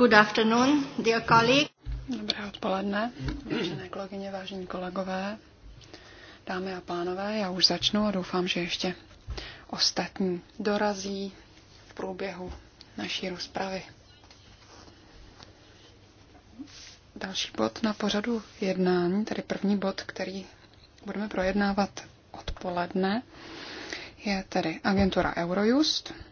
Good afternoon, dear colleague. Dobré odpoledne, vážené kolegyně, vážení kolegové, dámy a pánové. Já už začnu a doufám, že ještě ostatní dorazí v průběhu naší rozpravy. Další bod na pořadu jednání, tedy první bod, který budeme projednávat odpoledne, je tedy agentura Eurojust –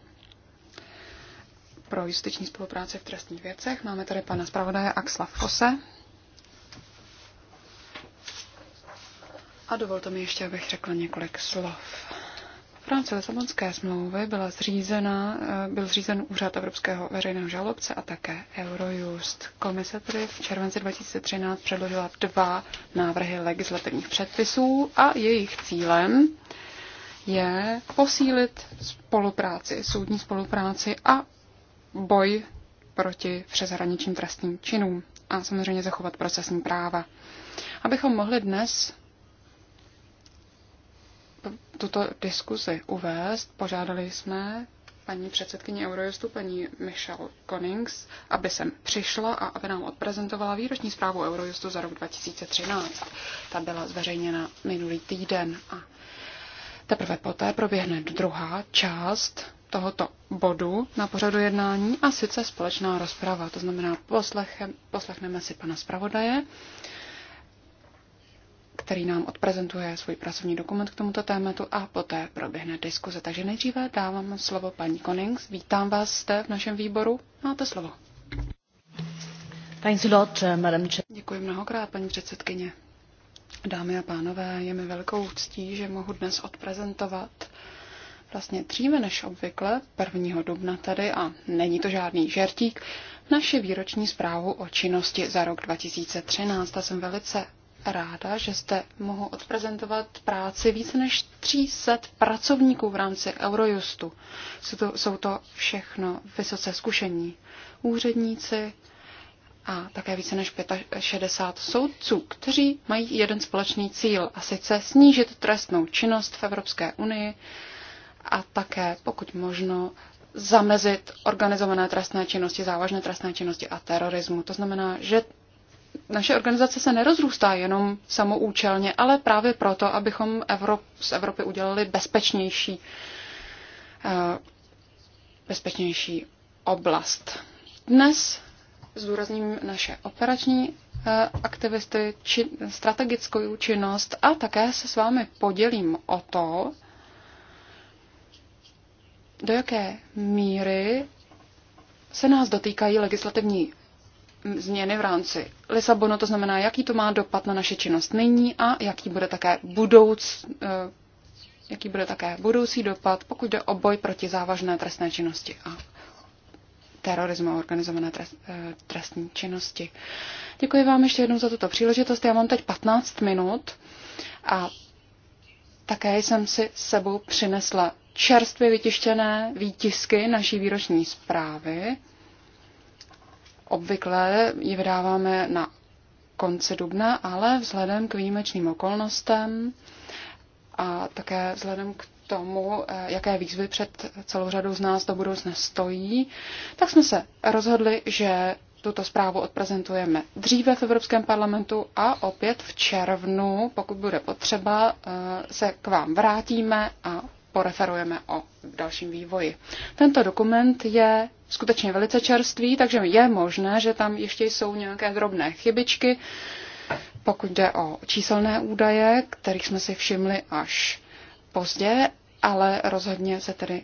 pro justiční spolupráci v trestních věcech. Máme tady pana zpravodaje Axla Fose. A dovolte mi ještě, abych řekla několik slov. V rámci Lisabonské smlouvy byla zřízena, eh, byl zřízen úřad Evropského veřejného žalobce a také Eurojust. Komise tedy v červenci 2013 předložila dva návrhy legislativních předpisů a jejich cílem je posílit spolupráci, soudní spolupráci a boj proti přeshraničním trestním činům a samozřejmě zachovat procesní práva. Abychom mohli dnes tuto diskuzi uvést, požádali jsme paní předsedkyni Eurojustu, paní Michelle Konings, aby sem přišla a aby nám odprezentovala výroční zprávu Eurojustu za rok 2013. Ta byla zveřejněna minulý týden a teprve poté proběhne druhá část tohoto bodu na pořadu jednání a sice společná rozprava. To znamená, poslechem, poslechneme si pana zpravodaje, který nám odprezentuje svůj pracovní dokument k tomuto tématu a poté proběhne diskuze. Takže nejdříve dávám slovo paní Konings. Vítám vás zde v našem výboru. Máte slovo. a uh, Děkuji mnohokrát, paní předsedkyně. Dámy a pánové, je mi velkou ctí, že mohu dnes odprezentovat vlastně dříve než obvykle, 1. dubna tady, a není to žádný žertík, naše výroční zprávu o činnosti za rok 2013. A jsem velice ráda, že jste mohu odprezentovat práci více než 300 pracovníků v rámci Eurojustu. Jsou to, jsou to všechno vysoce zkušení úředníci a také více než 65 soudců, kteří mají jeden společný cíl, a sice snížit trestnou činnost v Evropské unii a také, pokud možno, zamezit organizované trestné činnosti, závažné trestné činnosti a terorismu. To znamená, že naše organizace se nerozrůstá jenom samoučelně, ale právě proto, abychom Evrop, z Evropy udělali bezpečnější, eh, bezpečnější oblast. Dnes zdůrazním naše operační eh, aktivisty, či, strategickou činnost a také se s vámi podělím o to, do jaké míry se nás dotýkají legislativní změny v rámci Lisabonu, to znamená, jaký to má dopad na naše činnost nyní a jaký bude také, budouc, e, jaký bude také budoucí dopad, pokud jde o boj proti závažné trestné činnosti a terorismu a organizované trest, e, trestní činnosti. Děkuji vám ještě jednou za tuto příležitost. Já mám teď 15 minut a také jsem si sebou přinesla čerstvě vytištěné výtisky naší výroční zprávy. Obvykle ji vydáváme na konci dubna, ale vzhledem k výjimečným okolnostem a také vzhledem k tomu, eh, jaké výzvy před celou řadou z nás do budoucna stojí, tak jsme se rozhodli, že tuto zprávu odprezentujeme dříve v Evropském parlamentu a opět v červnu, pokud bude potřeba, eh, se k vám vrátíme a poreferujeme o dalším vývoji. Tento dokument je skutečně velice čerstvý, takže je možné, že tam ještě jsou nějaké drobné chybičky, pokud jde o číselné údaje, kterých jsme si všimli až pozdě, ale rozhodně se tedy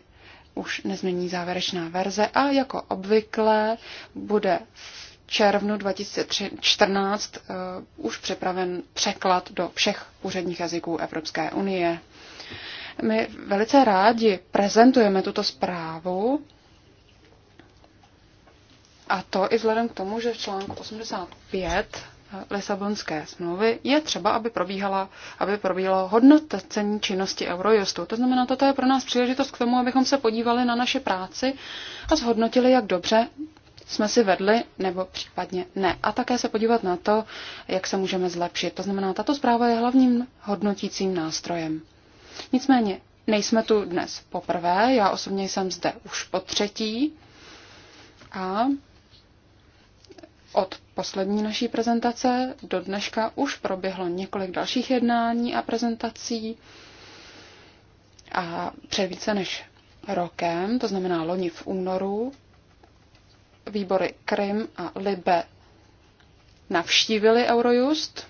už nezmění závěrečná verze a jako obvykle bude v červnu 2014 uh, eh, už připraven překlad do všech úředních jazyků Evropské unie. My velice rádi prezentujeme tuto zprávu a to i vzhledem k tomu, že v článku 85 eh, Lisabonské smlouvy je třeba, aby, probíhala, aby probíhalo hodnotacení činnosti Eurojustu. To znamená, toto je pro nás příležitost k tomu, abychom se podívali na naše práci a zhodnotili, jak dobře jsme si vedli, nebo případně ne. A také se podívat na to, jak se můžeme zlepšit. To znamená, tato zpráva je hlavním hodnotícím nástrojem. Nicméně nejsme tu dnes poprvé, já osobně jsem zde už po třetí a od poslední naší prezentace do dneška už proběhlo několik dalších jednání a prezentací a před více než rokem, to znamená loni v únoru, výbory Krym a Libe navštívili Eurojust,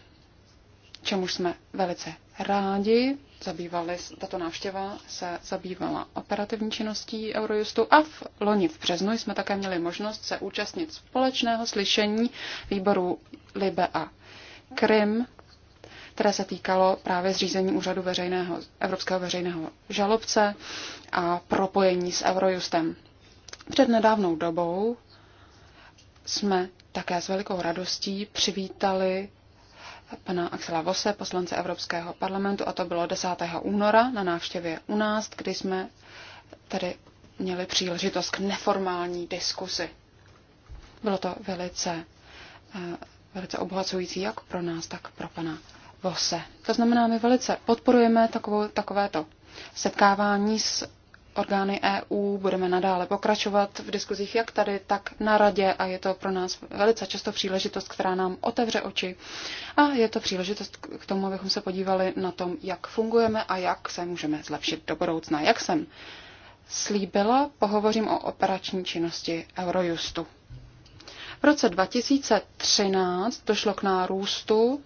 čemuž jsme velice rádi zabývali, tato návštěva se zabývala operativní činností Eurojustu a v loni v březnu jsme také měli možnost se účastnit společného slyšení výboru Libe a Krim, které se týkalo právě zřízení úřadu veřejného, Evropského veřejného žalobce a propojení s Eurojustem. Před nedávnou dobou jsme také s velikou radostí přivítali pana Axela Vose, poslance Evropského parlamentu, a to bylo 10. února na návštěvě u nás, kdy jsme tady měli příležitost k neformální diskusi. Bylo to velice, eh, velice obohacující jak pro nás, tak pro pana Vose. To znamená, my velice podporujeme takovou, takovéto setkávání s orgány EU. Budeme nadále pokračovat v diskuzích jak tady, tak na radě a je to pro nás velice často příležitost, která nám otevře oči a je to příležitost k tomu, abychom se podívali na tom, jak fungujeme a jak se můžeme zlepšit do budoucna. Jak jsem slíbila, pohovořím o operační činnosti Eurojustu. V roce 2013 došlo k nárůstu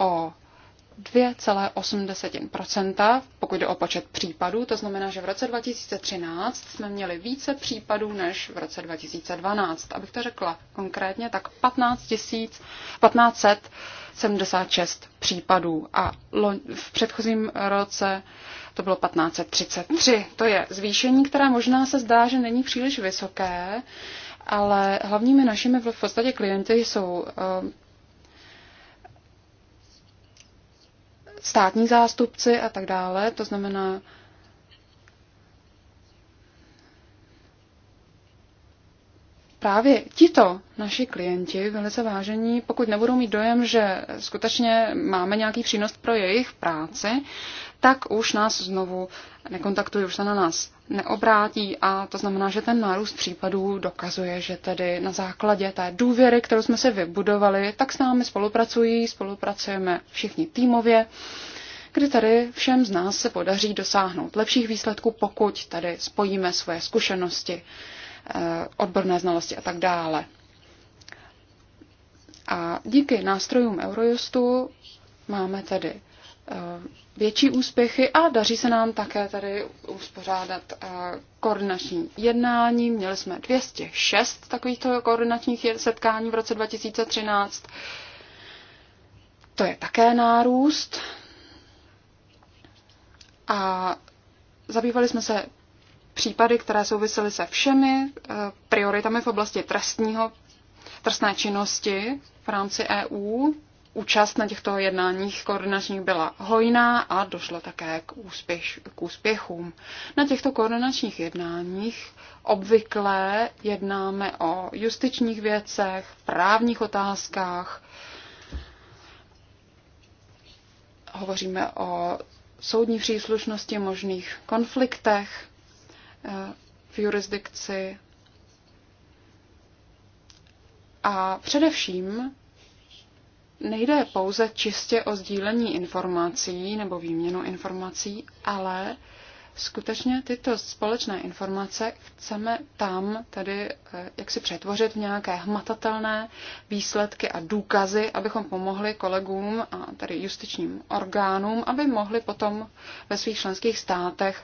o 2,8 pokud jde o počet případů. To znamená, že v roce 2013 jsme měli více případů než v roce 2012. Abych to řekla konkrétně, tak 15 1576 případů a v předchozím roce to bylo 1533. To je zvýšení, které možná se zdá, že není příliš vysoké, ale hlavními našimi v podstatě klienty jsou eh, státní zástupci a tak dále. To znamená, právě tito naši klienti, velice vážení, pokud nebudou mít dojem, že skutečně máme nějaký přínos pro jejich práci, tak už nás znovu nekontaktují, už se na nás neobrátí a to znamená, že ten nárůst případů dokazuje, že tedy na základě té důvěry, kterou jsme si vybudovali, tak s námi spolupracují, spolupracujeme všichni týmově kdy tady všem z nás se podaří dosáhnout lepších výsledků, pokud tady spojíme svoje zkušenosti, Eh, odborné znalosti a tak dále. A díky nástrojům Eurojustu máme tedy eh, větší úspěchy a daří se nám také tady uspořádat eh, koordinační jednání. Měli jsme 206 takovýchto koordinačních setkání v roce 2013. To je také nárůst. A zabývali jsme se případy, které souvisely se všemi eh, prioritami v oblasti trestního, trestné činnosti v rámci EU. Účast na těchto jednáních koordinačních byla hojná a došlo také k, úspěš, k úspěchům. Na těchto koordinačních jednáních obvykle jednáme o justičních věcech, právních otázkách, hovoříme o soudní příslušnosti, možných konfliktech v jurisdikci. A především nejde pouze čistě o sdílení informací nebo výměnu informací, ale skutečně tyto společné informace chceme tam tedy eh, jak si přetvořit v nějaké hmatatelné výsledky a důkazy, abychom pomohli kolegům a tady justičním orgánům, aby mohli potom ve svých členských státech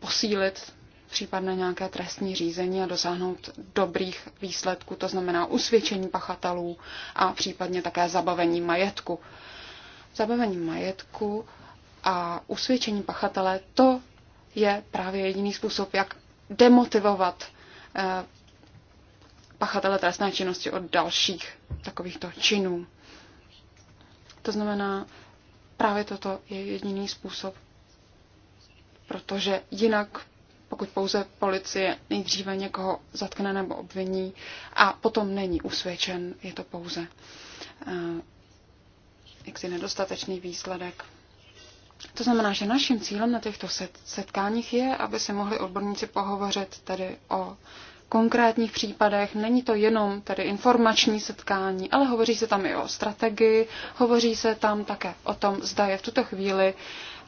posílit případné nějaké trestní řízení a dosáhnout dobrých výsledků, to znamená usvědčení pachatelů a případně také zabavení majetku. Zabavení majetku a usvědčení pachatele, to je právě jediný způsob, jak demotivovat eh, pachatele trestné činnosti od dalších takovýchto činů. To znamená, právě toto je jediný způsob, protože jinak pokud pouze policie nejdříve někoho zatkne nebo obviní a potom není usvědčen, je to pouze eh, jaksi nedostatečný výsledek. To znamená, že naším cílem na těchto setkáních je, aby se mohli odborníci pohovořit tedy o konkrétních případech. Není to jenom tedy informační setkání, ale hovoří se tam i o strategii, hovoří se tam také o tom, zda je v tuto chvíli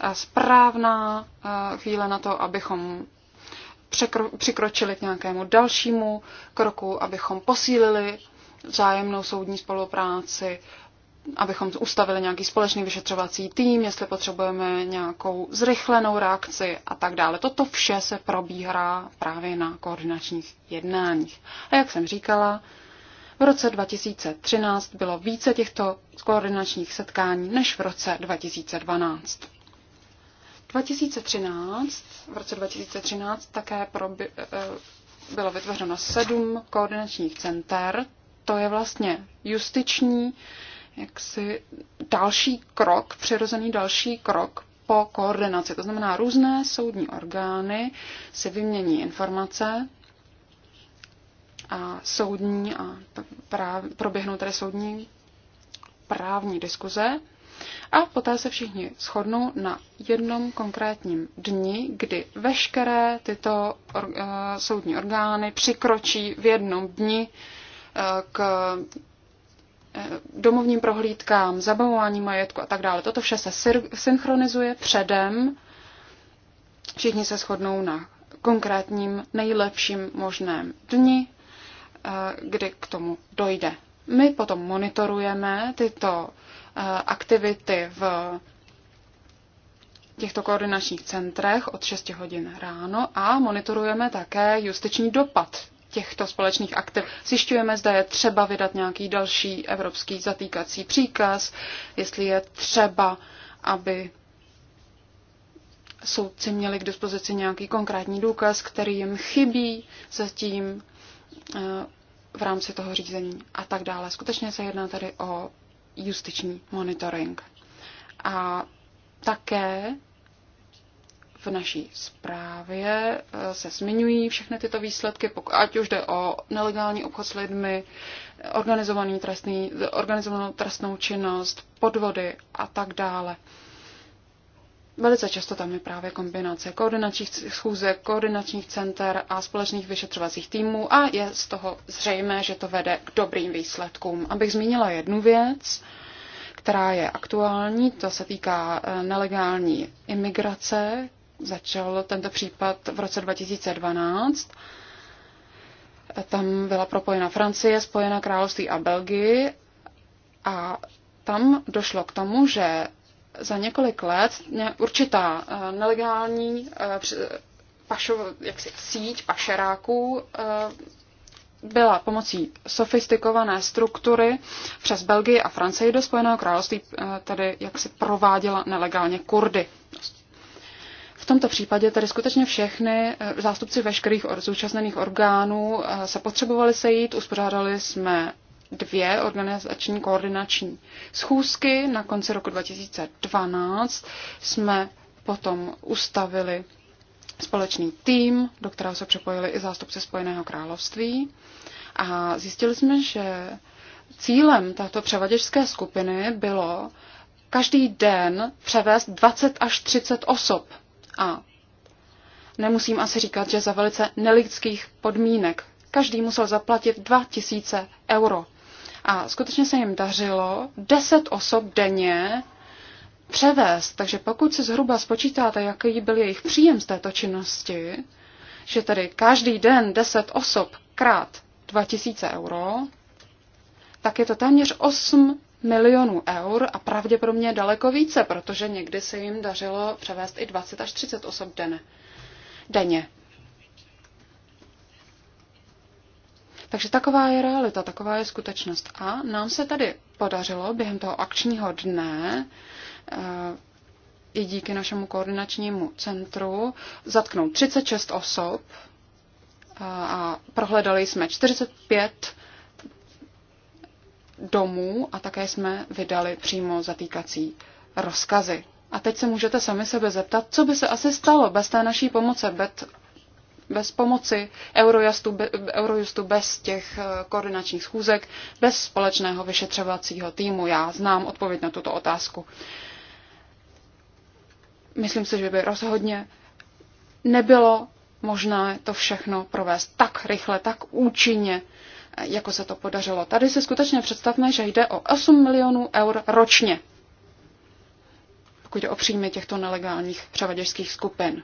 eh, správná eh, chvíle na to, abychom překro, přikročili k nějakému dalšímu kroku, abychom posílili zájemnou soudní spolupráci, abychom ustavili nějaký společný vyšetřovací tým, jestli potřebujeme nějakou zrychlenou reakci a tak dále. Toto vše se probíhá právě na koordinačních jednáních. A jak jsem říkala, v roce 2013 bylo více těchto koordinačních setkání než v roce 2012. 2013, v roce 2013 také proby, eh, eh, bylo vytvořeno sedm koordinačních center. To je vlastně justiční, jaksi další krok, přirozený další krok po koordinaci. To znamená, různé soudní orgány si vymění informace a soudní a práv, proběhnou tady soudní právní diskuze a poté se všichni shodnou na jednom konkrétním dni, kdy veškeré tyto or- eh, soudní orgány přikročí v jednom dni eh, k eh, domovním prohlídkám, zabavování majetku a tak dále. Toto vše se synchronizuje předem. Všichni se shodnou na konkrétním nejlepším možném dni, kdy k tomu dojde. My potom monitorujeme tyto Eh, aktivity v těchto koordinačních centrech od 6 hodin ráno a monitorujeme také justiční dopad těchto společných aktiv. Zjišťujeme, zda je třeba vydat nějaký další evropský zatýkací příkaz, jestli je třeba, aby soudci měli k dispozici nějaký konkrétní důkaz, který jim chybí zatím eh, v rámci toho řízení a tak dále. Skutečně se jedná tady o justiční monitoring. A také v naší zprávě eh, se zmiňují všechny tyto výsledky, ať už jde o nelegální obchod s lidmi, organizovaný trestný, organizovanou trestnou činnost, podvody a tak dále. Velice často tam je právě kombinace koordinačních schůzek, koordinačních center a společných vyšetřovacích týmů a je z toho zřejmé, že to vede k dobrým výsledkům. Abych zmínila jednu věc, která je aktuální, to se týká eh, nelegální imigrace. Začal tento případ v roce 2012. Tam byla propojena Francie, Spojené království a Belgii a tam došlo k tomu, že za několik let určitá eh, nelegální eh, pašov, jaksi, síť pašeráků eh, byla pomocí sofistikované struktury přes Belgii a Francii do Spojeného království tedy jaksi prováděla nelegálně Kurdy. V tomto případě tedy skutečně všechny zástupci veškerých zúčastněných orgánů se potřebovali sejít, uspořádali jsme dvě organizační koordinační schůzky. Na konci roku 2012 jsme potom ustavili společný tým, do kterého se připojili i zástupci Spojeného království. A zjistili jsme, že cílem této převaděčské skupiny bylo každý den převést 20 až 30 osob. A nemusím asi říkat, že za velice nelidských podmínek. Každý musel zaplatit 2000 euro. A skutečně se jim dařilo 10 osob denně převést. Takže pokud si zhruba spočítáte, jaký byl jejich příjem z této činnosti, že tedy každý den 10 osob krát 2000 euro, tak je to téměř 8 milionů eur a pravděpodobně daleko více, protože někdy se jim dařilo převést i 20 až 30 osob denně. Takže taková je realita, taková je skutečnost. A nám se tady podařilo během toho akčního dne eh, i díky našemu koordinačnímu centru zatknout 36 osob eh, a prohledali jsme 45 domů a také jsme vydali přímo zatýkací rozkazy. A teď se můžete sami sebe zeptat, co by se asi stalo bez té naší pomoci, bez pomoci Eurojustu, be, Eurojustu bez těch eh, koordinačních schůzek, bez společného vyšetřovacího týmu. Já znám odpověď na tuto otázku. Myslím si, že by rozhodně nebylo možné to všechno provést tak rychle, tak účinně, eh, jako se to podařilo. Tady si skutečně představme, že jde o 8 milionů eur ročně, pokud jde o příjmy těchto nelegálních převaděžských skupin.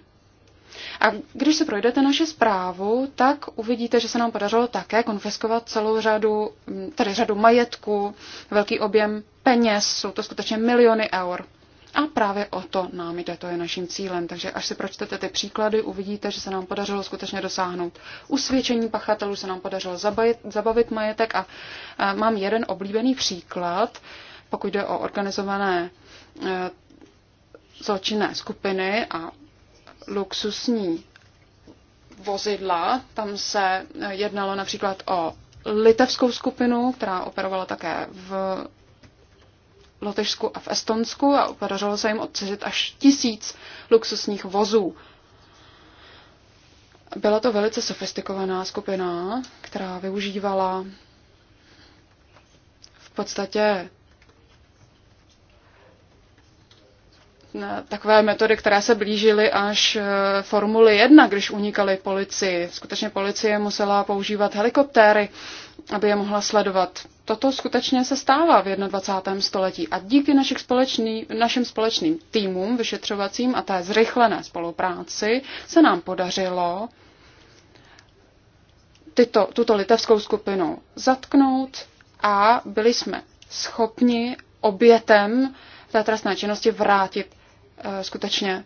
A když se projdete naše zprávu, tak uvidíte, že se nám podařilo také konfiskovat celou řadu, tedy řadu majetku, velký objem peněz, jsou to skutečně miliony eur. A právě o to nám jde, to je naším cílem. Takže až si pročtete ty příklady, uvidíte, že se nám podařilo skutečně dosáhnout usvědčení pachatelů, se nám podařilo zabavit, zabavit majetek a, a mám jeden oblíbený příklad, pokud jde o organizované e, zločinné skupiny a luxusní vozidla. Tam se jednalo například o litevskou skupinu, která operovala také v Lotyšsku a v Estonsku a podařilo se jim odcizit až tisíc luxusních vozů. Byla to velice sofistikovaná skupina, která využívala v podstatě takové metody, které se blížily až eh, Formuli 1, když unikaly policii. Skutečně policie musela používat helikoptéry, aby je mohla sledovat. Toto skutečně se stává v 21. století a díky našich společný, našim společným týmům vyšetřovacím a té zrychlené spolupráci se nám podařilo tyto, tuto litevskou skupinu zatknout a byli jsme schopni obětem té trestné činnosti vrátit Eh, skutečně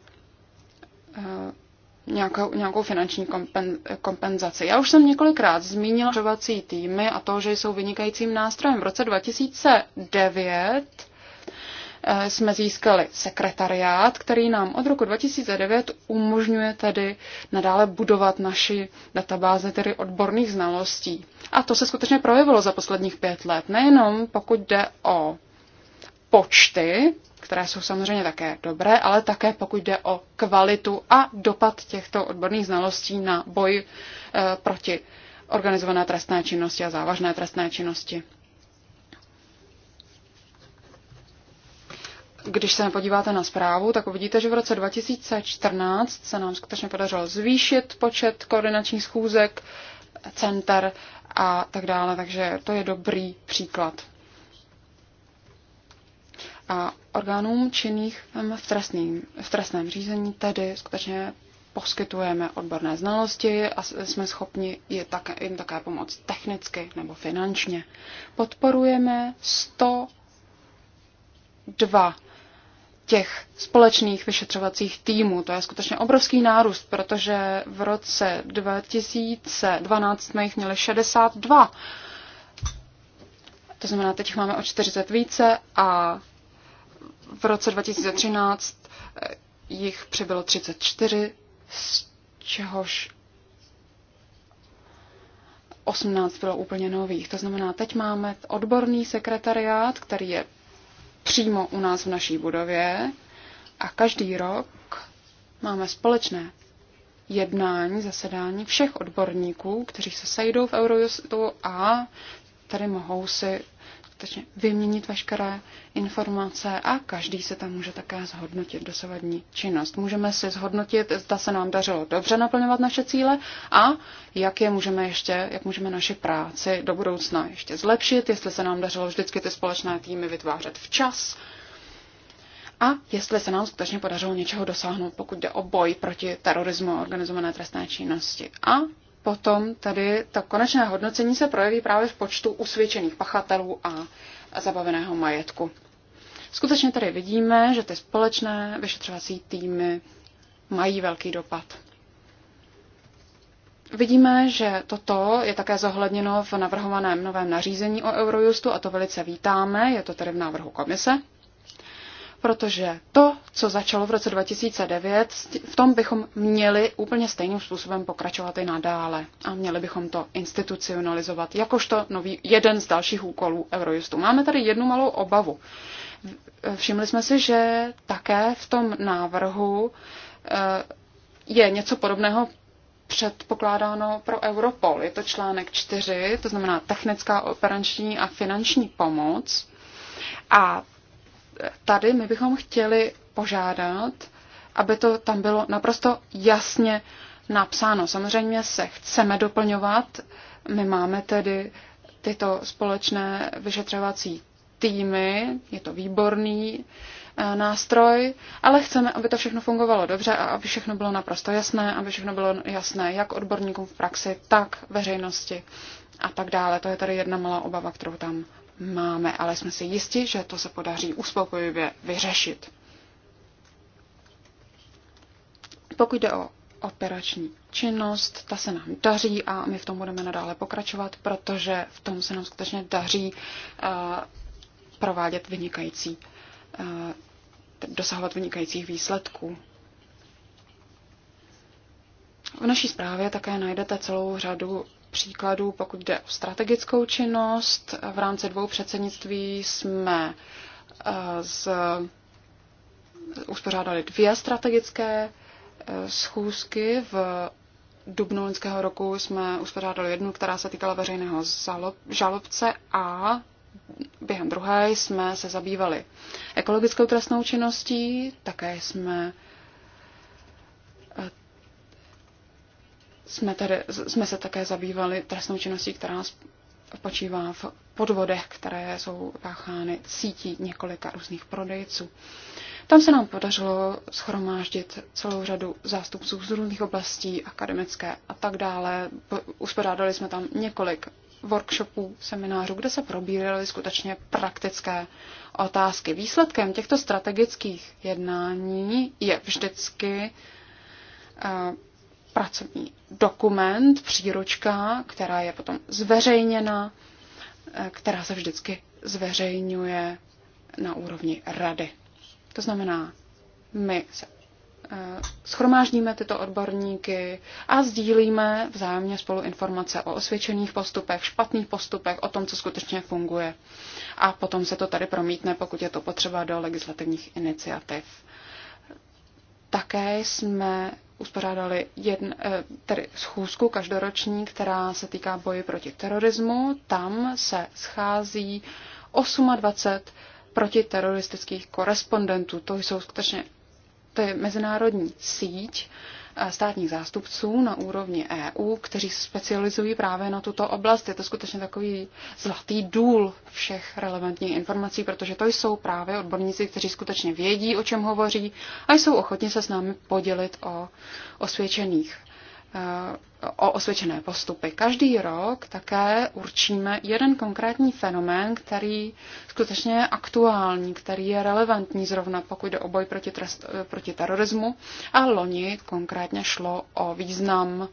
eh, nějakou, nějakou finanční kompen, kompenzaci. Já už jsem několikrát zmínila šovací týmy a to, že jsou vynikajícím nástrojem. V roce 2009 eh, jsme získali sekretariát, který nám od roku 2009 umožňuje tedy nadále budovat naši databáze tedy odborných znalostí. A to se skutečně projevilo za posledních pět let, nejenom pokud jde o počty které jsou samozřejmě také dobré, ale také pokud jde o kvalitu a dopad těchto odborných znalostí na boj eh, proti organizované trestné činnosti a závažné trestné činnosti. Když se podíváte na zprávu, tak uvidíte, že v roce 2014 se nám skutečně podařilo zvýšit počet koordinačních schůzek, center a tak dále, takže to je dobrý příklad a orgánům činných v, trestným, v trestném řízení tedy skutečně poskytujeme odborné znalosti a jsme schopni je také, jim také pomoct technicky nebo finančně. Podporujeme 102 těch společných vyšetřovacích týmů. To je skutečně obrovský nárůst, protože v roce 2012 jsme jich měli 62. To znamená, teď máme o 40 více a v roce 2013 eh, jich přibylo 34, z čehož 18 bylo úplně nových. To znamená, teď máme odborný sekretariát, který je přímo u nás v naší budově a každý rok máme společné jednání, zasedání všech odborníků, kteří se sejdou v Eurojustu a tady mohou si skutečně vyměnit veškeré informace a každý se tam může také zhodnotit dosavadní činnost. Můžeme si zhodnotit, zda se nám dařilo dobře naplňovat naše cíle a jak je můžeme ještě, jak můžeme naši práci do budoucna ještě zlepšit, jestli se nám dařilo vždycky ty společné týmy vytvářet včas a jestli se nám skutečně podařilo něčeho dosáhnout, pokud jde o boj proti terorismu a organizované trestné činnosti. A potom tady to konečné hodnocení se projeví právě v počtu usvědčených pachatelů a zabaveného majetku. Skutečně tady vidíme, že ty společné vyšetřovací týmy mají velký dopad. Vidíme, že toto je také zohledněno v navrhovaném novém nařízení o Eurojustu a to velice vítáme, je to tedy v návrhu komise protože to, co začalo v roce 2009, v tom bychom měli úplně stejným způsobem pokračovat i nadále. A měli bychom to institucionalizovat jakožto nový, jeden z dalších úkolů Eurojustu. Máme tady jednu malou obavu. Všimli jsme si, že také v tom návrhu eh, je něco podobného předpokládáno pro Europol. Je to článek 4, to znamená technická, operační a finanční pomoc. A tady my bychom chtěli požádat, aby to tam bylo naprosto jasně napsáno. Samozřejmě se chceme doplňovat. My máme tedy tyto společné vyšetřovací týmy, je to výborný e, nástroj, ale chceme, aby to všechno fungovalo dobře a aby všechno bylo naprosto jasné, aby všechno bylo jasné jak odborníkům v praxi, tak veřejnosti a tak dále. To je tady jedna malá obava, kterou tam máme, ale jsme si jisti, že to se podaří uspokojivě vyřešit. Pokud jde o operační činnost, ta se nám daří a my v tom budeme nadále pokračovat, protože v tom se nám skutečně daří eh, provádět vynikající, eh, dosahovat vynikajících výsledků. V naší zprávě také najdete celou řadu příkladů, pokud jde o strategickou činnost. V rámci dvou předsednictví jsme eh, z, uspořádali dvě strategické eh, schůzky. V dubnu loňského roku jsme uspořádali jednu, která se týkala veřejného žalobce a během druhé jsme se zabývali ekologickou trestnou činností, také jsme jsme, tedy, jsme se také zabývali trestnou činností, která spočívá v podvodech, které jsou páchány sítí několika různých prodejců. Tam se nám podařilo schromáždit celou řadu zástupců z různých oblastí, akademické a tak dále. Uspořádali jsme tam několik workshopů, seminářů, kde se probíraly skutečně praktické otázky. Výsledkem těchto strategických jednání je vždycky eh, pracovní dokument, příručka, která je potom zveřejněna, eh, která se vždycky zveřejňuje na úrovni rady. To znamená, my se eh, schromáždíme tyto odborníky a sdílíme vzájemně spolu informace o osvědčených postupech, špatných postupech, o tom, co skutečně funguje. A potom se to tady promítne, pokud je to potřeba, do legislativních iniciativ. Také jsme uspořádali jedn, eh, tedy schůzku každoroční, která se týká boje proti terorismu. Tam se schází 28 protiteroristických korespondentů. To jsou skutečně to je mezinárodní síť, Eh, státních zástupců na úrovni EU, kteří se specializují právě na tuto oblast. Je to skutečně takový zlatý důl všech relevantních informací, protože to jsou právě odborníci, kteří skutečně vědí, o čem hovoří a jsou ochotni se s námi podělit o osvědčených o osvědčené postupy. Každý rok také určíme jeden konkrétní fenomén, který skutečně je aktuální, který je relevantní zrovna pokud jde o boj proti, trest, eh, proti terorismu. A loni konkrétně šlo o význam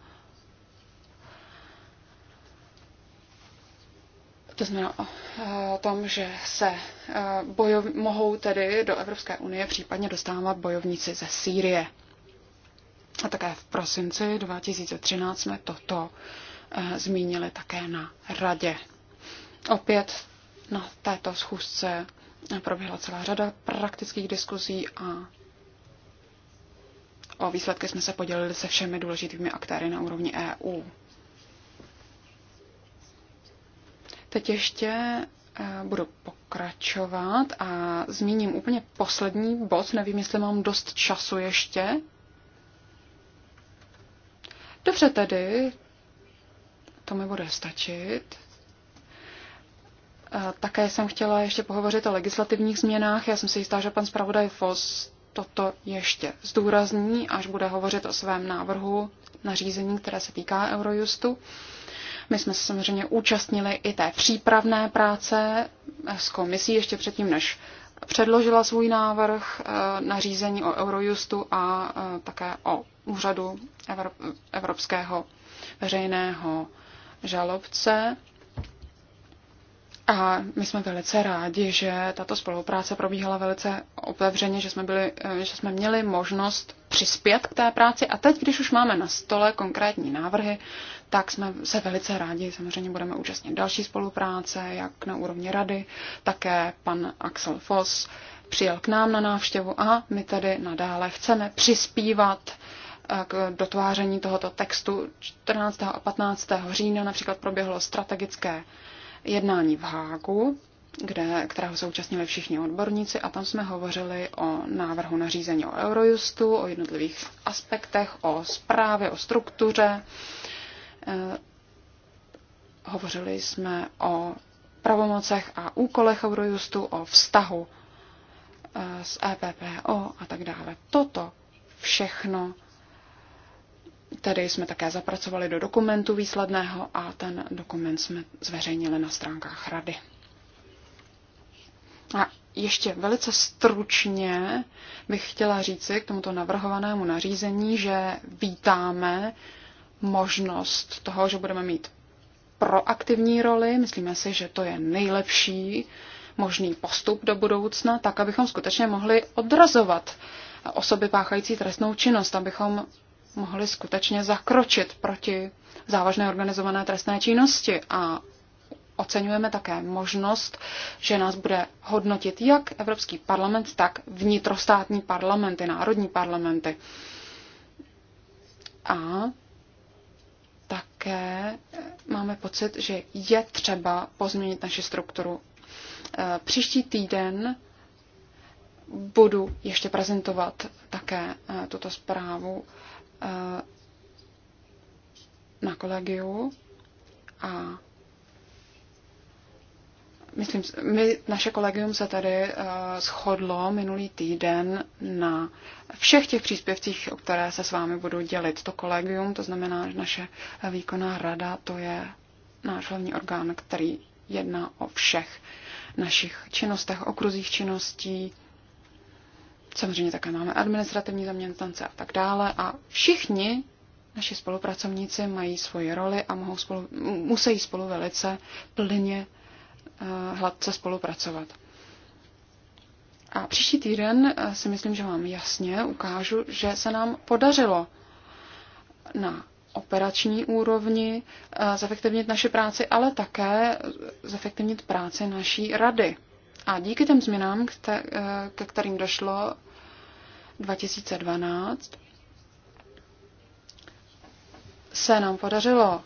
To znamená o eh, tom, že se eh, bojov, mohou tedy do Evropské unie případně dostávat bojovníci ze Sýrie. A také v prosinci 2013 jsme toto eh, zmínili také na radě. Opět na této schůzce proběhla celá řada praktických diskuzí a o výsledky jsme se podělili se všemi důležitými aktéry na úrovni EU. Teď ještě eh, budu pokračovat a zmíním úplně poslední bod. Nevím, jestli mám dost času ještě Dobře tedy, to mi bude stačit. A také jsem chtěla ještě pohovořit o legislativních změnách. Já jsem si jistá, že pan zpravodaj FOS toto ještě zdůrazní, až bude hovořit o svém návrhu nařízení, které se týká Eurojustu. My jsme se samozřejmě účastnili i té přípravné práce s komisí ještě předtím, než předložila svůj návrh eh, na řízení o Eurojustu a eh, také o úřadu Evropského veřejného žalobce. A my jsme velice rádi, že tato spolupráce probíhala velice otevřeně, že jsme, byli, eh, že jsme měli možnost přispět k té práci. A teď, když už máme na stole konkrétní návrhy, tak jsme se velice rádi, samozřejmě budeme účastnit další spolupráce, jak na úrovni rady, také pan Axel Foss přijel k nám na návštěvu a my tedy nadále chceme přispívat eh, k dotváření tohoto textu. 14. a 15. října například proběhlo strategické jednání v Hágu, kde, kterého se všichni odborníci a tam jsme hovořili o návrhu nařízení o Eurojustu, o jednotlivých aspektech, o zprávě, o struktuře. E, hovořili jsme o pravomocech a úkolech Eurojustu, o vztahu e, s EPPO a tak dále. Toto všechno Tady jsme také zapracovali do dokumentu výsledného a ten dokument jsme zveřejnili na stránkách rady. A ještě velice stručně bych chtěla říci k tomuto navrhovanému nařízení, že vítáme možnost toho, že budeme mít proaktivní roli. Myslíme si, že to je nejlepší možný postup do budoucna, tak abychom skutečně mohli odrazovat osoby páchající trestnou činnost, abychom mohli skutečně zakročit proti závažné organizované trestné činnosti a oceňujeme také možnost, že nás bude hodnotit jak Evropský parlament, tak vnitrostátní parlamenty, národní parlamenty. A také máme pocit, že je třeba pozměnit naši strukturu. E, příští týden budu ještě prezentovat také e, tuto zprávu Eh, na kolegiu a myslím, my, naše kolegium se tady uh, shodlo minulý týden na všech těch příspěvcích, o které se s vámi budu dělit. To kolegium, to znamená naše výkonná rada, to je náš hlavní orgán, který jedná o všech našich činnostech, okruzích činností, Samozřejmě také máme administrativní zaměstnance a tak dále. A všichni naši spolupracovníci mají svoji roli a mohou spolu, musí spolu velice plně eh, hladce spolupracovat. A příští týden eh, si myslím, že vám jasně ukážu, že se nám podařilo na operační úrovni eh, zefektivnit naše práci, ale také zefektivnit práci naší rady. A díky těm změnám, ke kterým došlo 2012 se nám podařilo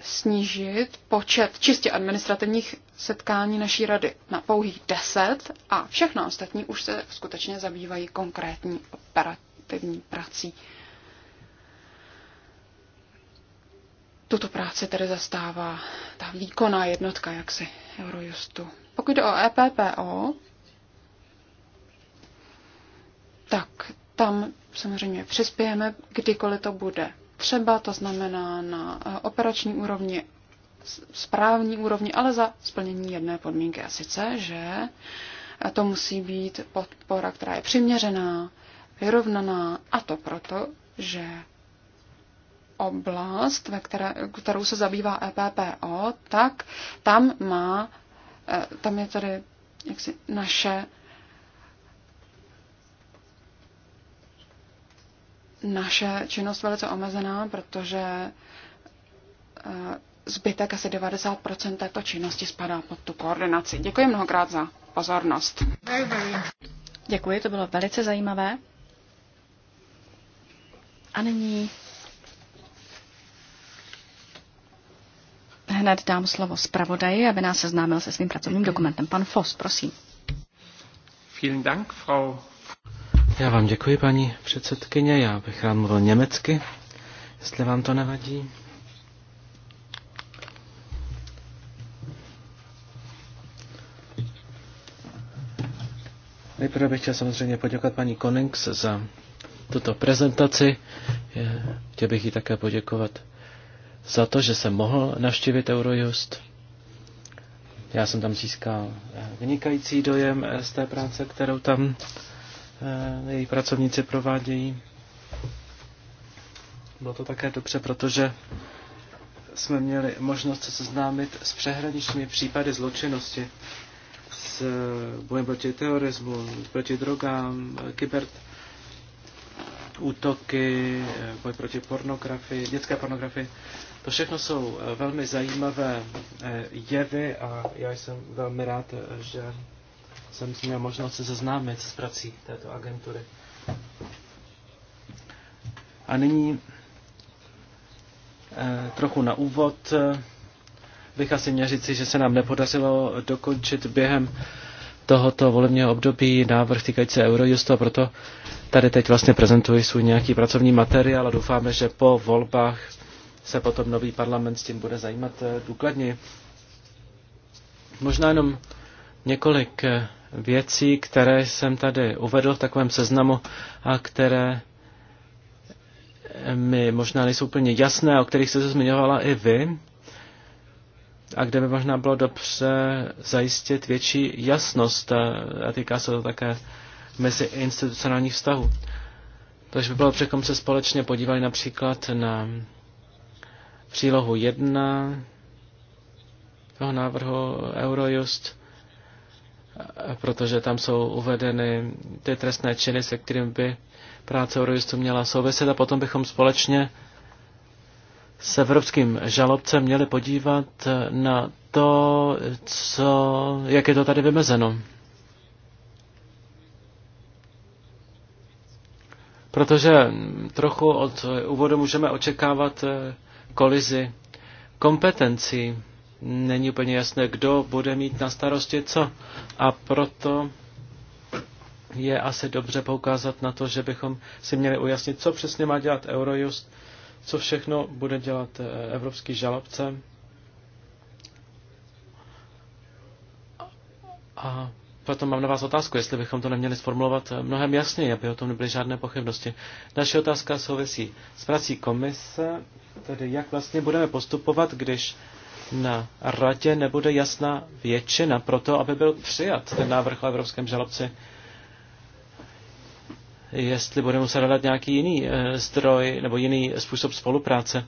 snížit počet čistě administrativních setkání naší rady na pouhých 10 a všechno ostatní už se skutečně zabývají konkrétní operativní prací. Tuto práci tedy zastává ta výkonná jednotka, jak si Eurojustu. Pokud jde o EPPO, tak tam samozřejmě přispějeme, kdykoliv to bude třeba, to znamená na eh, operační úrovni, správní úrovni, ale za splnění jedné podmínky a sice, že eh, to musí být podpora, která je přiměřená, vyrovnaná a to proto, že oblast, ve které, kterou se zabývá EPPO, tak tam má, eh, tam je tady jaksi naše naše činnost velice omezená, protože eh, zbytek asi 90% této činnosti spadá pod tu koordinaci. Děkuji mnohokrát za pozornost. Děkuji, to bylo velice zajímavé. A nyní hned dám slovo zpravodaji, aby nás seznámil se svým pracovním dokumentem. Pan Foss, prosím. Vielen Dank, Frau já vám děkuji, paní předsedkyně. Já bych rád mluvil německy, jestli vám to nevadí. Nejprve bych chtěl samozřejmě poděkovat paní Konings za tuto prezentaci. Chtěl bych jí také poděkovat za to, že jsem mohl navštívit Eurojust. Já jsem tam získal vynikající dojem z té práce, kterou tam Eh, její pracovníci provádějí. Bylo to také dobře, protože jsme měli možnost se seznámit s přehraničními případy zločinnosti, s eh, bojem proti terorismu, proti drogám, eh, kyber útoky, boj proti pornografii, dětské pornografii. To všechno jsou velmi zajímavé jevy a já jsem velmi rád, že jsem si měl možnost se seznámit s prací této agentury. A nyní eh, trochu na úvod eh, bych asi měl říci, že se nám nepodařilo dokončit během tohoto volebního období návrh týkající se Eurojustu a proto tady teď vlastně prezentuji svůj nějaký pracovní materiál a doufáme, že po volbách se potom nový parlament s tím bude zajímat eh, důkladně. Možná jenom několik věcí, které jsem tady uvedl v takovém seznamu a které mi možná nejsou úplně jasné, o kterých jste se zmiňovala i vy, a kde by možná bylo dobře zajistit větší jasnost a týká se to také mezi institucionálních vztahů. Takže by bylo, překom se společně podívali například na přílohu 1 toho návrhu Eurojust, protože tam jsou uvedeny ty trestné činy, se kterým by práce Eurojustu měla souviset a potom bychom společně s evropským žalobcem měli podívat na to, co, jak je to tady vymezeno. Protože trochu od úvodu můžeme očekávat eh, kolizi kompetencí není úplně jasné, kdo bude mít na starosti co. A proto je asi dobře poukázat na to, že bychom si měli ujasnit, co přesně má dělat Eurojust, co všechno bude dělat eh, evropský žalobce. A proto mám na vás otázku, jestli bychom to neměli sformulovat eh, mnohem jasněji, aby o tom nebyly žádné pochybnosti. Naše otázka souvisí s prací komise, tedy jak vlastně budeme postupovat, když na radě nebude jasná většina pro to, aby byl přijat ten návrh o evropském žalobci. Jestli bude muset hledat nějaký jiný stroj eh, nebo jiný způsob spolupráce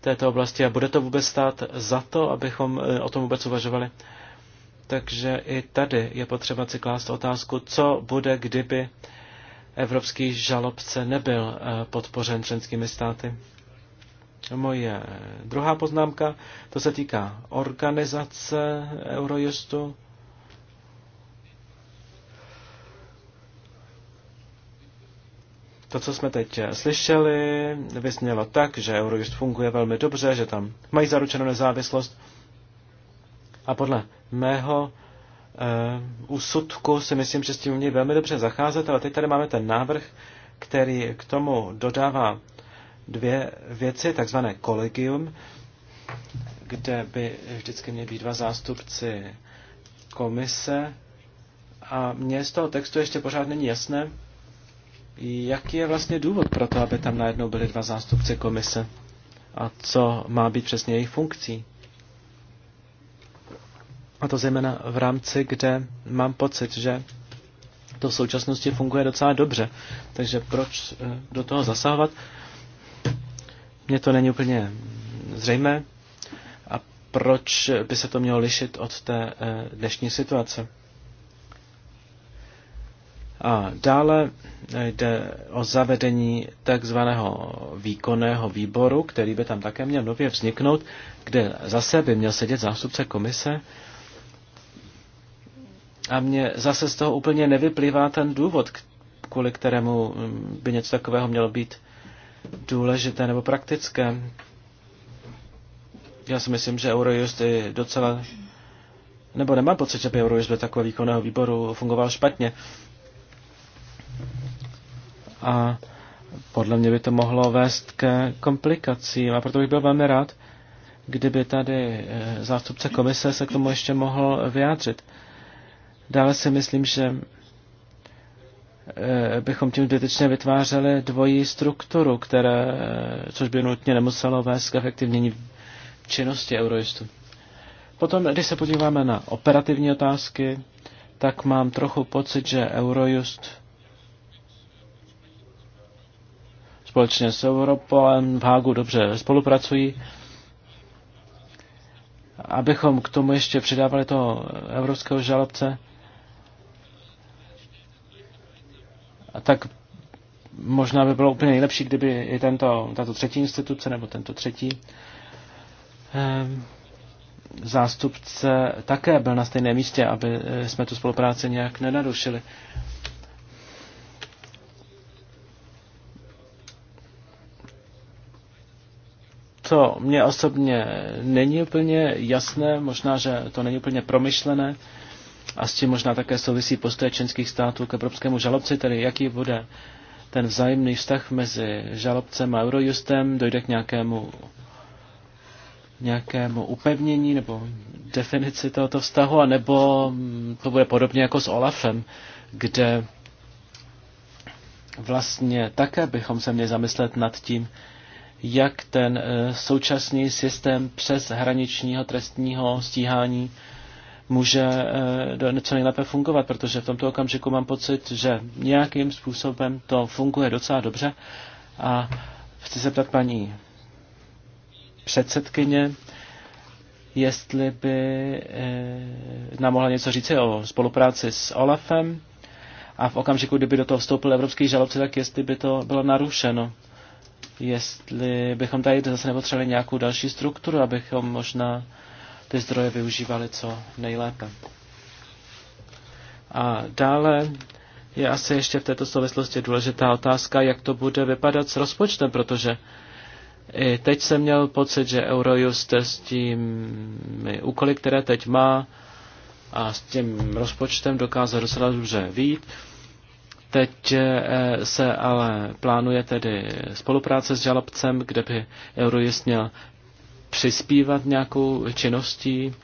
této oblasti a bude to vůbec stát za to, abychom eh, o tom vůbec uvažovali. Takže i tady je potřeba si klást otázku, co bude, kdyby evropský žalobce nebyl eh, podpořen členskými státy. Moje eh, druhá poznámka, to se týká organizace Eurojustu. To, co jsme teď eh, slyšeli, vyznělo tak, že Eurojust funguje velmi dobře, že tam mají zaručenou nezávislost. A podle mého uh, úsudku si myslím, že s tím umějí velmi dobře zacházet, ale teď tady máme ten návrh, který k tomu dodává dvě věci, takzvané kolegium, kde by vždycky měly být dva zástupci komise. A mně z toho textu ještě pořád není jasné, jaký je vlastně důvod pro to, aby tam najednou byly dva zástupci komise a co má být přesně jejich funkcí. A to zejména v rámci, kde mám pocit, že to v současnosti funguje docela dobře. Takže proč eh, do toho zasahovat? Mně to není úplně zřejmé. A proč by se to mělo lišit od té eh, dnešní situace? A dále jde o zavedení takzvaného výkonného výboru, který by tam také měl nově vzniknout, kde zase by měl sedět zástupce komise. A mě zase z toho úplně nevyplývá ten důvod, kvůli kterému mm, by něco takového mělo být důležité nebo praktické. Já si myslím, že Eurojust je docela... Nebo nemám pocit, že by Eurojust byl takového výkonného výboru fungoval špatně. A podle mě by to mohlo vést ke komplikacím. A proto bych byl velmi rád, kdyby tady eh, zástupce komise se k tomu ještě mohl vyjádřit. Dále si myslím, že Eh, bychom tím zbytečně vytvářeli dvojí strukturu, které, což by nutně nemuselo vést k efektivnění činnosti Eurojustu. Potom, když se podíváme na operativní otázky, tak mám trochu pocit, že Eurojust společně s Europolem v Hágu dobře spolupracují. Abychom k tomu ještě přidávali toho evropského žalobce, tak možná by bylo úplně nejlepší, kdyby i tento, tato třetí instituce nebo tento třetí ehm, zástupce také byl na stejném místě, aby eh, jsme tu spolupráci nějak nenarušili. Co mě osobně není úplně jasné, možná, že to není úplně promyšlené, a s tím možná také souvisí postoje členských států k evropskému žalobci, tedy jaký bude ten vzájemný vztah mezi žalobcem a Eurojustem, dojde k nějakému nějakému upevnění nebo definici tohoto vztahu, anebo mm, to bude podobně jako s Olafem, kde vlastně také bychom se měli zamyslet nad tím, jak ten eh, současný systém přes hraničního trestního stíhání může eh, co nejlépe fungovat, protože v tomto okamžiku mám pocit, že nějakým způsobem to funguje docela dobře. A chci se ptat paní předsedkyně, jestli by eh, nám mohla něco říci o spolupráci s OLAFem a v okamžiku, kdyby do toho vstoupil evropský žalobce, tak jestli by to bylo narušeno. Jestli bychom tady zase nepotřebovali nějakou další strukturu, abychom možná ty zdroje využívali co nejlépe. A dále je asi ještě v této souvislosti důležitá otázka, jak to bude vypadat s rozpočtem, protože i teď jsem měl pocit, že Eurojust s tím úkoly, které teď má a s tím rozpočtem dokáže docela dobře vít. Teď eh, se ale plánuje tedy spolupráce s žalobcem, kde by Eurojust měl přispívat nějakou činností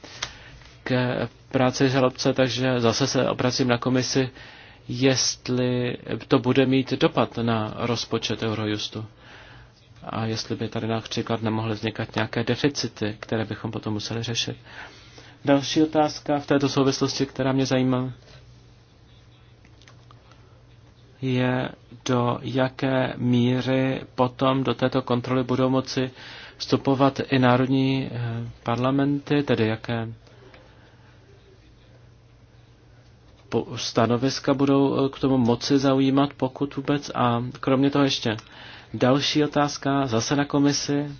k práci žalobce, takže zase se obracím na komisi, jestli to bude mít dopad na rozpočet Eurojustu a jestli by tady například nemohly vznikat nějaké deficity, které bychom potom museli řešit. Další otázka v této souvislosti, která mě zajímá, je, do jaké míry potom do této kontroly budou moci vstupovat i národní eh, parlamenty, tedy jaké stanoviska budou eh, k tomu moci zaujímat, pokud vůbec. A kromě toho ještě další otázka, zase na komisi.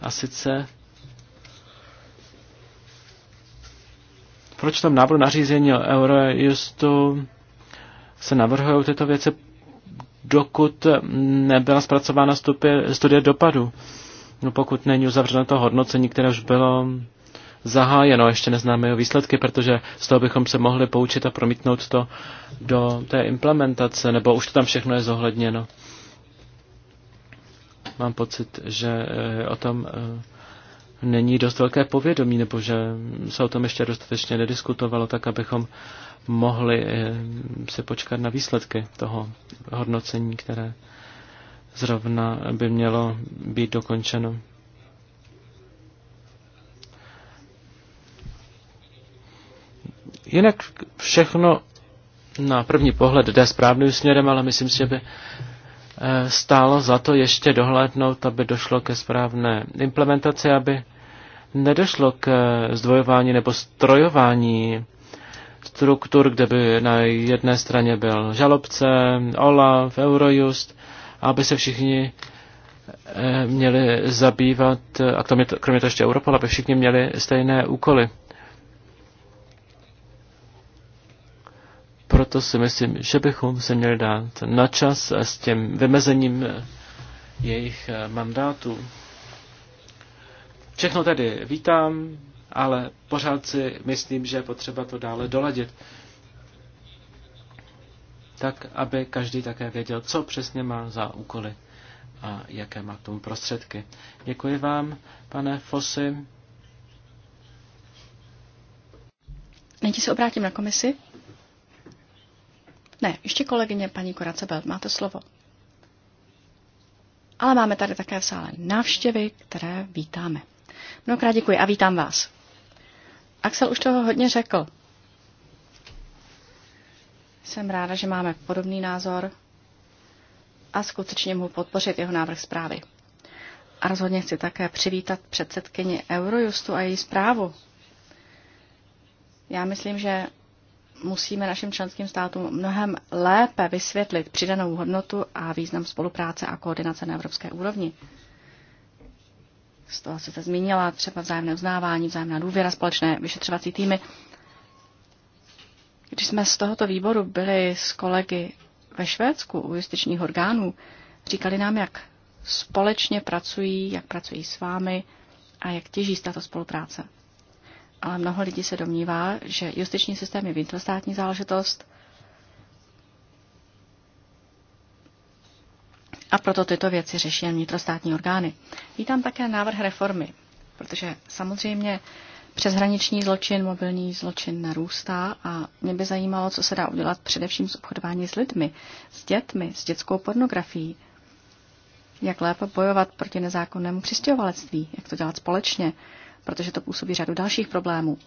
A sice, proč tam návrhu nařízení o Eurojustu se navrhují tyto věci dokud nebyla zpracována stupě, studie dopadu. No pokud není uzavřeno to hodnocení, které už bylo zahájeno, ještě neznáme jeho výsledky, protože z toho bychom se mohli poučit a promítnout to do té implementace, nebo už to tam všechno je zohledněno. Mám pocit, že eh, o tom eh, není dost velké povědomí, nebo že se o tom ještě dostatečně nediskutovalo, tak abychom mohli eh, se počkat na výsledky toho hodnocení, které zrovna by mělo být dokončeno. Jinak všechno na první pohled jde správným směrem, ale myslím si, že by eh, stálo za to ještě dohlédnout, aby došlo ke správné implementaci, aby nedošlo k eh, zdvojování nebo strojování struktur, kde by na jedné straně byl žalobce, OLAF, Eurojust, aby se všichni eh, měli zabývat, a to, kromě to ještě Europol, aby všichni měli stejné úkoly. Proto si myslím, že bychom se měli dát na čas s tím vymezením eh, jejich eh, mandátů. Všechno tedy vítám, ale pořád si myslím, že je potřeba to dále doladit. Tak, aby každý také věděl, co přesně má za úkoly a jaké má k tomu prostředky. Děkuji vám, pane Fosy. Nejdě se obrátím na komisi. Ne, ještě kolegyně paní Koracebel, máte slovo. Ale máme tady také v sále návštěvy, které vítáme. Mnohokrát děkuji a vítám vás. Axel už toho hodně řekl. Jsem ráda, že máme podobný názor a skutečně mohu podpořit jeho návrh zprávy. A rozhodně chci také přivítat předsedkyni Eurojustu a její zprávu. Já myslím, že musíme našim členským státům mnohem lépe vysvětlit přidanou hodnotu a význam spolupráce a koordinace na evropské úrovni z toho, co jste zmínila, třeba vzájemné uznávání, vzájemná důvěra, společné vyšetřovací týmy. Když jsme z tohoto výboru byli s kolegy ve Švédsku u justičních orgánů, říkali nám, jak společně pracují, jak pracují s vámi a jak těží z této spolupráce. Ale mnoho lidí se domnívá, že justiční systém je vnitrostátní záležitost A proto tyto věci řeší jen vnitrostátní orgány. Vítám také návrh reformy, protože samozřejmě přeshraniční zločin, mobilní zločin narůstá a mě by zajímalo, co se dá udělat především s obchodování s lidmi, s dětmi, s dětskou pornografií, jak lépe bojovat proti nezákonnému přistěhovalectví, jak to dělat společně, protože to působí řadu dalších problémů.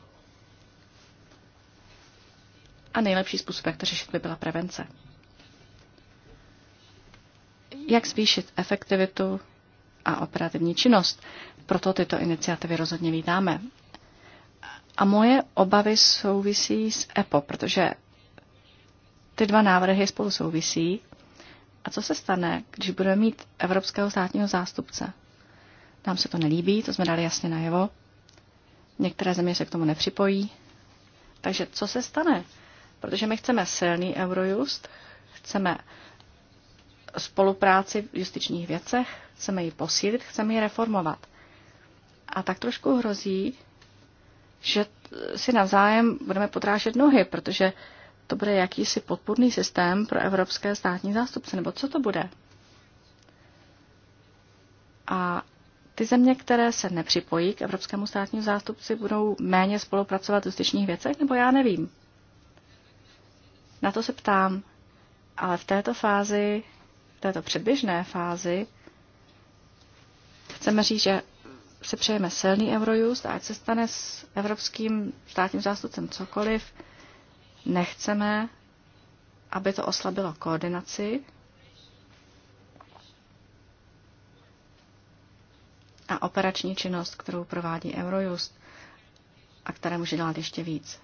A nejlepší způsob, jak to řešit, by byla prevence jak zvýšit efektivitu a operativní činnost. Proto tyto iniciativy rozhodně vítáme. A moje obavy souvisí s EPO, protože ty dva návrhy spolu souvisí. A co se stane, když budeme mít evropského státního zástupce? Nám se to nelíbí, to jsme dali jasně najevo. Některé země se k tomu nepřipojí. Takže co se stane? Protože my chceme silný Eurojust, chceme spolupráci v justičních věcech, chceme ji posílit, chceme ji reformovat. A tak trošku hrozí, že si navzájem budeme potrášet nohy, protože to bude jakýsi podpůrný systém pro evropské státní zástupce, nebo co to bude? A ty země, které se nepřipojí k evropskému státnímu zástupci, budou méně spolupracovat v justičních věcech, nebo já nevím. Na to se ptám, ale v této fázi této předběžné fázi chceme říct, že se přejeme silný Eurojust a ať se stane s evropským státním zástupcem cokoliv, nechceme, aby to oslabilo koordinaci a operační činnost, kterou provádí Eurojust a které může dělat ještě víc.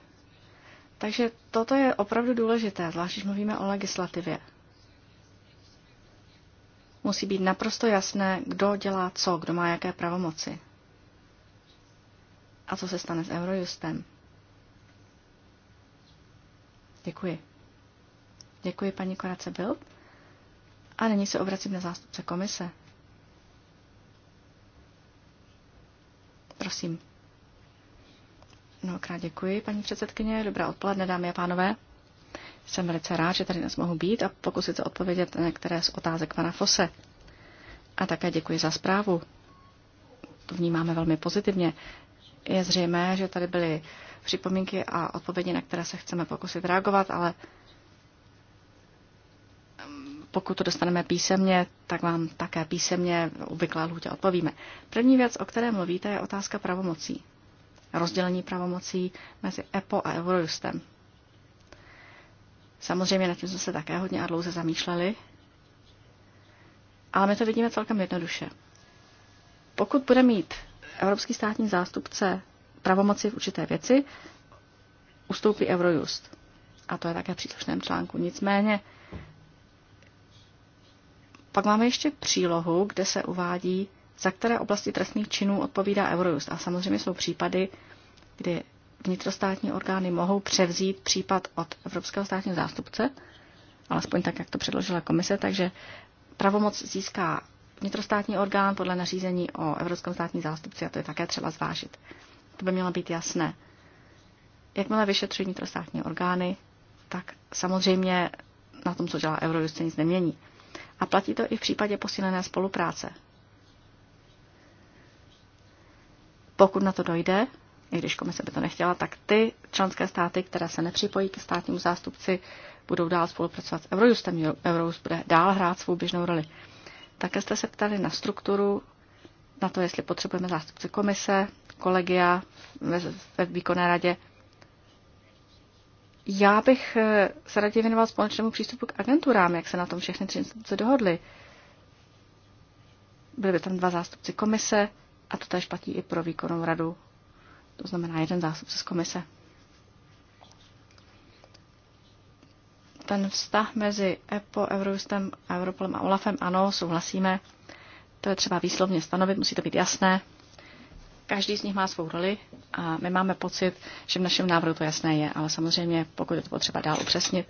Takže toto je opravdu důležité, zvlášť když mluvíme o legislativě musí být naprosto jasné, kdo dělá co, kdo má jaké pravomoci. A co se stane s Eurojustem? Děkuji. Děkuji paní Korace Bild. A nyní se obracím na zástupce komise. Prosím. Mnohokrát děkuji, paní předsedkyně. Dobrá odpoledne, dámy a pánové. Jsem velice rád, že tady dnes mohu být a pokusit se odpovědět na některé z otázek pana Fose. A také děkuji za zprávu. To vnímáme velmi pozitivně. Je zřejmé, že tady byly připomínky a odpovědi, na které se chceme pokusit reagovat, ale pokud to dostaneme písemně, tak vám také písemně v obvyklé lhůtě odpovíme. První věc, o které mluvíte, je otázka pravomocí. Rozdělení pravomocí mezi EPO a Eurojustem. Samozřejmě nad tím jsme se také hodně a dlouze zamýšleli, ale my to vidíme celkem jednoduše. Pokud bude mít evropský státní zástupce pravomoci v určité věci, ustoupí Eurojust. A to je také v příslušném článku. Nicméně, pak máme ještě přílohu, kde se uvádí, za které oblasti trestných činů odpovídá Eurojust. A samozřejmě jsou případy, kdy vnitrostátní orgány mohou převzít případ od Evropského státního zástupce, alespoň tak, jak to předložila komise, takže pravomoc získá vnitrostátní orgán podle nařízení o Evropském státní zástupci a to je také třeba zvážit. To by mělo být jasné. Jakmile vyšetřují vnitrostátní orgány, tak samozřejmě na tom, co dělá Eurojust, se nic nemění. A platí to i v případě posílené spolupráce. Pokud na to dojde, i když komise by to nechtěla, tak ty členské státy, které se nepřipojí ke státnímu zástupci, budou dál spolupracovat s Eurojustem. Eurojust bude dál hrát svou běžnou roli. Také jste se ptali na strukturu, na to, jestli potřebujeme zástupce komise, kolegia ve, ve výkonné radě. Já bych eh, se raději věnoval společnému přístupu k agenturám, jak se na tom všechny tři instituce dohodly. Byly by tam dva zástupci komise a to tež platí i pro výkonnou radu to znamená jeden zástupce z komise. Ten vztah mezi EPO, Eurojustem, Europolem a OLAFem, ano, souhlasíme. To je třeba výslovně stanovit, musí to být jasné. Každý z nich má svou roli a my máme pocit, že v našem návrhu to jasné je, ale samozřejmě, pokud je to potřeba dál upřesnit,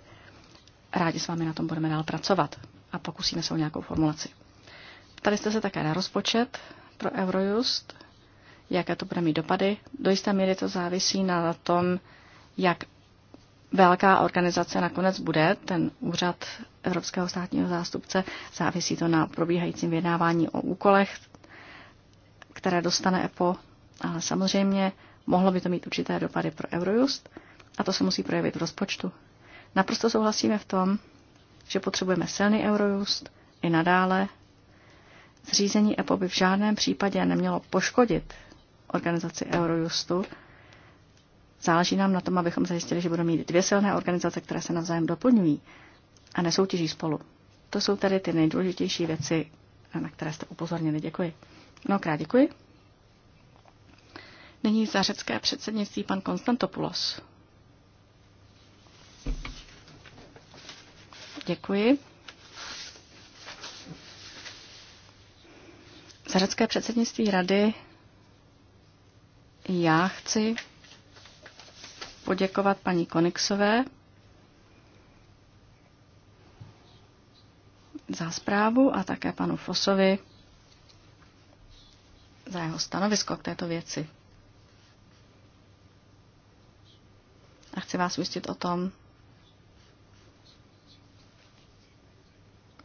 rádi s vámi na tom budeme dál pracovat a pokusíme se o nějakou formulaci. Ptali jste se také na rozpočet pro Eurojust jaké to bude mít dopady. Do jisté míry to závisí na tom, jak velká organizace nakonec bude, ten úřad Evropského státního zástupce, závisí to na probíhajícím vyjednávání o úkolech, které dostane EPO, ale samozřejmě mohlo by to mít určité dopady pro Eurojust a to se musí projevit v rozpočtu. Naprosto souhlasíme v tom, že potřebujeme silný Eurojust i nadále. Zřízení EPO by v žádném případě nemělo poškodit organizaci Eurojustu. Záleží nám na tom, abychom zajistili, že budeme mít dvě silné organizace, které se navzájem doplňují a nesoutěží spolu. To jsou tady ty nejdůležitější věci, na které jste upozornili. Děkuji. No, krát děkuji. Nyní za řecké předsednictví pan Konstantopoulos. Děkuji. Za řecké předsednictví rady já chci poděkovat paní Konixové za zprávu a také panu Fosovi za jeho stanovisko k této věci. A chci vás ujistit o tom,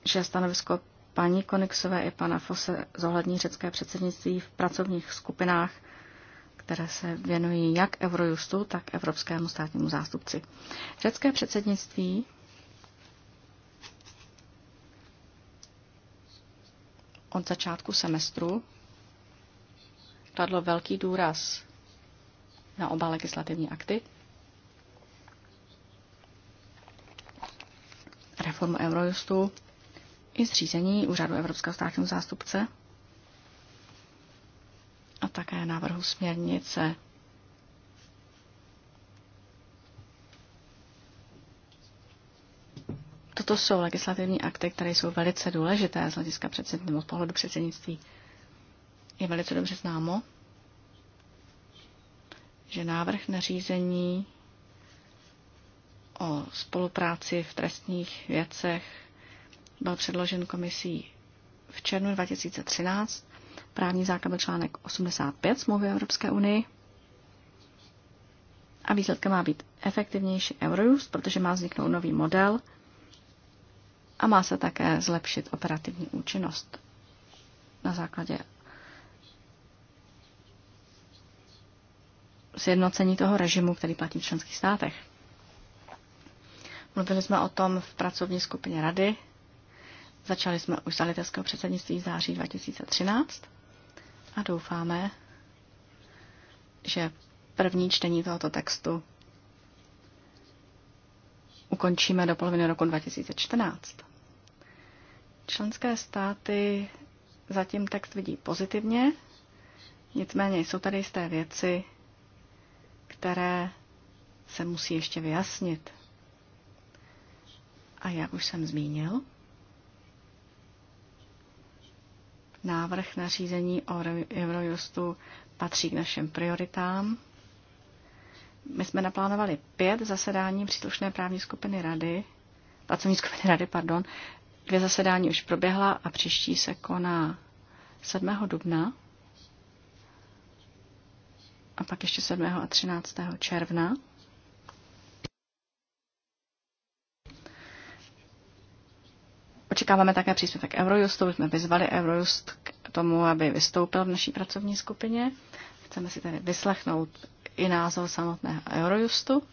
že stanovisko paní Konixové i pana Fose zohlední řecké předsednictví v pracovních skupinách které se věnují jak Eurojustu, tak Evropskému státnímu zástupci. Řecké předsednictví od začátku semestru kladlo velký důraz na oba legislativní akty. Reformu Eurojustu i zřízení úřadu Evropského státního zástupce – také návrhu směrnice Toto jsou legislativní akty, které jsou velice důležité z hlediska předsednictví, nebo z pohledu předsednictví. Je velice dobře známo, že návrh nařízení o spolupráci v trestních věcech byl předložen komisí v červnu 2013 Právní základ byl článek 85 smlouvy Evropské unii. A výsledkem má být efektivnější Eurojust, protože má vzniknout nový model a má se také zlepšit operativní účinnost na základě sjednocení toho režimu, který platí v členských státech. Mluvili jsme o tom v pracovní skupině rady. Začali jsme už za předsednictví v září 2013. A doufáme, že první čtení tohoto textu ukončíme do poloviny roku 2014. Členské státy zatím text vidí pozitivně, nicméně jsou tady jisté věci, které se musí ještě vyjasnit. A jak už jsem zmínil, Návrh na řízení o Eurojustu patří k našim prioritám. My jsme naplánovali pět zasedání příslušné právní skupiny rady, pracovní skupiny rady, pardon. Dvě zasedání už proběhla a příští se koná 7. dubna a pak ještě 7. a 13. června. Očekáváme také příspěvek Eurojustu, jsme vyzvali Eurojust k tomu, aby vystoupil v naší pracovní skupině. Chceme si tedy vyslechnout i názor samotného Eurojustu.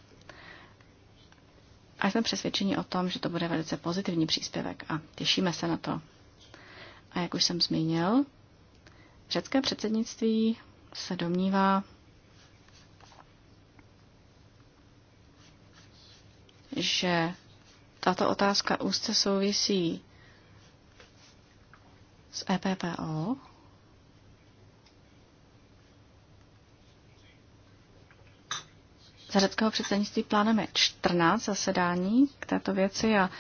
A jsme přesvědčeni o tom, že to bude velice pozitivní příspěvek a těšíme se na to. A jak už jsem zmínil, řecké předsednictví se domnívá, že tato otázka úzce souvisí z EPPO. Za řeckého předsednictví plánujeme 14 zasedání k této věci a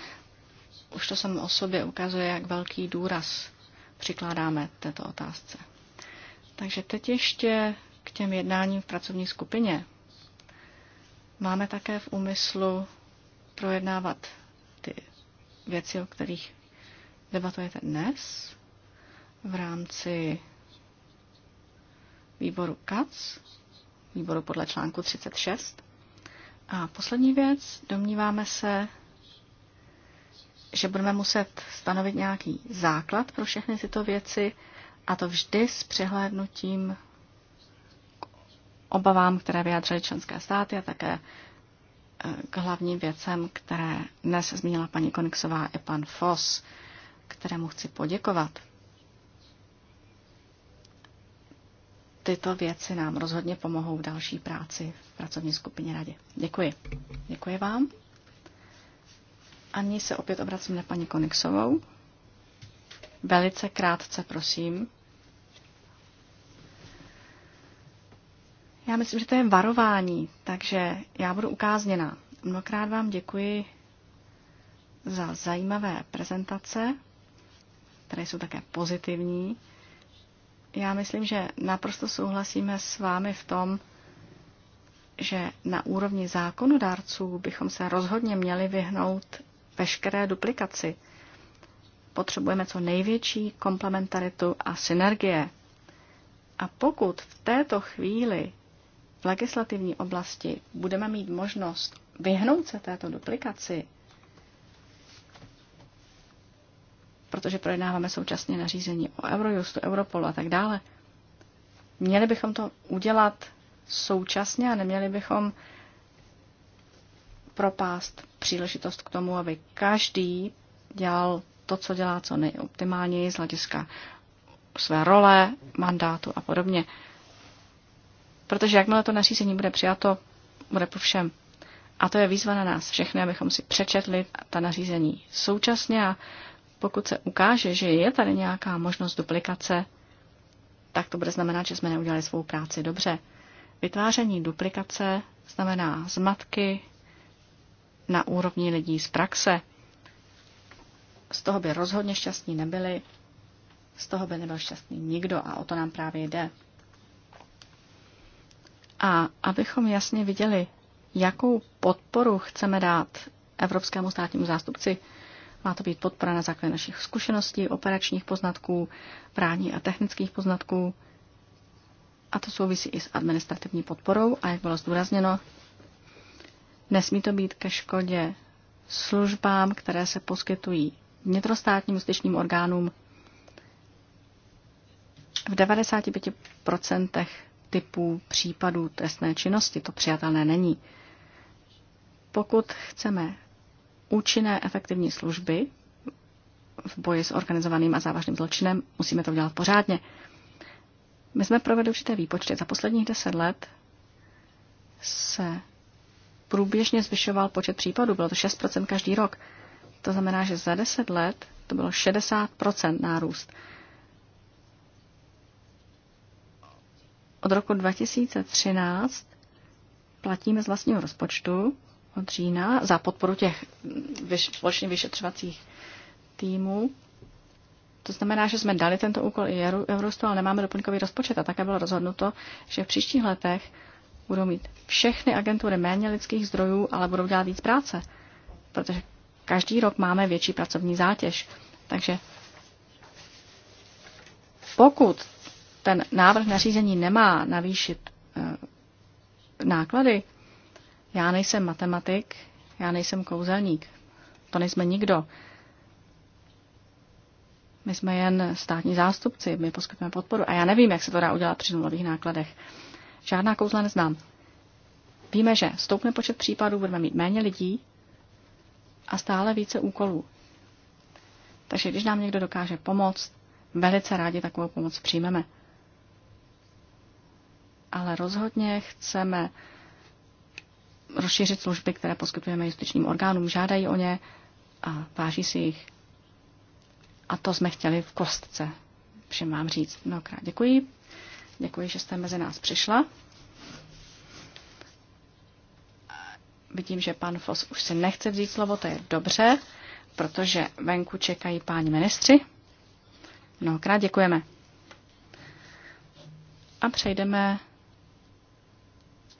už to samo o sobě ukazuje, jak velký důraz přikládáme této otázce. Takže teď ještě k těm jednáním v pracovní skupině. Máme také v úmyslu projednávat ty věci, o kterých debatujete dnes v rámci výboru CAC, výboru podle článku 36. A poslední věc, domníváme se, že budeme muset stanovit nějaký základ pro všechny tyto věci a to vždy s přehlédnutím k obavám, které vyjádřily členské státy a také eh, k hlavním věcem, které dnes zmínila paní Koniksová i pan Foss, kterému chci poděkovat. tyto věci nám rozhodně pomohou v další práci v pracovní skupině radě. Děkuji. Děkuji vám. A nyní se opět obracím na paní Koniksovou. Velice krátce, prosím. Já myslím, že to je varování, takže já budu ukázněná. Mnohokrát vám děkuji za zajímavé prezentace, které jsou také pozitivní. Já myslím, že naprosto souhlasíme s vámi v tom, že na úrovni zákonodárců bychom se rozhodně měli vyhnout veškeré duplikaci. Potřebujeme co největší komplementaritu a synergie. A pokud v této chvíli v legislativní oblasti budeme mít možnost vyhnout se této duplikaci protože projednáváme současně nařízení o Eurojustu, Europolu a tak dále. Měli bychom to udělat současně a neměli bychom propást příležitost k tomu, aby každý dělal to, co dělá co nejoptimálněji z hlediska své role, mandátu a podobně. Protože jakmile to nařízení bude přijato, bude po všem. A to je výzva na nás všechny, abychom si přečetli ta nařízení současně a pokud se ukáže, že je tady nějaká možnost duplikace, tak to bude znamenat, že jsme neudělali svou práci dobře. Vytváření duplikace znamená zmatky na úrovni lidí z praxe. Z toho by rozhodně šťastní nebyli, z toho by nebyl šťastný nikdo a o to nám právě jde. A abychom jasně viděli, jakou podporu chceme dát evropskému státnímu zástupci, má to být podpora na základě našich zkušeností, operačních poznatků, právních a technických poznatků. A to souvisí i s administrativní podporou a jak bylo zdůrazněno, nesmí to být ke škodě službám, které se poskytují vnitrostátním justičním orgánům. V 95% typů případů trestné činnosti to přijatelné není. Pokud chceme účinné efektivní služby v boji s organizovaným a závažným zločinem, musíme to dělat pořádně. My jsme provedli určité výpočty. Za posledních deset let se průběžně zvyšoval počet případů, bylo to 6% každý rok. To znamená, že za 10 let to bylo 60% nárůst. Od roku 2013 platíme z vlastního rozpočtu od října za podporu těch společně vyšetřovacích týmů. To znamená, že jsme dali tento úkol i Eurostu, ale nemáme doplňkový rozpočet. A také bylo rozhodnuto, že v příštích letech budou mít všechny agentury méně lidských zdrojů, ale budou dělat víc práce, protože každý rok máme větší pracovní zátěž. Takže pokud ten návrh nařízení nemá navýšit eh, náklady, já nejsem matematik, já nejsem kouzelník. To nejsme nikdo. My jsme jen státní zástupci, my poskytujeme podporu. A já nevím, jak se to dá udělat při nulových nákladech. Žádná kouzla neznám. Víme, že stoupne počet případů, budeme mít méně lidí a stále více úkolů. Takže když nám někdo dokáže pomoct, velice rádi takovou pomoc přijmeme. Ale rozhodně chceme rozšířit služby, které poskytujeme justičním orgánům, žádají o ně a váží si jich. A to jsme chtěli v kostce všem vám říct. Mnohokrát děkuji. Děkuji, že jste mezi nás přišla. Vidím, že pan Fos už si nechce vzít slovo, to je dobře, protože venku čekají páni ministři. Mnohokrát děkujeme. A přejdeme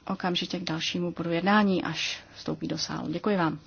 okamžitě k dalšímu projednání, až vstoupí do sálu. Děkuji vám.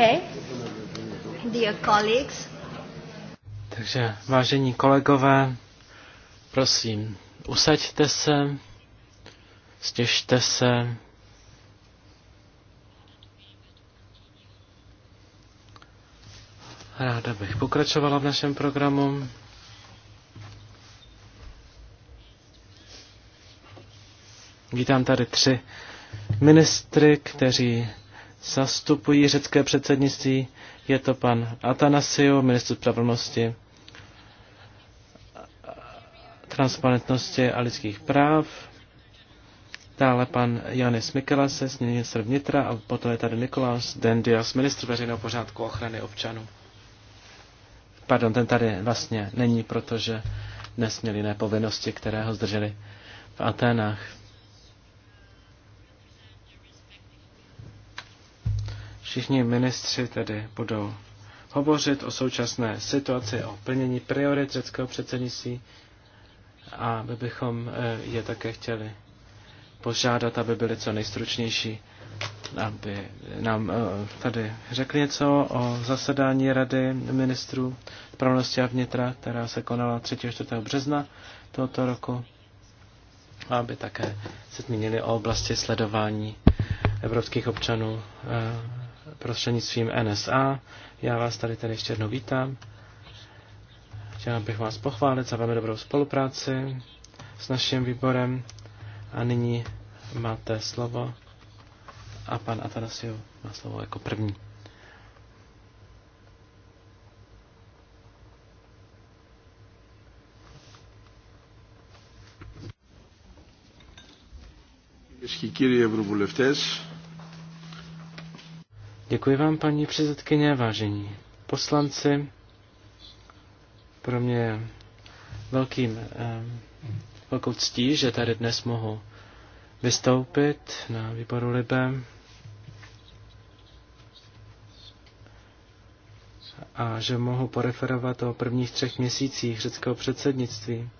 Okay. Dear colleagues. Takže, vážení kolegové, prosím, usaďte se, stěžte se. Ráda bych pokračovala v našem programu. Vítám tady tři ministry, kteří zastupují řecké předsednictví. Je to pan Atanasio, ministr spravedlnosti, transparentnosti a lidských práv. Dále pan Janis Mikelases, ministr vnitra, a potom je tady Nikolás Dendias, ministr veřejného pořádku ochrany občanů. Pardon, ten tady vlastně není, protože dnes měl jiné povinnosti, které ho zdrželi v Aténách. Všichni ministři tedy budou hovořit o současné situaci, o plnění priorit řeckého předsednictví a my bychom eh, je také chtěli požádat, aby byly co nejstručnější, aby nám eh, tady řekli něco o zasedání Rady ministrů spravedlnosti a vnitra, která se konala 3. 4. března tohoto roku, aby také se zmínili o oblasti sledování evropských občanů eh, prostřednictvím NSA. Já vás tady tady ještě jednou vítám. Chtěl bych vás pochválit za velmi dobrou spolupráci s naším výborem. A nyní máte slovo a pan Atanasio má slovo jako první. Κυρίες και κύριοι Ευρωβουλευτές, Děkuji vám, paní předsedkyně, vážení poslanci. Pro mě je velkým, eh, velkou ctí, že tady dnes mohu vystoupit na výboru Libe. a že mohu poreferovat o prvních třech měsících řeckého předsednictví.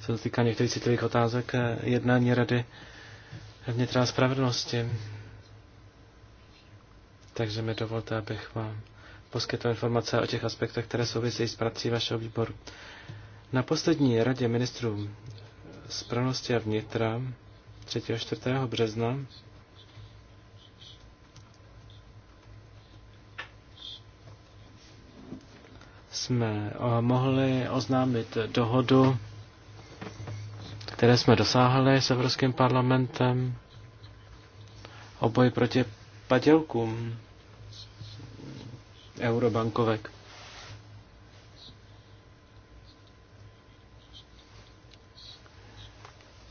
co se týká některých citlivých otázek eh, jednání rady vnitra spravedlnosti. Takže mi dovolte, abych vám poskytl informace o těch aspektech, které souvisejí s prací vašeho výboru. Na poslední radě ministrů spravedlnosti a vnitra 3. a 4. března jsme eh, mohli oznámit dohodu které jsme dosáhli s Evropským parlamentem o boji proti padělkům eurobankovek.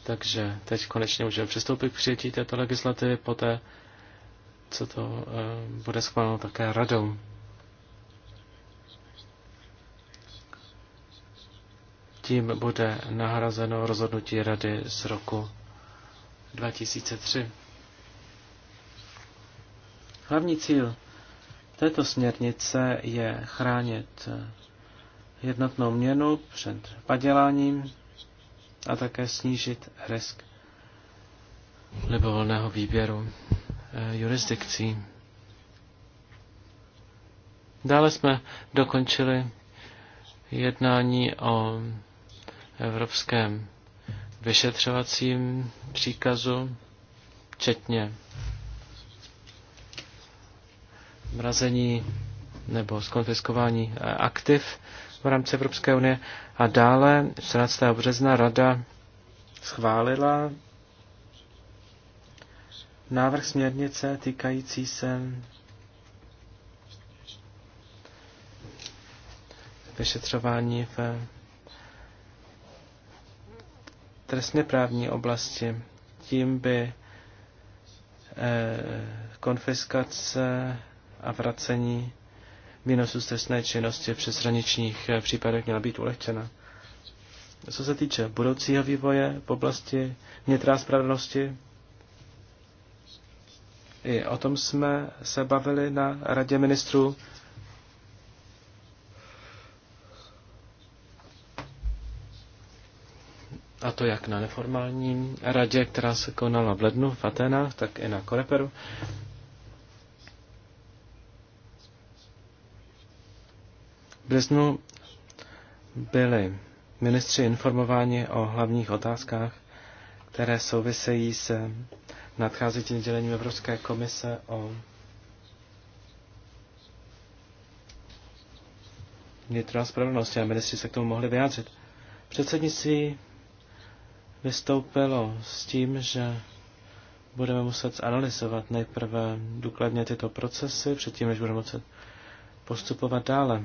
Takže teď konečně můžeme přistoupit k přijetí této legislativy poté, co to eh, bude schváleno také radou. tím bude nahrazeno rozhodnutí Rady z roku 2003. Hlavní cíl této směrnice je chránit jednotnou měnu před paděláním a také snížit risk libovolného výběru eh, jurisdikcí. Dále jsme dokončili jednání o evropském vyšetřovacím příkazu, včetně mrazení nebo skonfiskování eh, aktiv v rámci Evropské unie. A dále 14. března rada schválila návrh směrnice týkající se vyšetřování v trestně právní oblasti. Tím by eh, konfiskace a vracení výnosu z trestné činnosti v přeshraničních eh, případech měla být ulehčena. Co se týče budoucího vývoje v oblasti vnitra spravedlnosti, i o tom jsme se bavili na Radě ministrů a to jak na neformální radě, která se konala v lednu v Atenách, tak i na Koreperu. V březnu byli ministři informováni o hlavních otázkách, které souvisejí se nadcházejícím dělením Evropské komise o vnitra spravedlnosti a ministři se k tomu mohli vyjádřit. Předsednictví vystoupilo s tím, že budeme muset analyzovat nejprve důkladně tyto procesy, předtím, než budeme muset postupovat dále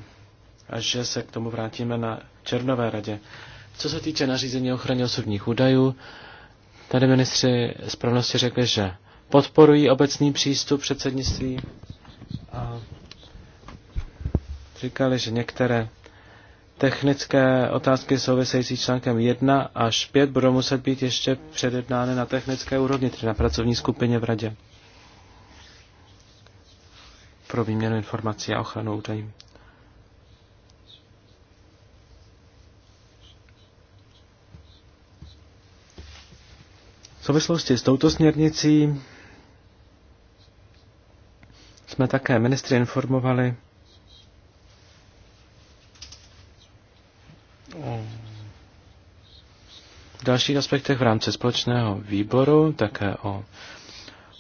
a že se k tomu vrátíme na Černové radě. Co se týče nařízení ochrany osobních údajů, tady ministři správnosti řekli, že podporují obecný přístup předsednictví a říkali, že některé Technické otázky související článkem 1 až 5 budou muset být ještě předjednány na technické úrovni, tedy na pracovní skupině v Radě pro výměnu informací a ochranu údajů. V souvislosti s touto směrnicí jsme také ministry informovali dalších aspektech v rámci společného výboru, také o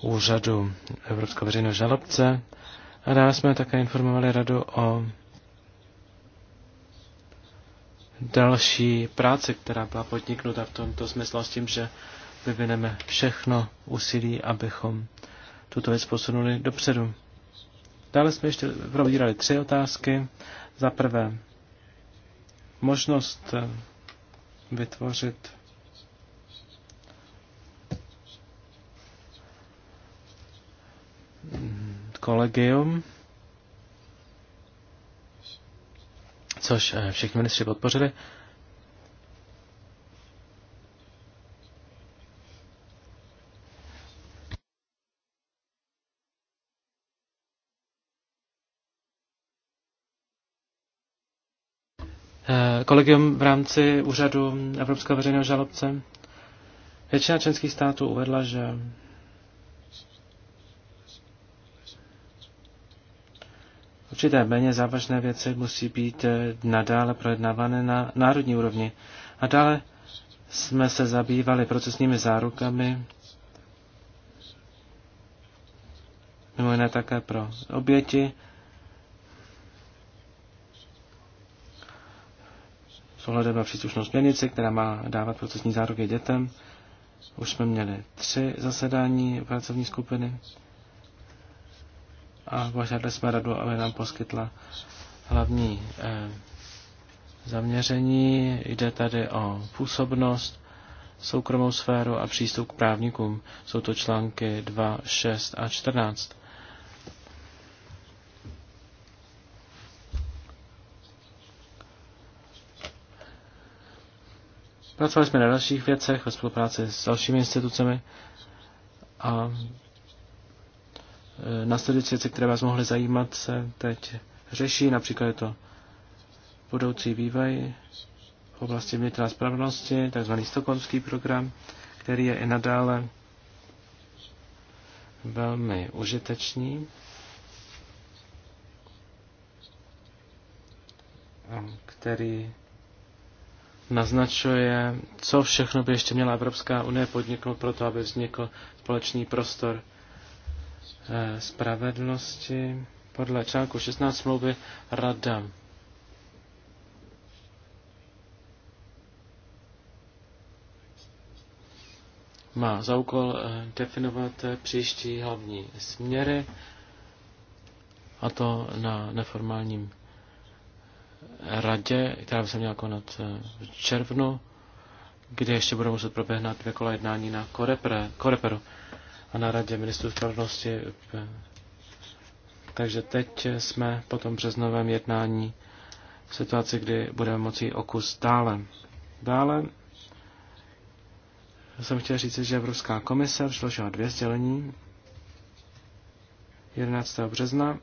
úřadu Evropského veřejného žalobce. A dále jsme také informovali radu o další práci, která byla podniknuta v tomto smyslu s tím, že vyvineme všechno úsilí, abychom tuto věc posunuli dopředu. Dále jsme ještě probírali tři otázky. Za prvé, možnost vytvořit kolegium, což eh, všichni ministři podpořili. Eh, kolegium v rámci úřadu Evropského veřejného žalobce. Většina členských států uvedla, že Určité méně závažné věci musí být eh, nadále projednávané na národní úrovni. A dále jsme se zabývali procesními zárukami, mimo jiné také pro oběti. S ohledem na příslušnou směrnici, která má dávat procesní záruky dětem, už jsme měli tři zasedání pracovní skupiny a požádali jsme radu, aby nám poskytla hlavní eh, zaměření. Jde tady o působnost, soukromou sféru a přístup k právníkům. Jsou to články 2, 6 a 14. Pracovali jsme na dalších věcech ve spolupráci s dalšími institucemi a Eh, následující věci, které vás mohly zajímat, se teď řeší. Například je to budoucí vývoj v oblasti vnitra spravedlnosti, takzvaný stokholmský program, který je i nadále velmi užitečný. který naznačuje, co všechno by ještě měla Evropská unie podniknout pro to, aby vznikl společný prostor Eh, spravedlnosti podle článku 16 smlouvy Rada. Má za úkol eh, definovat příští hlavní směry, a to na neformálním eh, radě, která by se měla konat v červnu, kde ještě budou muset proběhnout dvě kola jednání na korepre, koreperu a na radě ministrů spravedlnosti. Takže teď jsme po tom březnovém jednání v situaci, kdy budeme moci okus dále. Dále jsem chtěl říct, že Evropská komise přiložila dvě sdělení 11. března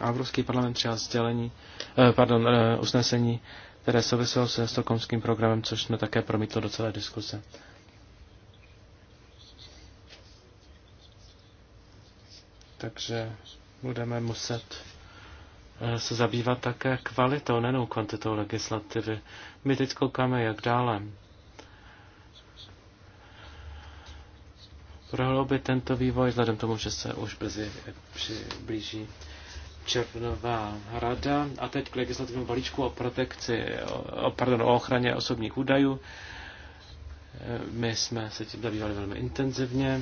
a Evropský parlament přijal sdělení, eh, pardon, eh, usnesení, které souviselo se stokomským programem, což jsme také promítli do celé diskuse. takže budeme muset eh, se zabývat také kvalitou, nenou kvantitou legislativy. My teď koukáme, jak dále. Prohloubit tento vývoj, vzhledem tomu, že se už brzy přiblíží červnová rada. A teď k legislativnímu balíčku o protekci, o, pardon, o ochraně osobních údajů. Eh, my jsme se tím zabývali velmi intenzivně.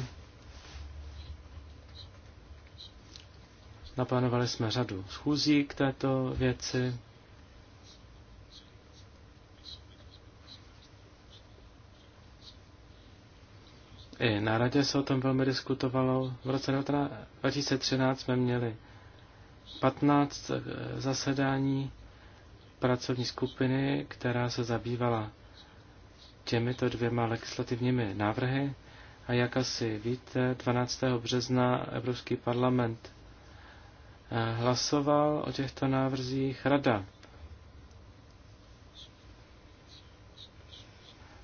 Naplánovali jsme řadu schůzí k této věci. I na radě se o tom velmi diskutovalo. V roce 2013 jsme měli 15 eh, zasedání pracovní skupiny, která se zabývala těmito dvěma legislativními návrhy. A jak asi víte, 12. března Evropský parlament hlasoval o těchto návrzích rada.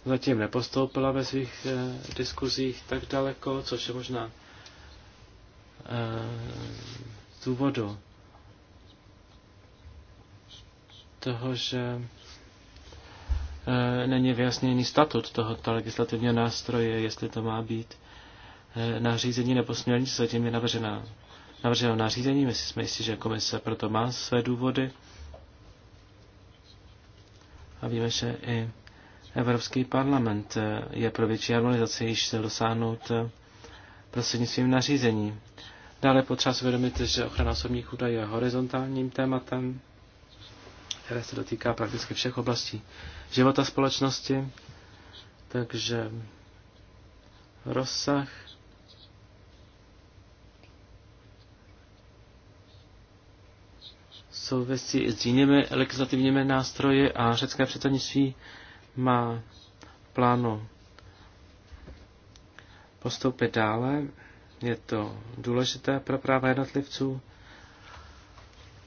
Zatím nepostoupila ve svých eh, diskuzích tak daleko, což je možná eh, z důvodu toho, že eh, není vyjasněný statut tohoto legislativního nástroje, jestli to má být nařízení nebo směrnice, zatím je navržená navrženo nařízení. My jsme jistí, že komise proto má své důvody. A víme, že i Evropský parlament je pro větší harmonizaci, již se dosáhnout eh, prostřednictvím nařízení. Dále potřeba si uvědomit, že ochrana osobních údajů je horizontálním tématem, které se dotýká prakticky všech oblastí života společnosti, takže rozsah souvisí s jinými legislativními nástroji a řecké předsednictví má plánu postoupit dále. Je to důležité pro práva jednotlivců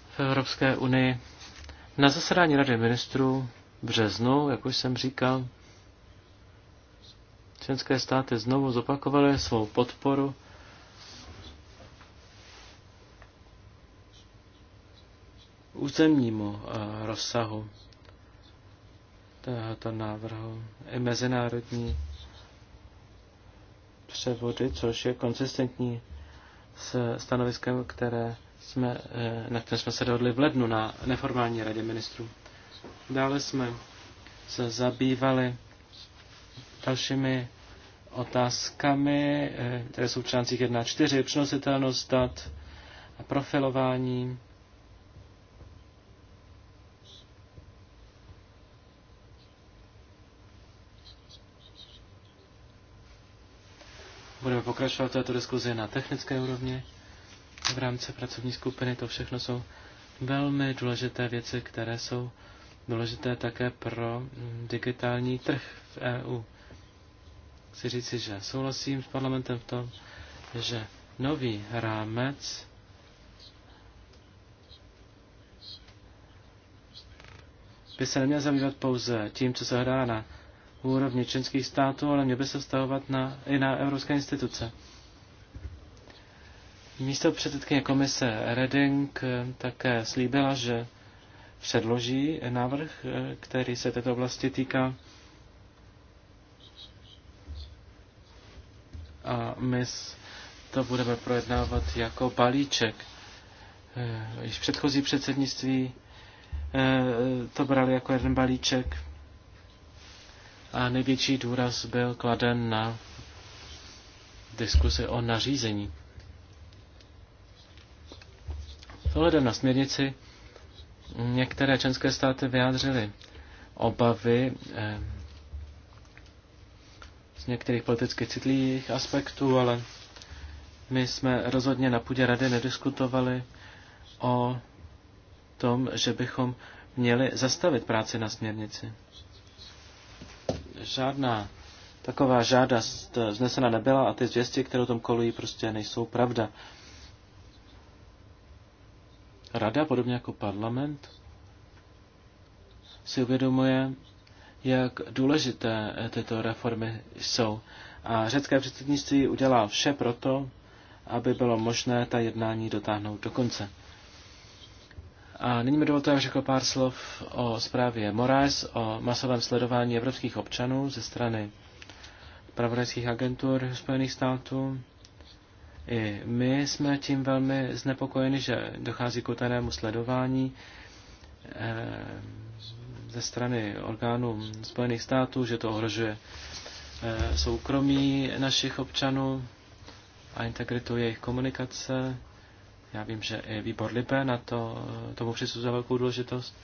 v Evropské unii. Na zasedání Rady ministrů v březnu, jak už jsem říkal, členské státy znovu zopakovaly svou podporu územnímu eh, rozsahu tohoto návrhu. I mezinárodní převody, což je konsistentní s stanoviskem, které jsme, eh, na kterém jsme se dohodli v lednu na neformální radě ministrů. Dále jsme se zabývali dalšími otázkami, eh, které jsou v článcích 1.4, přenositelnost dat a profilování Budeme pokračovat této diskuzi na technické úrovni v rámci pracovní skupiny. To všechno jsou velmi důležité věci, které jsou důležité také pro mm, digitální trh v EU. Chci říci, že souhlasím s parlamentem v tom, že nový rámec by se neměl zabývat pouze tím, co se hrá na úrovni členských států, ale měl by se vztahovat na, i na evropské instituce. Místo předsedkyně komise Reding eh, také slíbila, že předloží návrh, eh, který se této oblasti týká. A my to budeme projednávat jako balíček. Eh, již předchozí předsednictví to brali jako jeden balíček a největší důraz byl kladen na diskuse o nařízení. Vzhledem na směrnici některé členské státy vyjádřily obavy eh, z některých politicky citlivých aspektů, ale my jsme rozhodně na půdě rady nediskutovali o tom, že bychom měli zastavit práci na směrnici žádná taková žádost znesena nebyla a ty zvěsti, které o tom kolují, prostě nejsou pravda. Rada, podobně jako parlament, si uvědomuje, jak důležité tyto reformy jsou. A řecké předsednictví udělá vše proto, aby bylo možné ta jednání dotáhnout do konce. A nyní mi dovolte, abych řekl pár slov o zprávě Moraes, o masovém sledování evropských občanů ze strany pravodajských agentur Spojených států. I my jsme tím velmi znepokojeni, že dochází k utajenému sledování eh, ze strany orgánů Spojených států, že to ohrožuje eh, soukromí našich občanů a integritu jejich komunikace. Já vím, že i výbor Libe na to, tomu přisuzuje velkou důležitost.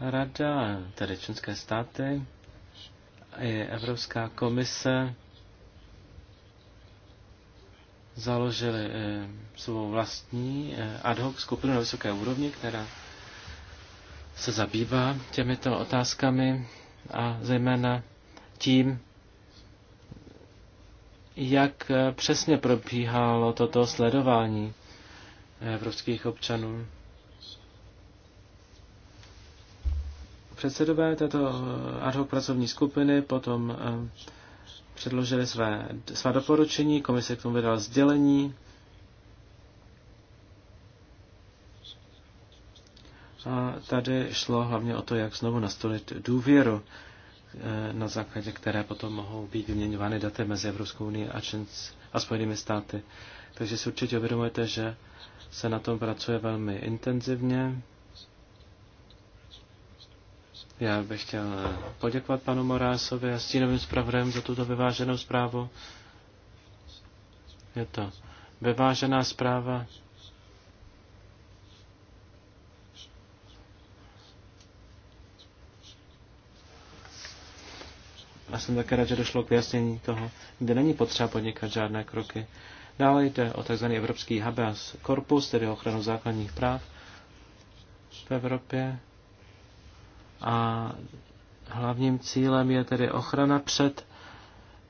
Rada, tedy členské státy, i Evropská komise založili eh, svou vlastní eh, ad hoc skupinu na vysoké úrovni, která se zabývá těmito otázkami a zejména tím, jak přesně probíhalo toto sledování evropských občanů. Předsedové této eh, ad hoc pracovní skupiny potom eh, předložili své, svá doporučení, komise k tomu vydala sdělení. A tady šlo hlavně o to, jak znovu nastolit důvěru Eh, na základě které potom mohou být vyměňovány data mezi Evropskou unii a, a Spojenými státy. Takže si určitě uvědomujete, že se na tom pracuje velmi intenzivně. Já bych chtěl eh, poděkovat panu Morásovi a stínovým zpravodajem za tuto vyváženou zprávu. Je to vyvážená zpráva, a jsem také rád, že došlo k vyjasnění toho, kde není potřeba podnikat žádné kroky. Dále jde o tzv. evropský habeas corpus, tedy ochranu základních práv v Evropě. A hlavním cílem je tedy ochrana před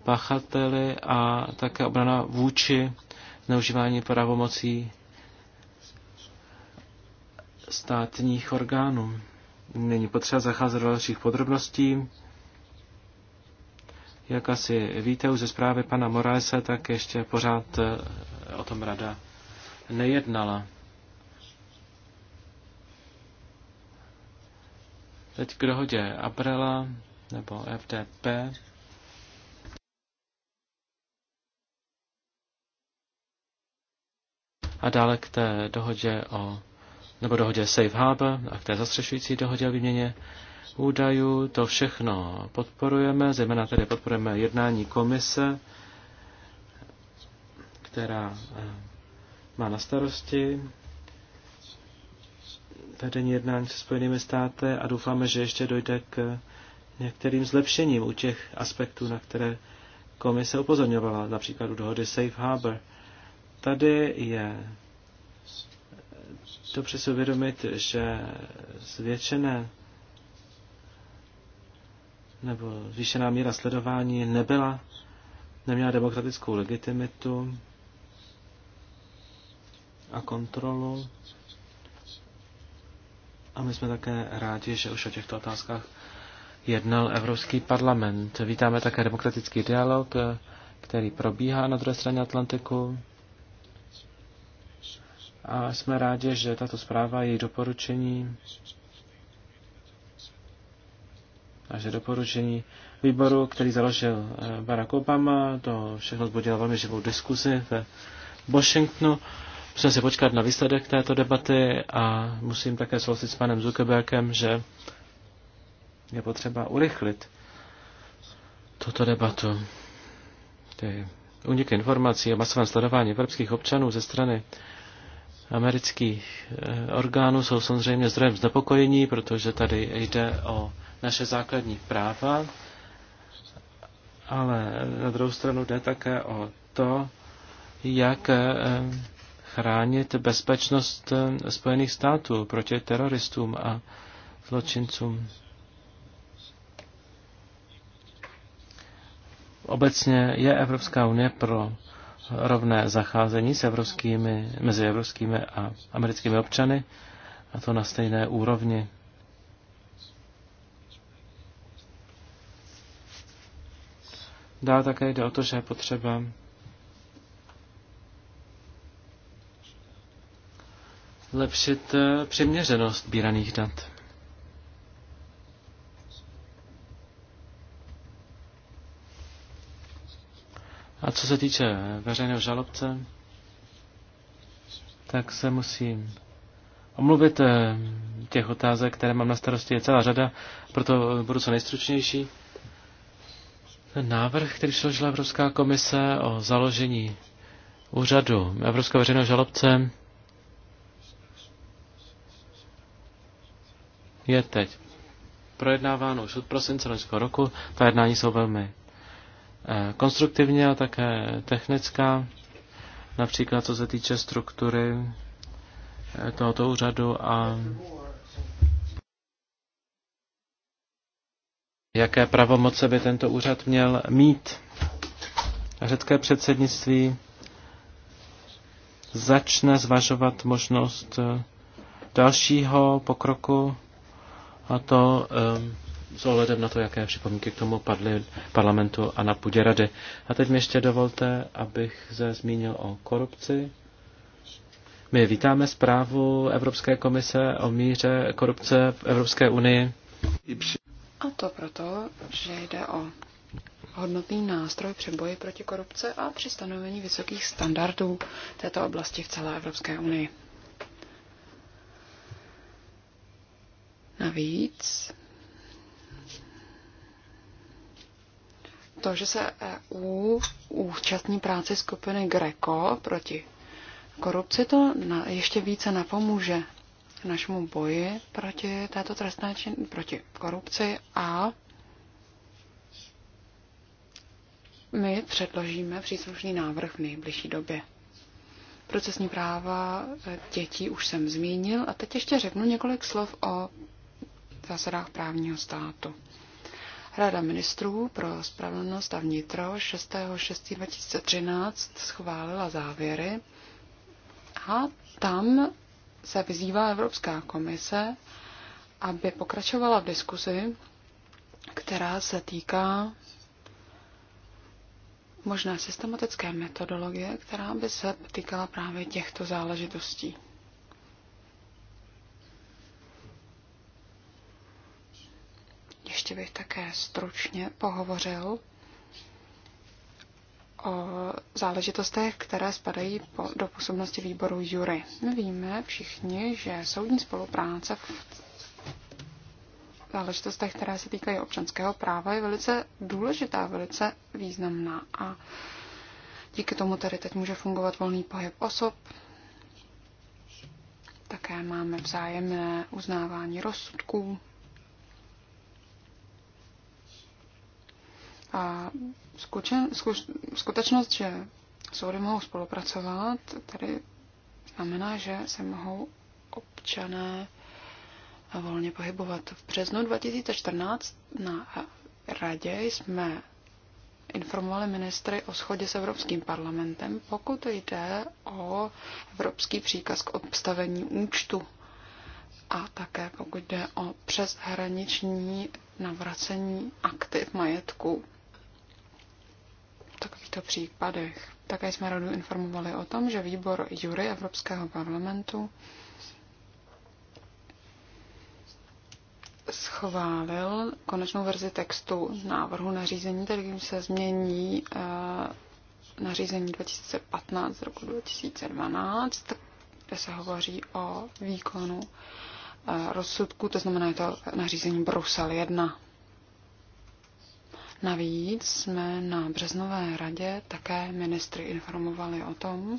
pachateli a také obrana vůči zneužívání pravomocí státních orgánů. Není potřeba zacházet do dalších podrobností. Jak asi víte už ze zprávy pana Moralesa, tak ještě pořád eh, o tom rada nejednala. Teď k dohodě Abrela nebo FDP. A dále k té dohodě o, nebo dohodě Safe Harbor a k té zastřešující dohodě o výměně údajů. To všechno podporujeme, zejména tedy podporujeme jednání komise, která eh, má na starosti vedení jednání se Spojenými státy a doufáme, že ještě dojde k některým zlepšením u těch aspektů, na které komise upozorňovala, například u dohody Safe Harbor. Tady je dobře si uvědomit, že zvětšené nebo zvýšená míra sledování nebyla, neměla demokratickou legitimitu a kontrolu. A my jsme také rádi, že už o těchto otázkách jednal Evropský parlament. Vítáme také demokratický dialog, který probíhá na druhé straně Atlantiku. A jsme rádi, že tato zpráva, její doporučení takže doporučení výboru, který založil eh, Barack Obama, to všechno zbudilo velmi živou diskuzi ve Washingtonu. Musím si počkat na výsledek této debaty a musím také souhlasit s panem Zuckerbergem, že je potřeba urychlit tuto debatu. Ty uniky informací a masovém sledování evropských občanů ze strany amerických eh, orgánů jsou samozřejmě zdrojem znepokojení, protože tady jde o naše základní práva, ale na druhou stranu jde také o to, jak eh, chránit bezpečnost eh, Spojených států proti teroristům a zločincům. Obecně je Evropská unie pro rovné zacházení s evropskými, mezi evropskými a americkými občany, a to na stejné úrovni. Dále také jde o to, že je potřeba zlepšit eh, přiměřenost bíraných dat. A co se týče veřejného žalobce, tak se musím omluvit eh, těch otázek, které mám na starosti, je celá řada, proto budu co nejstručnější. Ten návrh, který složila Evropská komise o založení úřadu Evropského veřejného žalobce, je teď projednáván už od prosince loňského roku. Ta jednání jsou velmi eh, konstruktivní a také technická, například co se týče struktury eh, tohoto úřadu a jaké pravomoce by tento úřad měl mít. Řecké předsednictví začne zvažovat možnost eh, dalšího pokroku a to eh, s ohledem na to, jaké připomínky k tomu padly parlamentu a na půdě rady. A teď mi ještě dovolte, abych se zmínil o korupci. My vítáme zprávu Evropské komise o míře korupce v Evropské unii. A to proto, že jde o hodnotný nástroj při boji proti korupce a při stanovení vysokých standardů této oblasti v celé Evropské unii. Navíc to, že se EU účastní práce skupiny GRECO proti korupci, to ještě více napomůže našemu boji proti této trestné čin, proti korupci a my předložíme příslušný návrh v nejbližší době. Procesní práva dětí už jsem zmínil a teď ještě řeknu několik slov o zásadách právního státu. Rada ministrů pro spravedlnost a vnitro 6.6.2013 schválila závěry a tam se vyzývá Evropská komise, aby pokračovala v diskuzi, která se týká možné systematické metodologie, která by se týkala právě těchto záležitostí. Ještě bych také stručně pohovořil o záležitostech, které spadají do působnosti výboru jury. My víme všichni, že soudní spolupráce v záležitostech, které se týkají občanského práva, je velice důležitá, velice významná. A díky tomu tady teď může fungovat volný pohyb osob. Také máme vzájemné uznávání rozsudků. A skučen, skutečnost, že soudy mohou spolupracovat, tedy znamená, že se mohou občané volně pohybovat. V březnu 2014 na radě jsme informovali ministry o schodě s Evropským parlamentem, pokud jde o evropský příkaz k obstavení účtu a také pokud jde o přeshraniční navracení aktiv majetku takovýchto případech. Také jsme radu informovali o tom, že výbor jury Evropského parlamentu schválil konečnou verzi textu návrhu nařízení, kterým se změní eh, nařízení 2015 z roku 2012, kde se hovoří o výkonu eh, rozsudku, to znamená je to nařízení Brusel 1. Navíc jsme na březnové radě také ministry informovali o tom,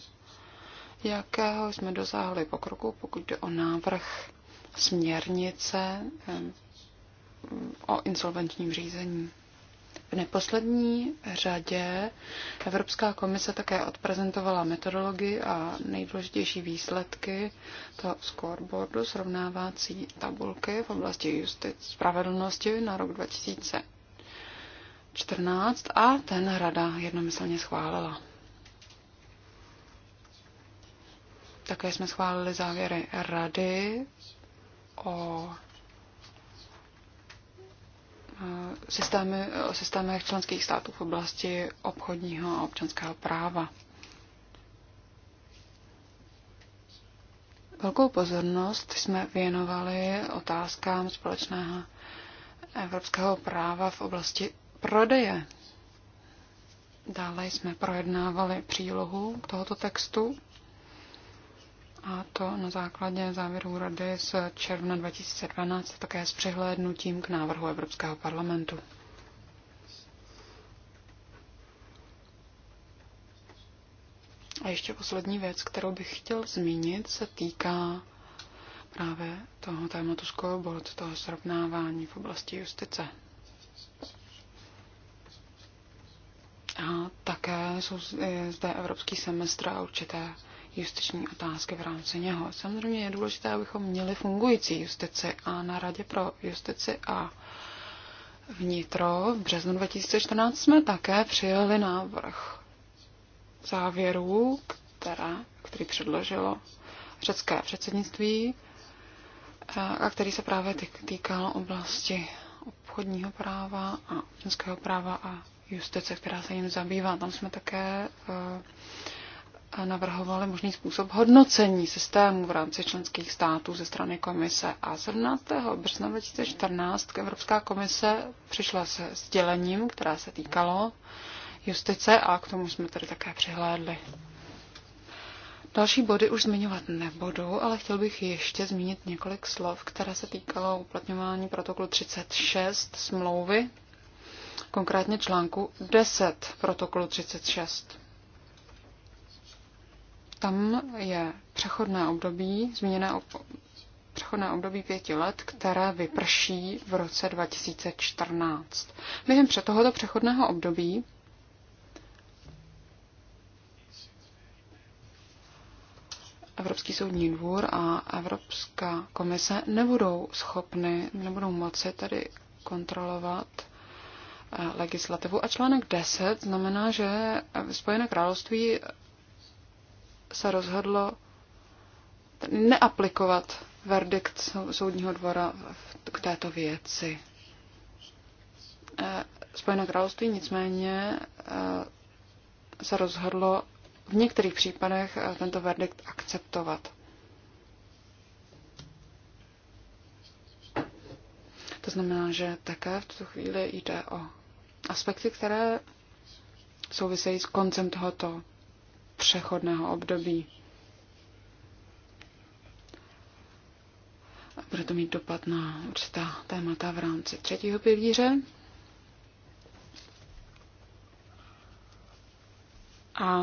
jakého jsme dosáhli pokroku, pokud jde o návrh směrnice eh, o insolvenčním řízení. V neposlední řadě Evropská komise také odprezentovala metodologii a nejdůležitější výsledky toho scoreboardu srovnávací tabulky v oblasti justice spravedlnosti na rok 2000. 14 a ten rada jednomyslně schválila. Také jsme schválili závěry rady o eh, systémy, o systémech členských států v oblasti obchodního a občanského práva. Velkou pozornost jsme věnovali otázkám společného evropského práva v oblasti prodeje. Dále jsme projednávali přílohu tohoto textu a to na základě závěrů Rady z června 2012 také s přihlédnutím k návrhu Evropského parlamentu. A ještě poslední věc, kterou bych chtěl zmínit, se týká právě toho tématu scoreboard, toho srovnávání v oblasti justice. A také jsou zde evropský semestr a určité justiční otázky v rámci něho. Samozřejmě je důležité, abychom měli fungující justici a na Radě pro justici a vnitro v březnu 2014 jsme také přijeli návrh závěrů, která, který předložilo řecké předsednictví a který se právě týkal oblasti obchodního práva a ženského práva a justice, která se jim zabývá. Tam jsme také eh, navrhovali možný způsob hodnocení systému v rámci členských států ze strany komise. A 17. března 2014 Evropská komise přišla se sdělením, která se týkalo justice a k tomu jsme tedy také přihlédli. Další body už zmiňovat nebudu, ale chtěl bych ještě zmínit několik slov, které se týkalo uplatňování protokolu 36 smlouvy konkrétně článku 10 protokolu 36. Tam je přechodné období, zmíněné přechodné období pěti let, které vyprší v roce 2014. Během před tohoto přechodného období Evropský soudní dvůr a Evropská komise nebudou schopny, nebudou moci tedy kontrolovat legislativu. A článek 10 znamená, že Spojené království se rozhodlo neaplikovat verdikt soudního dvora k této věci. Eh, Spojené království nicméně eh, se rozhodlo v některých případech eh, tento verdikt akceptovat. To znamená, že také v tuto chvíli jde o aspekty, které souvisejí s koncem tohoto přechodného období. A bude to mít dopad na určitá témata v rámci třetího pilíře. A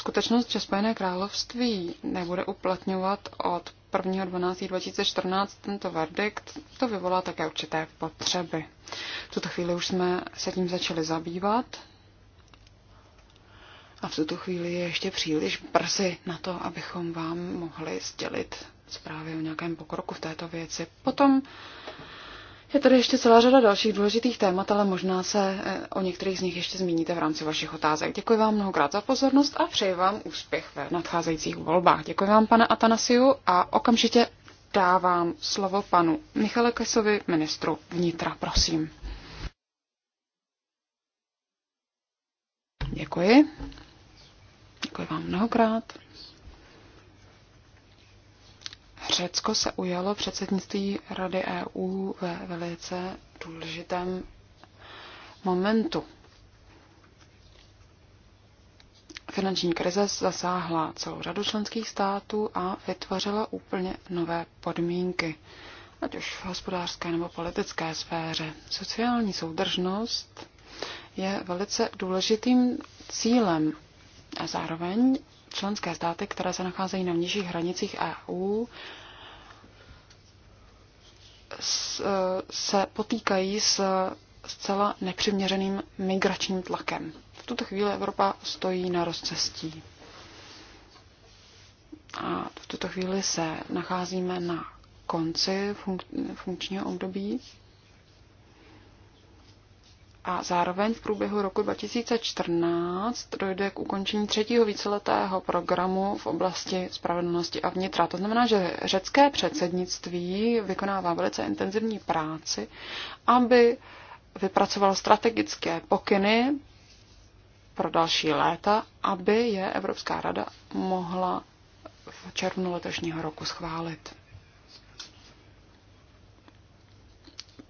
Skutečnost, že Spojené království nebude uplatňovat od 1.12.2014 tento verdikt, to vyvolá také určité potřeby. V tuto chvíli už jsme se tím začali zabývat a v tuto chvíli je ještě příliš brzy na to, abychom vám mohli sdělit zprávy o nějakém pokroku v této věci. Potom je tady ještě celá řada dalších důležitých témat, ale možná se eh, o některých z nich ještě zmíníte v rámci vašich otázek. Děkuji vám mnohokrát za pozornost a přeji vám úspěch ve nadcházejících volbách. Děkuji vám, pane Atanasiu, a okamžitě dávám slovo panu Michale Kesovi, ministru vnitra, prosím. Děkuji. Děkuji vám mnohokrát. Řecko se ujalo předsednictví Rady EU ve velice důležitém momentu. Finanční krize zasáhla celou řadu členských států a vytvořila úplně nové podmínky, ať už v hospodářské nebo politické sféře. Sociální soudržnost je velice důležitým cílem a zároveň členské státy, které se nacházejí na vnějších hranicích EU, eh, se potýkají s zcela nepřiměřeným migračním tlakem. V tuto chvíli Evropa stojí na rozcestí. A v tuto chvíli se nacházíme na konci funk- funkčního období a zároveň v průběhu roku 2014 dojde k ukončení třetího víceletého programu v oblasti spravedlnosti a vnitra. To znamená, že řecké předsednictví vykonává velice intenzivní práci, aby vypracovalo strategické pokyny pro další léta, aby je Evropská rada mohla v červnu letošního roku schválit.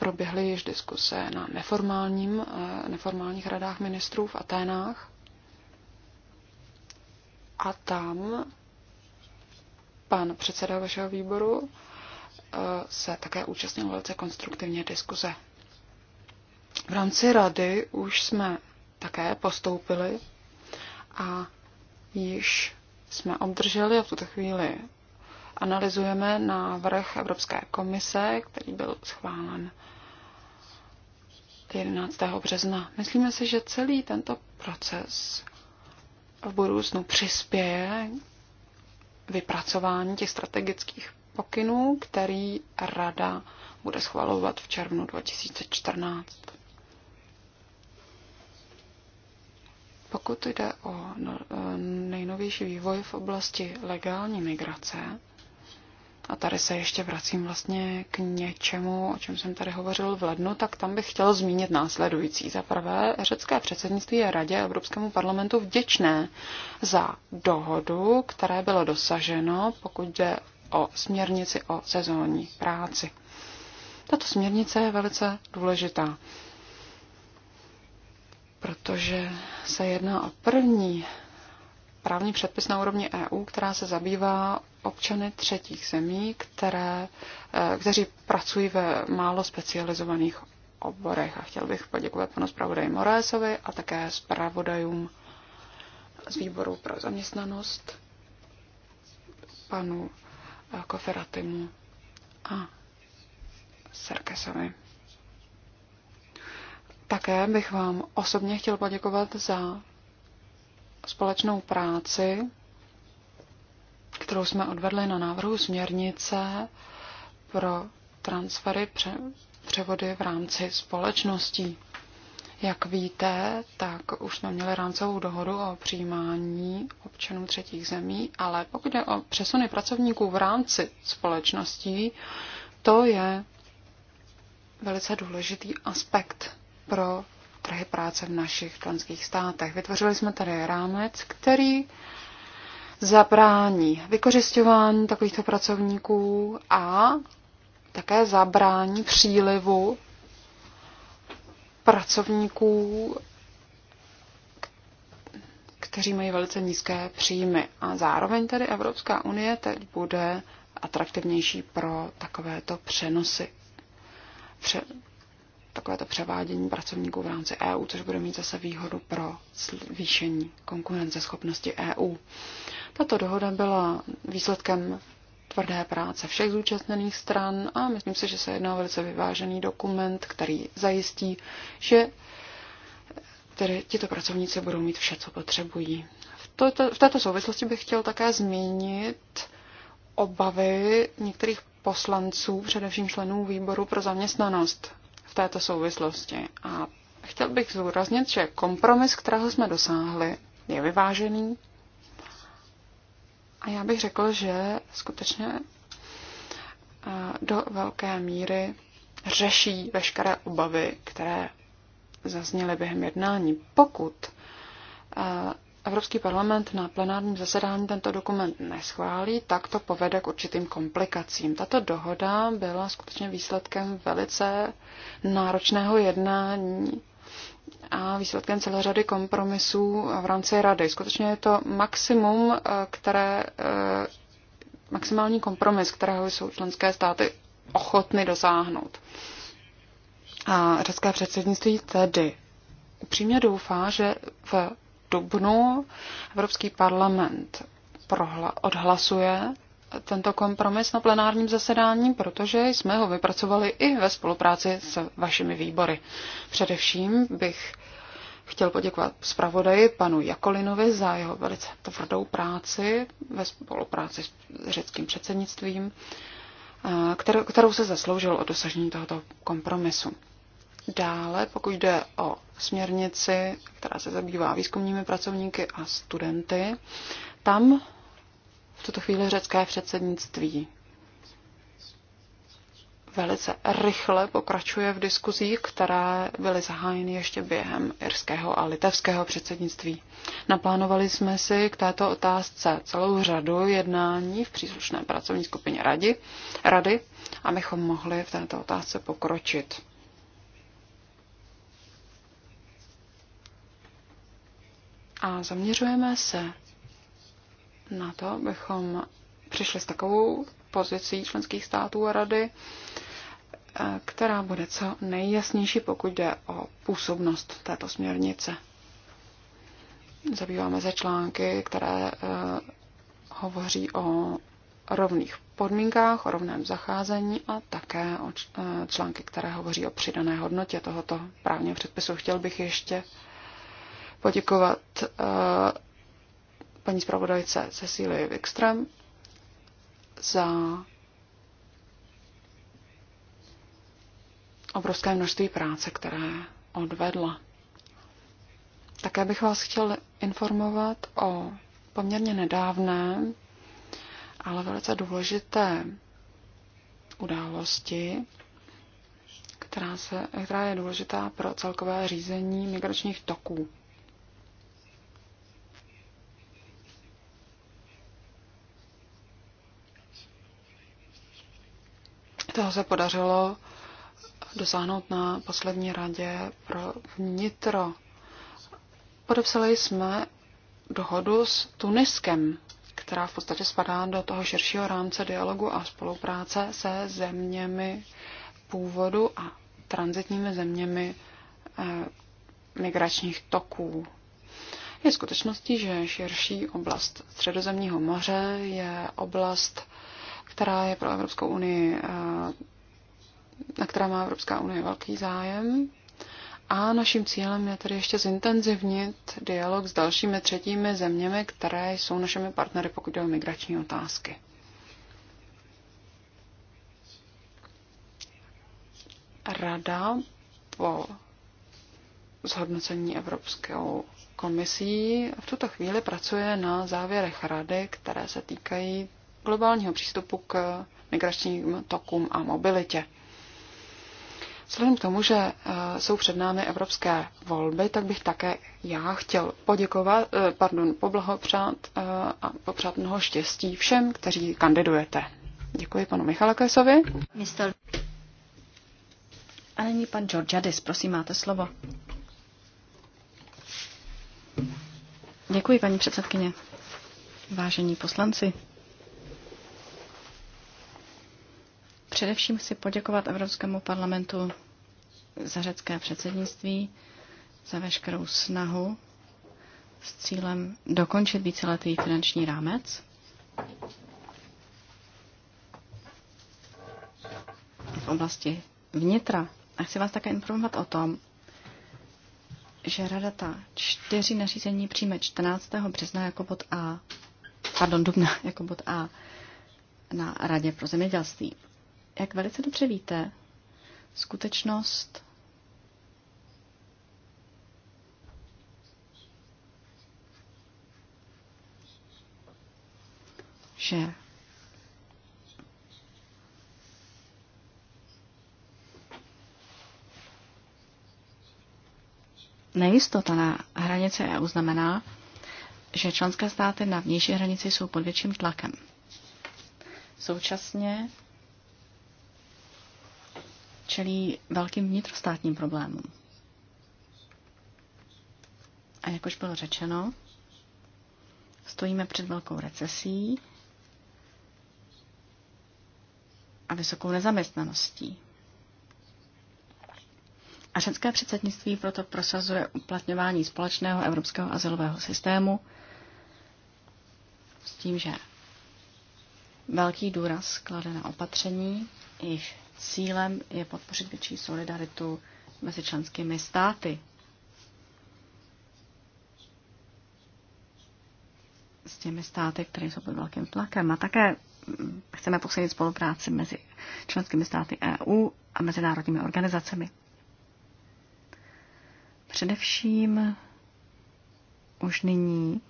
proběhly již diskuse na neformálním, eh, neformálních radách ministrů v Aténách. A tam pan předseda vašeho výboru eh, se také účastnil velice konstruktivně diskuze. V rámci rady už jsme také postoupili a již jsme obdrželi a v tuto chvíli analyzujeme návrh Evropské komise, který byl schválen 11. března. Myslíme si, že celý tento proces v budoucnu přispěje vypracování těch strategických pokynů, který Rada bude schvalovat v červnu 2014. Pokud jde o no, eh, nejnovější vývoj v oblasti legální migrace, a tady se ještě vracím vlastně k něčemu, o čem jsem tady hovořil v lednu, tak tam bych chtěl zmínit následující. Za prvé, řecké předsednictví je Radě Evropskému parlamentu vděčné za dohodu, které bylo dosaženo, pokud jde o směrnici o sezónní práci. Tato směrnice je velice důležitá, protože se jedná o první právní předpis na úrovni EU, která se zabývá občany třetích zemí, které, eh, kteří pracují ve málo specializovaných oborech. A chtěl bych poděkovat panu zpravodaji Morésovi a také zpravodajům z výboru pro zaměstnanost, panu eh, Koferatimu a Serkesovi. Také bych vám osobně chtěl poděkovat za společnou práci, kterou jsme odvedli na návrhu směrnice pro transfery převody v rámci společností. Jak víte, tak už jsme měli rámcovou dohodu o přijímání občanů třetích zemí, ale pokud jde o přesuny pracovníků v rámci společností, to je velice důležitý aspekt pro trhy práce v našich členských státech. Vytvořili jsme tady rámec, který zabrání vykořišťování takovýchto pracovníků a také zabrání přílivu pracovníků, kteří mají velice nízké příjmy. A zároveň tedy Evropská unie teď bude atraktivnější pro takovéto přenosy. Pře- Takové to převádění pracovníků v rámci EU, což bude mít zase výhodu pro zvýšení konkurenceschopnosti EU. Tato dohoda byla výsledkem tvrdé práce všech zúčastněných stran a myslím si, že se jedná o velice vyvážený dokument, který zajistí, že tedy tito pracovníci budou mít vše, co potřebují. V, to, v této souvislosti bych chtěl také zmínit obavy některých poslanců, především členů výboru pro zaměstnanost, v této souvislosti. A chtěl bych zúraznit, že kompromis, kterého jsme dosáhli, je vyvážený. A já bych řekl, že skutečně eh, do velké míry řeší veškeré obavy, které zazněly během jednání. Pokud eh, Evropský parlament na plenárním zasedání tento dokument neschválí, tak to povede k určitým komplikacím. Tato dohoda byla skutečně výsledkem velice náročného jednání a výsledkem celé řady kompromisů v rámci rady. Skutečně je to maximum, eh, které, eh, maximální kompromis, kterého jsou členské státy ochotny dosáhnout. A řecké předsednictví tedy upřímně doufá, že v dubnu Evropský parlament odhlasuje tento kompromis na plenárním zasedání, protože jsme ho vypracovali i ve spolupráci s vašimi výbory. Především bych chtěl poděkovat zpravodaji panu Jakolinovi za jeho velice tvrdou práci ve spolupráci s řeckým předsednictvím, eh, kterou se zasloužil o dosažení tohoto kompromisu. Dále, pokud jde o směrnici, která se zabývá výzkumními pracovníky a studenty, tam v tuto chvíli řecké předsednictví velice rychle pokračuje v diskuzích, které byly zahájeny ještě během irského a litevského předsednictví. Naplánovali jsme si k této otázce celou řadu jednání v příslušné pracovní skupině rady, rady abychom mohli v této otázce pokročit. A zaměřujeme se na to, abychom přišli s takovou pozicí členských států a rady, eh, která bude co nejjasnější, pokud jde o působnost této směrnice. Zabýváme se články, které eh, hovoří o rovných podmínkách, o rovném zacházení a také o eh, články, které hovoří o přidané hodnotě tohoto právního předpisu. Chtěl bych ještě poděkovat eh, paní zpravodajce Cecílii Wikström za obrovské množství práce, které odvedla. Také bych vás chtěl informovat o poměrně nedávné, ale velice důležité události, která, se, která je důležitá pro celkové řízení migračních toků. Toho se podařilo dosáhnout na poslední radě pro vnitro. Podepsali jsme dohodu s Tuniskem, která v podstatě spadá do toho širšího rámce dialogu a spolupráce se zeměmi původu a transitními zeměmi eh, migračních toků. Je skutečností, že širší oblast Středozemního moře je oblast která je pro Evropskou unii, eh, na která má Evropská unie velký zájem. A naším cílem je tedy ještě zintenzivnit dialog s dalšími třetími zeměmi, které jsou našimi partnery, pokud jde o migrační otázky. Rada po zhodnocení Evropskou komisí v tuto chvíli pracuje na závěrech rady, které se týkají globálního přístupu k migračním tokům a mobilitě. Vzhledem k tomu, že e, jsou před námi evropské volby, tak bych také já chtěl poděkovat, e, pardon, poblahopřát e, a popřát mnoho štěstí všem, kteří kandidujete. Děkuji panu Michala Kesovi. A nyní pan Georgiadis, prosím, máte slovo. Děkuji, paní předsedkyně. Vážení poslanci, Především chci poděkovat Evropskému parlamentu za řecké předsednictví, za veškerou snahu s cílem dokončit víceletý finanční rámec. v oblasti vnitra. A chci vás také informovat o tom, že Rada ta čtyři nařízení přijme 14. března jako bod A, pardon, dubna jako bod A na Radě pro zemědělství. Jak velice dobře víte, skutečnost že nejistota na hranice EU znamená, že členské státy na vnější hranici jsou pod větším tlakem. Současně čelí velkým vnitrostátním problémům. A jak už bylo řečeno, stojíme před velkou recesí a vysokou nezaměstnaností. A řecké předsednictví proto prosazuje uplatňování společného evropského azylového systému s tím, že velký důraz klade na opatření, jejich Cílem je podpořit větší solidaritu mezi členskými státy. S těmi státy, které jsou pod velkým tlakem. A také chceme posílit spolupráci mezi členskými státy EU a mezinárodními organizacemi. Především už nyní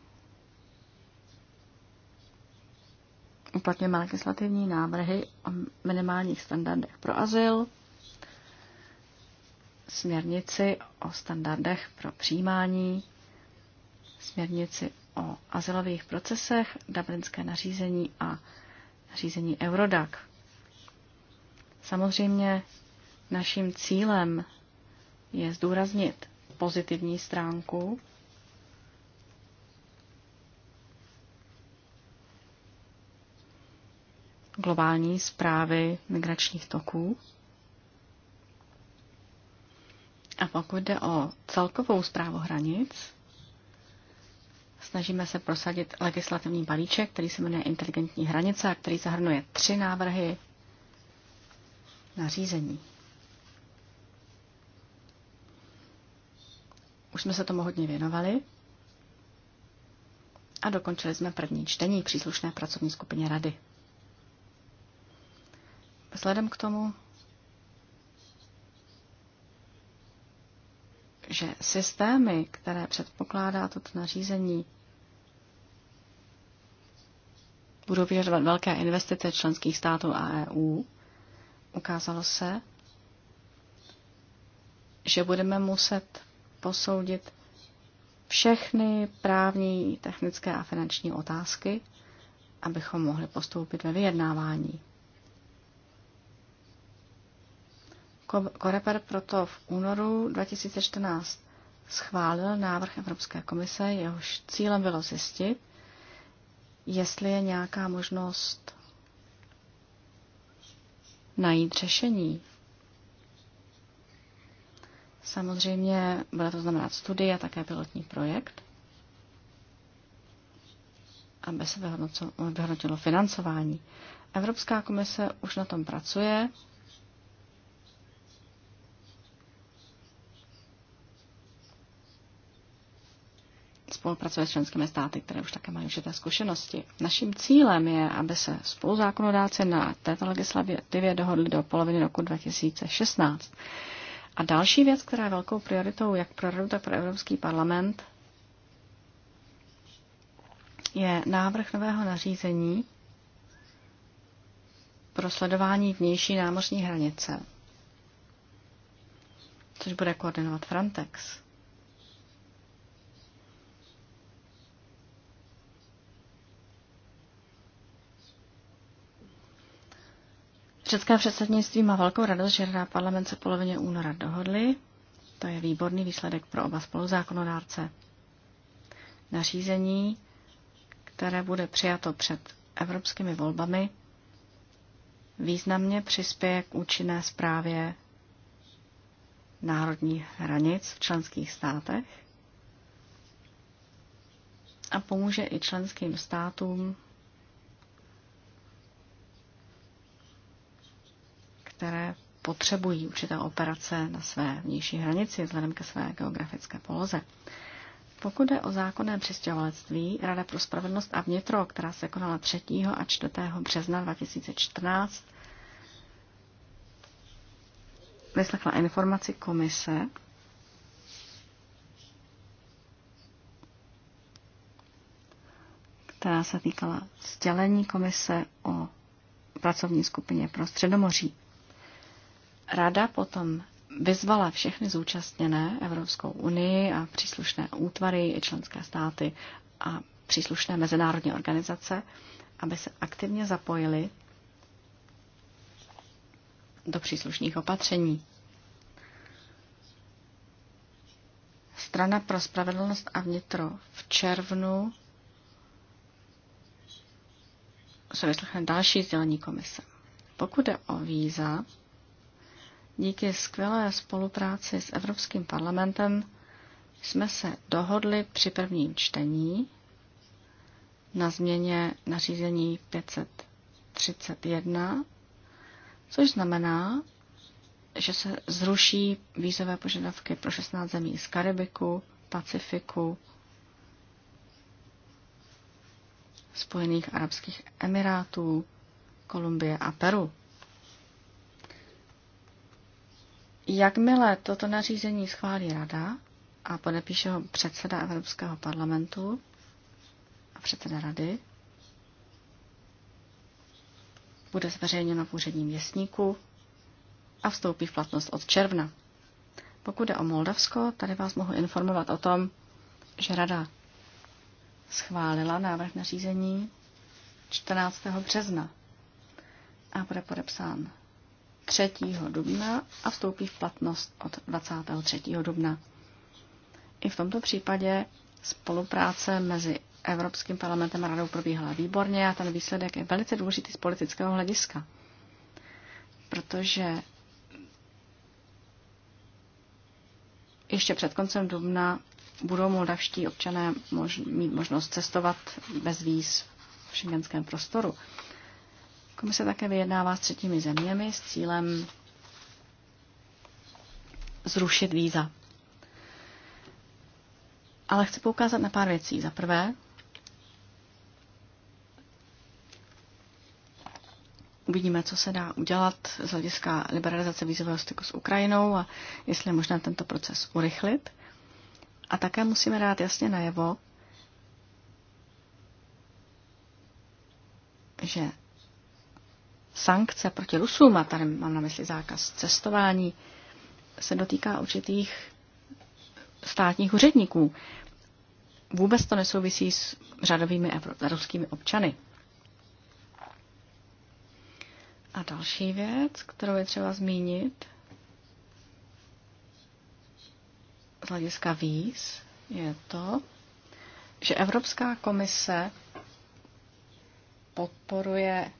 uplatňujeme legislativní návrhy o minimálních standardech pro azyl, směrnici o standardech pro přijímání, směrnici o azylových procesech, dublinské nařízení a nařízení Eurodac. Samozřejmě naším cílem je zdůraznit pozitivní stránku globální zprávy migračních toků. A pokud jde o celkovou zprávu hranic, snažíme se prosadit legislativní balíček, který se jmenuje Inteligentní hranice a který zahrnuje tři návrhy nařízení. Už jsme se tomu hodně věnovali a dokončili jsme první čtení příslušné pracovní skupině Rady. Vzhledem k tomu, že systémy, které předpokládá toto nařízení, budou vyžadovat velké investice členských států a EU, ukázalo se, že budeme muset posoudit všechny právní, technické a finanční otázky, abychom mohli postoupit ve vyjednávání. Koreper proto v únoru 2014 schválil návrh Evropské komise, jehož cílem bylo zjistit, jestli je nějaká možnost najít řešení. Samozřejmě bude to znamenat studie a také pilotní projekt, aby se vyhodnotilo financování. Evropská komise už na tom pracuje, spolupracuje s členskými státy, které už také mají určité zkušenosti. Naším cílem je, aby se spoluzákonodáci na této legislativě dohodli do poloviny roku 2016. A další věc, která je velkou prioritou jak pro Radu, tak pro Evropský parlament, je návrh nového nařízení pro sledování vnější námořní hranice, což bude koordinovat Frontex. Česká předsednictví má velkou radost, že Rada parlament se polovině února dohodli. To je výborný výsledek pro oba spoluzákonodárce. Nařízení, které bude přijato před evropskými volbami, významně přispěje k účinné zprávě národních hranic v členských státech a pomůže i členským státům které potřebují určité operace na své vnější hranici vzhledem ke své geografické poloze. Pokud jde o zákonné přistěhovalectví, Rada pro spravedlnost a vnitro, která se konala 3. a 4. března 2014, vyslechla informaci komise která se týkala sdělení komise o pracovní skupině pro Středomoří. Rada potom vyzvala všechny zúčastněné Evropskou unii a příslušné útvary, i členské státy a příslušné mezinárodní organizace, aby se aktivně zapojili do příslušných opatření. Strana pro spravedlnost a vnitro v červnu se vyslechne další sdělení komise. Pokud jde o víza, Díky skvělé spolupráci s Evropským parlamentem jsme se dohodli při prvním čtení na změně nařízení 531, což znamená, že se zruší vízové požadavky pro 16 zemí z Karibiku, Pacifiku, Spojených Arabských Emirátů, Kolumbie a Peru. Jakmile toto nařízení schválí Rada a podepíše ho předseda Evropského parlamentu a předseda Rady, bude zveřejněno v úředním věstníku a vstoupí v platnost od června. Pokud jde o Moldavsko, tady vás mohu informovat o tom, že Rada schválila návrh nařízení 14. března a bude podepsán 3. dubna a vstoupí v platnost od 23. dubna. I v tomto případě spolupráce mezi Evropským parlamentem a radou probíhala výborně a ten výsledek je velice důležitý z politického hlediska, protože ještě před koncem dubna budou moldavští občané mož, mít možnost cestovat bez víz v šengenském prostoru. Komise také vyjednává s třetími zeměmi s cílem zrušit víza. Ale chci poukázat na pár věcí. Za prvé, uvidíme, co se dá udělat z hlediska liberalizace vízového styku s Ukrajinou a jestli je možné tento proces urychlit. A také musíme dát jasně najevo, že sankce proti Rusům, a tady mám na mysli zákaz cestování, se dotýká určitých státních úředníků. Vůbec to nesouvisí s řadovými evropskými občany. A další věc, kterou je třeba zmínit, z hlediska víz, je to, že Evropská komise podporuje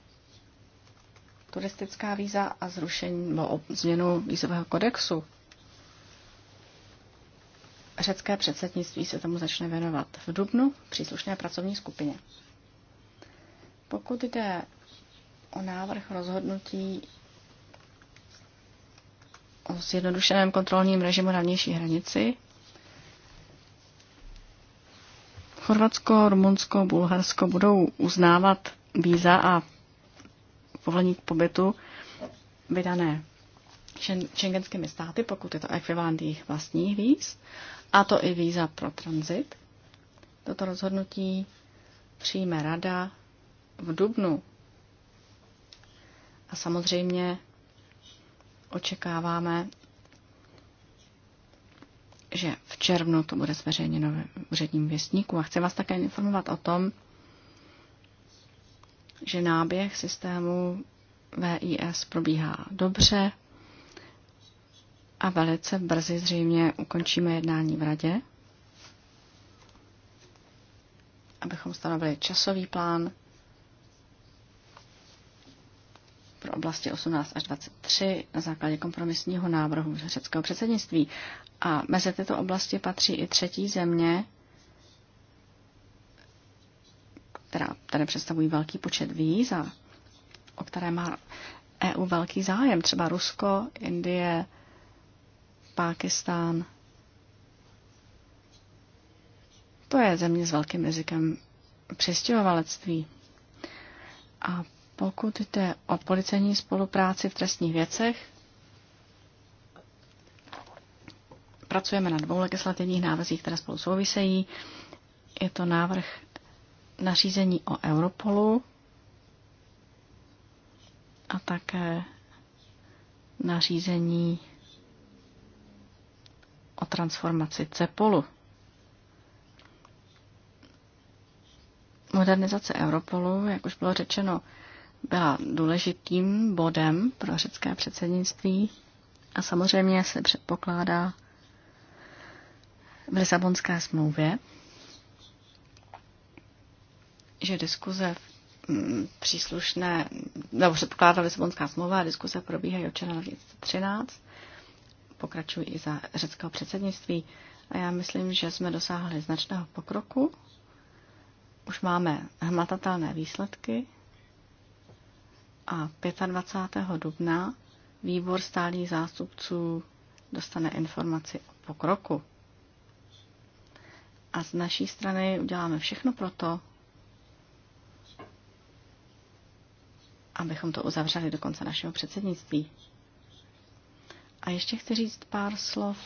turistická víza a zrušení nebo změnu vízového kodexu. Řecké předsednictví se tomu začne věnovat v dubnu v příslušné pracovní skupině. Pokud jde o návrh rozhodnutí o zjednodušeném kontrolním režimu na vnější hranici, Chorvatsko, Rumunsko, Bulharsko budou uznávat víza a povolení k pobytu vydané šengenskými státy, pokud je to ekvivalent jejich vlastních víz, a to i víza pro tranzit. Toto rozhodnutí přijme rada v dubnu. A samozřejmě očekáváme, že v červnu to bude zveřejněno v úředním věstníku. A chci vás také informovat o tom, že náběh systému VIS probíhá dobře a velice brzy zřejmě ukončíme jednání v radě, abychom stanovili časový plán pro oblasti 18 až 23 na základě kompromisního návrhu řeckého předsednictví. A mezi tyto oblasti patří i třetí země, která tady představují velký počet víz a o které má EU velký zájem, třeba Rusko, Indie, Pákistán. To je země s velkým rizikem přistěhovalectví. A pokud jde o policejní spolupráci v trestních věcech, pracujeme na dvou legislativních návrzích, které spolu souvisejí. Je to návrh nařízení o Europolu a také nařízení o transformaci CEPOLu. Modernizace Europolu, jak už bylo řečeno, byla důležitým bodem pro řecké předsednictví a samozřejmě se předpokládá v Lisabonské smlouvě, že diskuze mm, příslušné, nebo předpokládá Lisabonská smlouva a diskuze probíhají od června 2013, pokračují i za řeckého předsednictví a já myslím, že jsme dosáhli značného pokroku. Už máme hmatatelné výsledky a 25. dubna výbor stálých zástupců dostane informaci o pokroku. A z naší strany uděláme všechno pro to, abychom to uzavřeli do konce našeho předsednictví. A ještě chci říct pár slov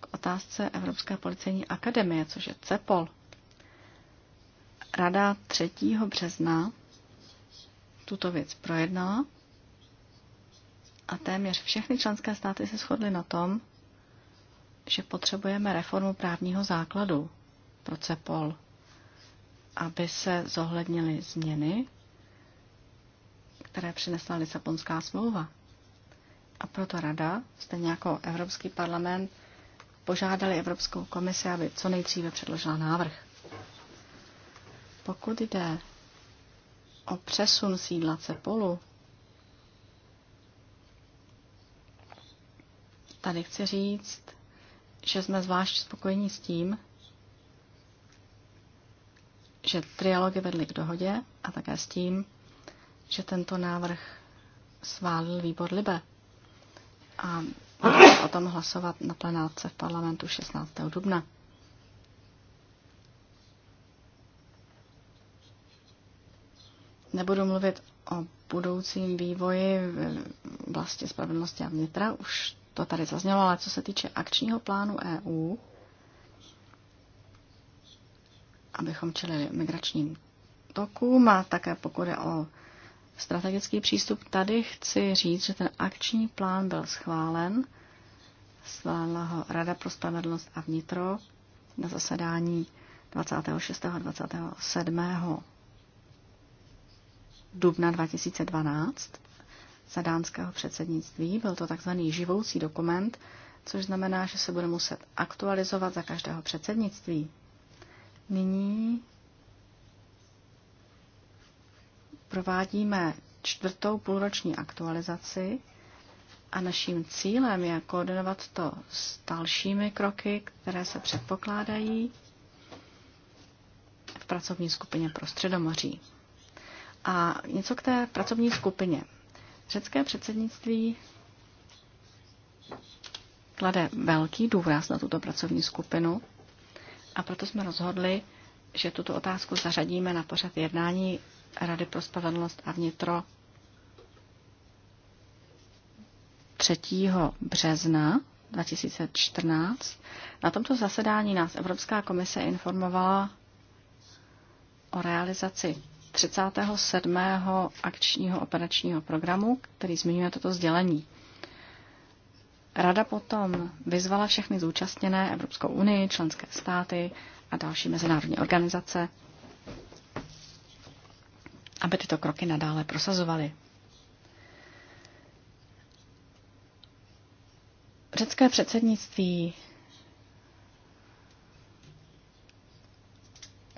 k otázce Evropské policejní akademie, což je CEPOL. Rada 3. března tuto věc projednala a téměř všechny členské státy se shodly na tom, že potřebujeme reformu právního základu pro CEPOL, aby se zohlednily změny které přinesla Lisabonská smlouva. A proto Rada, stejně jako Evropský parlament, požádali Evropskou komisi, aby co nejdříve předložila návrh. Pokud jde o přesun sídla Cepolu, tady chci říct, že jsme zvlášť spokojení s tím, že trialogy vedly k dohodě a také s tím, že tento návrh sválil výbor Libe a o tom hlasovat na plenáce v parlamentu 16. dubna. Nebudu mluvit o budoucím vývoji v vlasti spravedlnosti a vnitra, už to tady zaznělo, ale co se týče akčního plánu EU, abychom čelili migračním tokům a také pokud je o strategický přístup. Tady chci říct, že ten akční plán byl schválen, schválila ho Rada pro spravedlnost a vnitro na zasedání 26. a 27. dubna 2012 za dánského předsednictví. Byl to takzvaný živoucí dokument, což znamená, že se bude muset aktualizovat za každého předsednictví. Nyní Provádíme čtvrtou půlroční aktualizaci a naším cílem je koordinovat to s dalšími kroky, které se předpokládají v pracovní skupině pro Středomoří. A něco k té pracovní skupině. Řecké předsednictví klade velký důraz na tuto pracovní skupinu a proto jsme rozhodli, že tuto otázku zařadíme na pořad jednání Rady pro spravedlnost a vnitro 3. března 2014. Na tomto zasedání nás Evropská komise informovala o realizaci 37. akčního operačního programu, který zmiňuje toto sdělení. Rada potom vyzvala všechny zúčastněné Evropskou unii, členské státy a další mezinárodní organizace, aby tyto kroky nadále prosazovali. Řecké předsednictví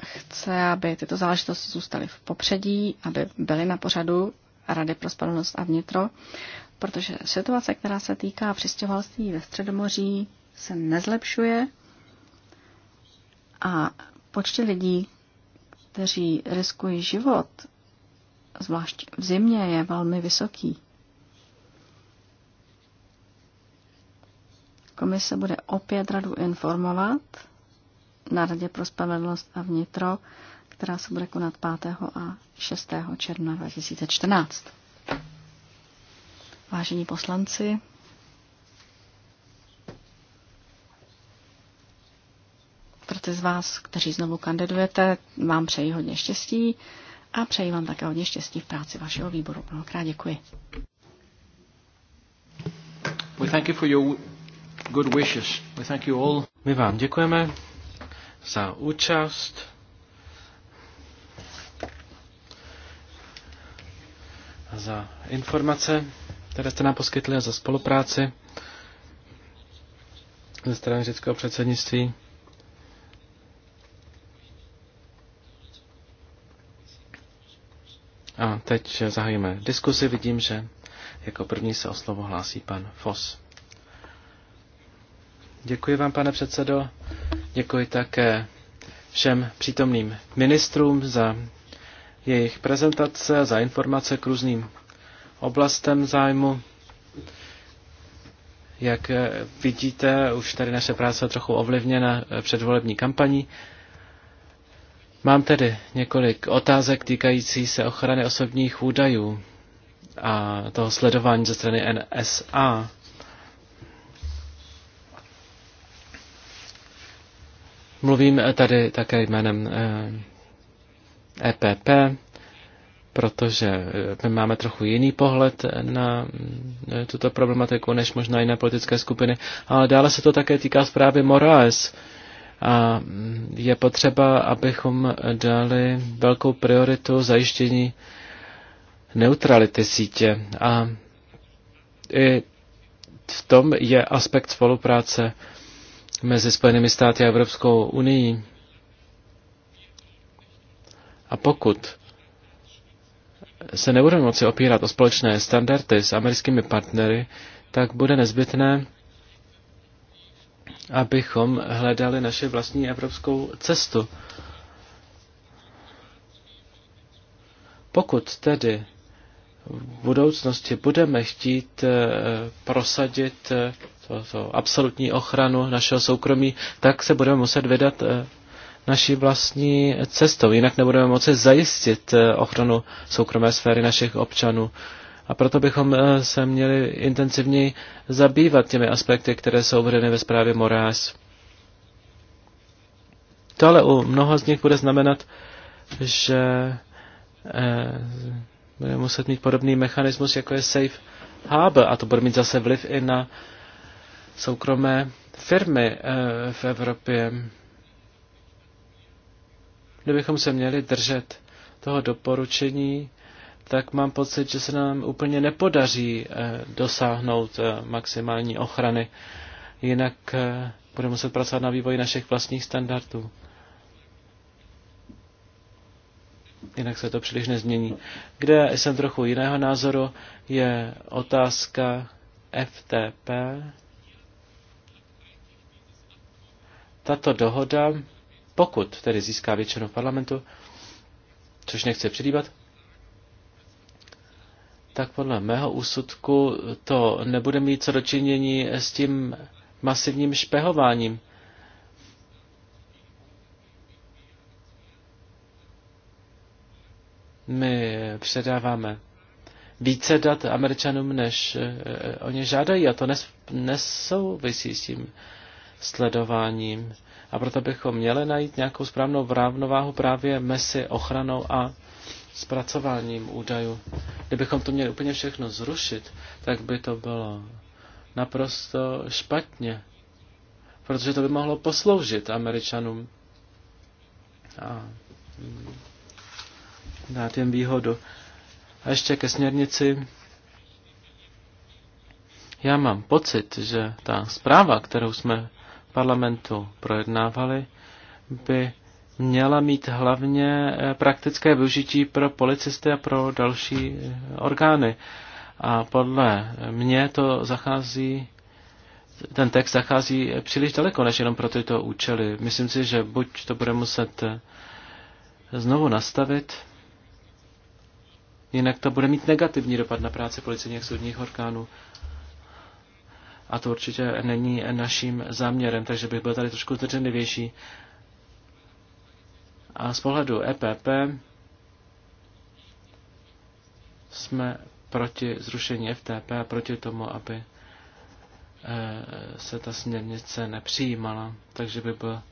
chce, aby tyto záležitosti zůstaly v popředí, aby byly na pořadu Rady pro spravedlnost a vnitro, protože situace, která se týká přistěhovalství ve Středomoří, se nezlepšuje a počty lidí, kteří riskují život zvlášť v zimě, je velmi vysoký. Komise bude opět radu informovat na Radě pro spravedlnost a vnitro, která se bude konat 5. a 6. června 2014. Vážení poslanci, pro ty z vás, kteří znovu kandidujete, vám přeji hodně štěstí a přeji vám také hodně štěstí v práci vašeho výboru. Mnohokrát děkuji. We thank you for your good wishes. We thank you all. My vám děkujeme za účast. za informace, které jste nám poskytli a za spolupráci ze strany řeckého předsednictví. teď zahajíme diskusi. Vidím, že jako první se o slovo hlásí pan Fos. Děkuji vám, pane předsedo. Děkuji také všem přítomným ministrům za jejich prezentace, za informace k různým oblastem zájmu. Jak vidíte, už tady naše práce je trochu ovlivněna předvolební kampaní. Mám tedy několik otázek týkající se ochrany osobních údajů a toho sledování ze strany NSA. Mluvím tady také jménem EPP, eh, e protože eh, my máme trochu jiný pohled na eh, tuto problematiku než možná jiné politické skupiny, ale dále se to také týká zprávy Moraes, a je potřeba, abychom dali velkou prioritu zajištění neutrality sítě. A i v tom je aspekt spolupráce mezi Spojenými státy a Evropskou unii. A pokud se nebudeme moci opírat o společné standardy s americkými partnery, tak bude nezbytné abychom hledali naše vlastní evropskou cestu. Pokud tedy v budoucnosti budeme chtít eh, prosadit eh, to, to absolutní ochranu našeho soukromí, tak se budeme muset vydat eh, naší vlastní cestou. Jinak nebudeme moci zajistit ochranu soukromé sféry našich občanů. A proto bychom eh, se měli intenzivněji zabývat těmi aspekty, které jsou uvedeny ve zprávě Morás. To ale u mnoha z nich bude znamenat, že eh, bude muset mít podobný mechanismus, jako je Safe Hub, a to bude mít zase vliv i na soukromé firmy eh, v Evropě. Kdybychom se měli držet toho doporučení tak mám pocit, že se nám úplně nepodaří eh, dosáhnout eh, maximální ochrany. Jinak eh, budeme muset pracovat na vývoji našich vlastních standardů. Jinak se to příliš nezmění. Kde jsem trochu jiného názoru, je otázka FTP. Tato dohoda, pokud tedy získá většinu parlamentu, což nechci předjíbat, tak podle mého úsudku to nebude mít co dočinění s tím masivním špehováním. My předáváme více dat američanům, než eh, eh, oni žádají a to nes, nesouvisí s tím sledováním. A proto bychom měli najít nějakou správnou rovnováhu právě mezi ochranou a zpracováním údajů. Kdybychom to měli úplně všechno zrušit, tak by to bylo naprosto špatně, protože to by mohlo posloužit Američanům a mm, dát jim výhodu. A ještě ke směrnici. Já mám pocit, že ta zpráva, kterou jsme v parlamentu projednávali, by měla mít hlavně eh, praktické využití pro policisty a pro další eh, orgány. A podle mě to zachází, ten text zachází příliš daleko, než jenom pro tyto účely. Myslím si, že buď to bude muset eh, znovu nastavit, jinak to bude mít negativní dopad na práci policejních soudních orgánů. A to určitě není naším záměrem, takže bych byl tady trošku zdrženlivější a z pohledu EPP jsme proti zrušení FTP a proti tomu, aby eh, se ta směrnice nepřijímala. Takže by byl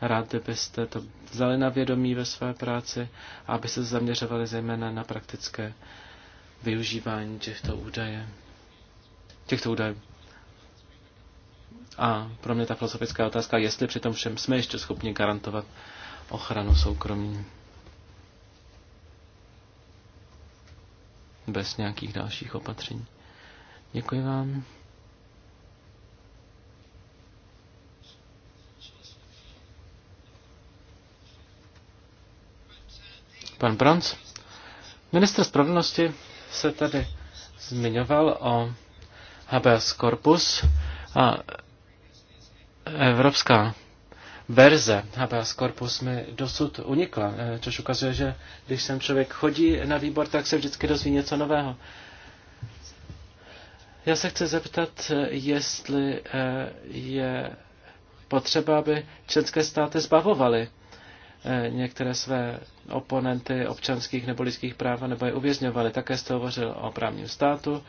rád, kdybyste to vzali na vědomí ve své práci a aby se zaměřovali zejména na praktické využívání těchto údaje. Těchto údajů. A pro mě ta filozofická otázka, jestli při tom všem jsme ještě schopni garantovat ochranu soukromí. Bez nějakých dalších opatření. Děkuji vám. Pan Bronc, minister spravedlnosti se tady zmiňoval o habeas corpus a Evropská verze habeas corpus mi dosud unikla, eh, což ukazuje, že když sem člověk chodí na výbor, tak se vždycky dozví něco nového. Já se chci zeptat, jestli eh, je potřeba, aby české státy zbavovaly eh, některé své oponenty občanských nebo lidských práv nebo je uvězňovaly. Také jste hovořil o právním státu.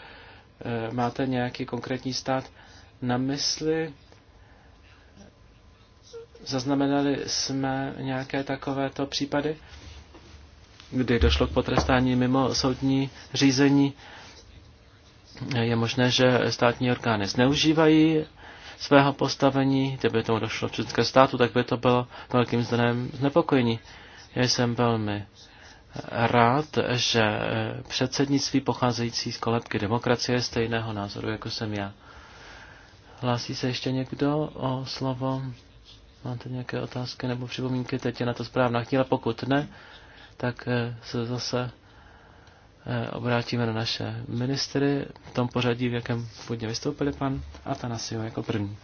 Máte nějaký konkrétní stát na mysli? Zaznamenali jsme nějaké takovéto případy, kdy došlo k potrestání mimo soudní řízení. Je možné, že státní orgány zneužívají svého postavení, kdyby tomu došlo v české státu, tak by to bylo velkým zdrojem znepokojení. Já jsem velmi rád, že předsednictví pocházející z kolebky demokracie je stejného názoru, jako jsem já. Hlásí se ještě někdo o slovo? Máte nějaké otázky nebo připomínky? Teď je na to správná chvíle. Pokud ne, tak eh, se zase eh, obrátíme na naše ministry v tom pořadí, v jakém původně vystoupili pan Atanasio jako první.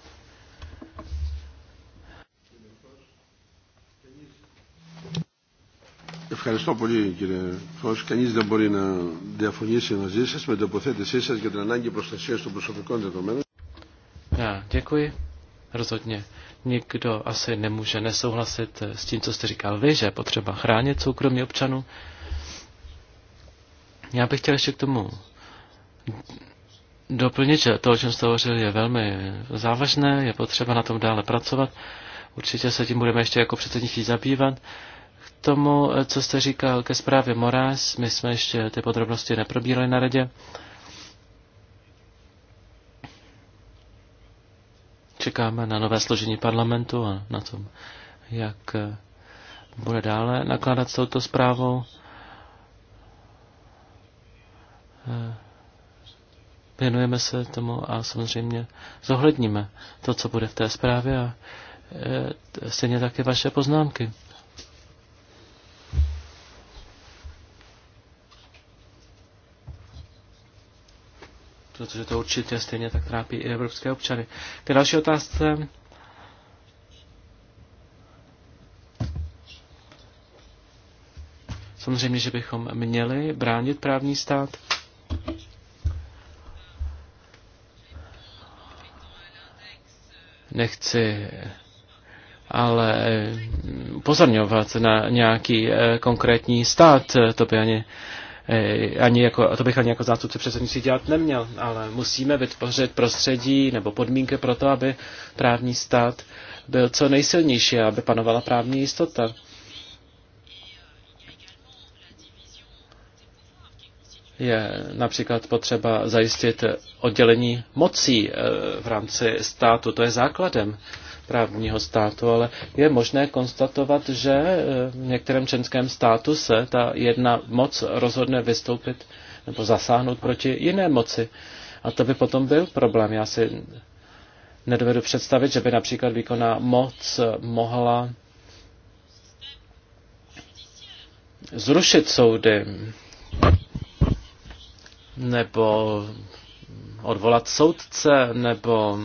Ευχαριστώ πολύ κύριε Φως. Κανείς δεν μπορεί να διαφωνήσει μαζί σας με τοποθέτησή σας για την ανάγκη προστασίας των προσωπικών δεδομένων. Já děkuji. Rozhodně Nikdo asi nemůže nesouhlasit s tím, co jste říkal vy, že je potřeba chránit soukromí občanů. Já bych chtěl ještě k tomu doplnit, že to, o čem jste hovořil, je velmi závažné, je potřeba na tom dále pracovat. Určitě se tím budeme ještě jako předsednictví zabývat. K tomu, co jste říkal ke zprávě Moraes, my jsme ještě ty podrobnosti neprobírali na radě. Čekáme na nové složení parlamentu a na tom, jak eh, bude dále nakládat s touto zprávou. Eh, věnujeme se tomu a samozřejmě zohledníme to, co bude v té zprávě a eh, stejně také vaše poznámky. protože to určitě stejně tak trápí i evropské občany. K další otázce. Samozřejmě, že bychom měli bránit právní stát. Nechci ale pozorňovat na nějaký eh, konkrétní stát, to by ani Eh, ani jako, to bych ani jako zástupce předsednictví dělat neměl, ale musíme vytvořit prostředí nebo podmínky pro to, aby právní stát byl co nejsilnější, aby panovala právní jistota. Je například potřeba zajistit oddělení mocí eh, v rámci státu. To je základem právního státu, ale je možné konstatovat, že eh, v některém členském státu se ta jedna moc rozhodne vystoupit nebo zasáhnout proti jiné moci. A to by potom byl problém. Já si nedovedu představit, že by například výkonná moc mohla zrušit soudy nebo odvolat soudce nebo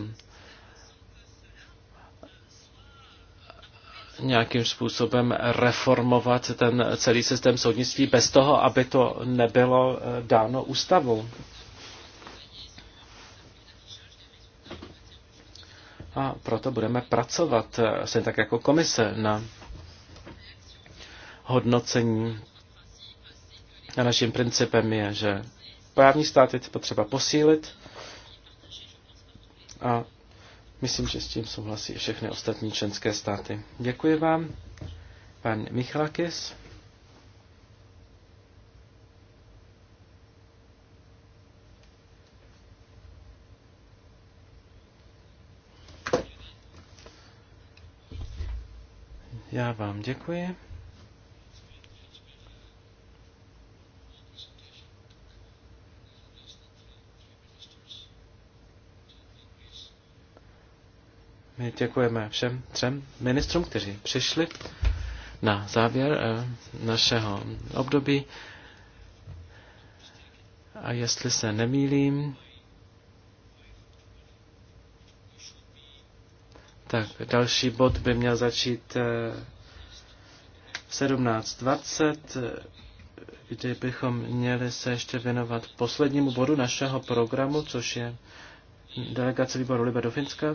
nějakým způsobem reformovat ten celý systém soudnictví bez toho, aby to nebylo eh, dáno ústavou. A proto budeme pracovat, eh, stejně tak jako komise, na hodnocení. A naším principem je, že právní stát je potřeba posílit a Myslím, že s tím souhlasí i všechny ostatní členské státy. Děkuji vám. Pan Michalakis. Já vám děkuji. My děkujeme všem třem ministrům, kteří přišli na závěr eh, našeho období. A jestli se nemýlím, tak další bod by měl začít eh, v 17.20, kdy bychom měli se ještě věnovat poslednímu bodu našeho programu, což je delegace výboru Libe do Finska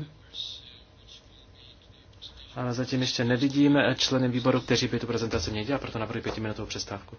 ale zatím ještě nevidím členy výboru, kteří by tu prezentaci měli dělat, proto navrhuji pětiminutovou přestávku.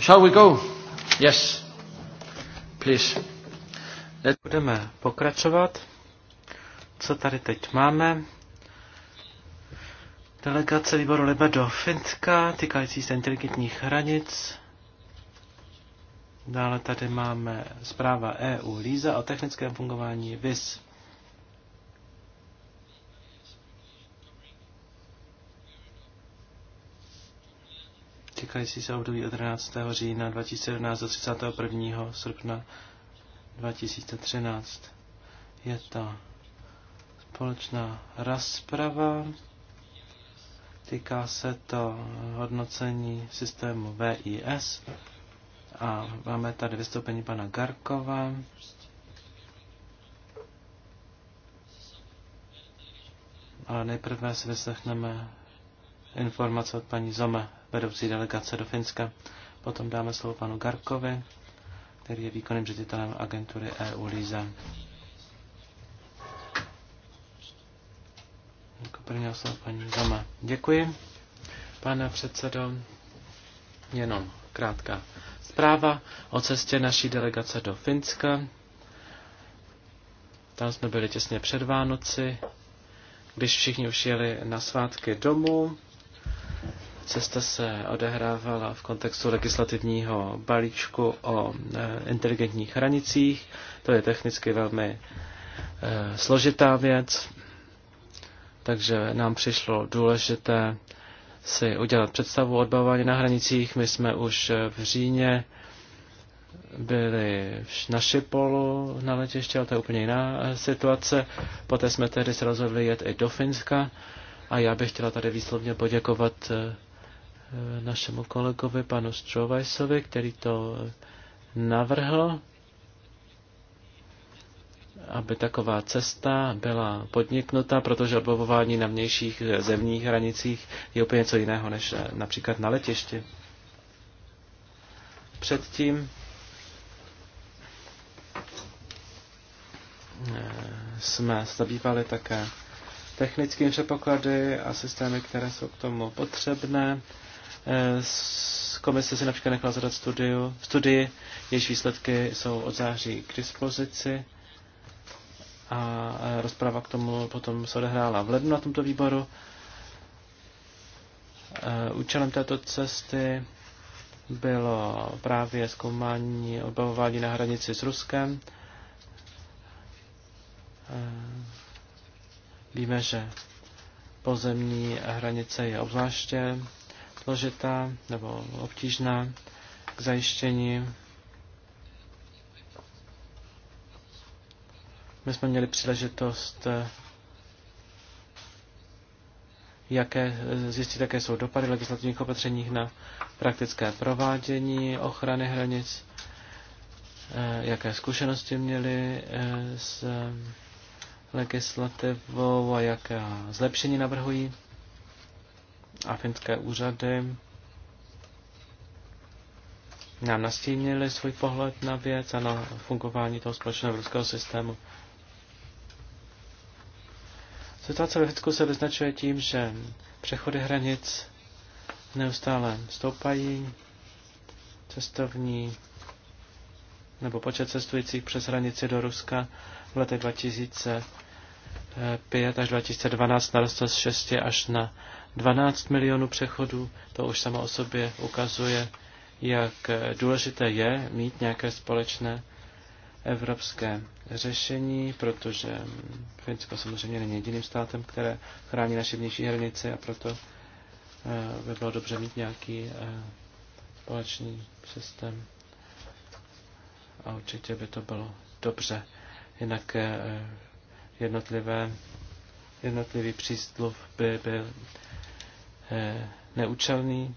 Shall we go? Yes. Please. Let... Budeme pokračovat. Co tady teď máme? Delegace výboru Libe do Finska, týkající se inteligentních hranic. Dále tady máme zpráva EU Líza o technickém fungování VIS. týkající se období od 13. října 2017 do 31. srpna 2013. Je to společná rozprava. Týká se to hodnocení systému VIS. A máme tady vystoupení pana Garkova. Ale nejprve si vyslechneme informace od paní Zome vedoucí delegace do Finska. Potom dáme slovo panu Garkovi, který je výkonným ředitelem agentury EU Liza. Jako první slovo paní Zama. Děkuji, pane předsedo. Jenom krátká zpráva o cestě naší delegace do Finska. Tam jsme byli těsně před Vánoci, když všichni už jeli na svátky domů. Cesta se odehrávala v kontextu legislativního balíčku o e, inteligentních hranicích. To je technicky velmi e, složitá věc, takže nám přišlo důležité si udělat představu o odbavování na hranicích. My jsme už e, v Říně byli na Šipolu na letiště, ale to je úplně jiná situace. Poté jsme tehdy se rozhodli jet i do Finska a já bych chtěla tady výslovně poděkovat Eh, našemu kolegovi panu Strovajsovi, který to eh, navrhl, aby taková cesta byla podniknuta, protože odbavování na vnějších eh, zemních hranicích je úplně něco jiného než například na letišti. Předtím jsme zabývali také technickými předpoklady a systémy, které jsou k tomu potřebné. Eh, komise si například nechala zadat studiu, studii, jejíž výsledky jsou od září k dispozici a eh, rozprava k tomu potom se odehrála v lednu na tomto výboru. Eh, účelem této cesty bylo právě zkoumání obavování na hranici s Ruskem. Víme, že pozemní hranice je obzvláště složitá nebo obtížná k zajištění. My jsme měli příležitost eh, jaké, zjistit, jaké jsou dopady legislativních opatření na praktické provádění ochrany hranic, eh, jaké zkušenosti měli eh, s legislativou a jaké zlepšení navrhují a finské úřady nám nastínili svůj pohled na věc a na fungování toho společného evropského systému. Situace ve Finsku se vyznačuje tím, že přechody hranic neustále stoupají, cestovní nebo počet cestujících přes hranici do Ruska v letech 2005 až 2012 narostl z 6 až na 12 milionů přechodů, to už samo o sobě ukazuje, jak eh, důležité je mít nějaké společné evropské řešení, protože mm, Finsko samozřejmě není jediným státem, které chrání naše vnější hranice a proto eh, by bylo dobře mít nějaký eh, společný systém. A určitě by to bylo dobře. Jinak jednotlivé, jednotlivý přístup by byl Eh, neúčelný.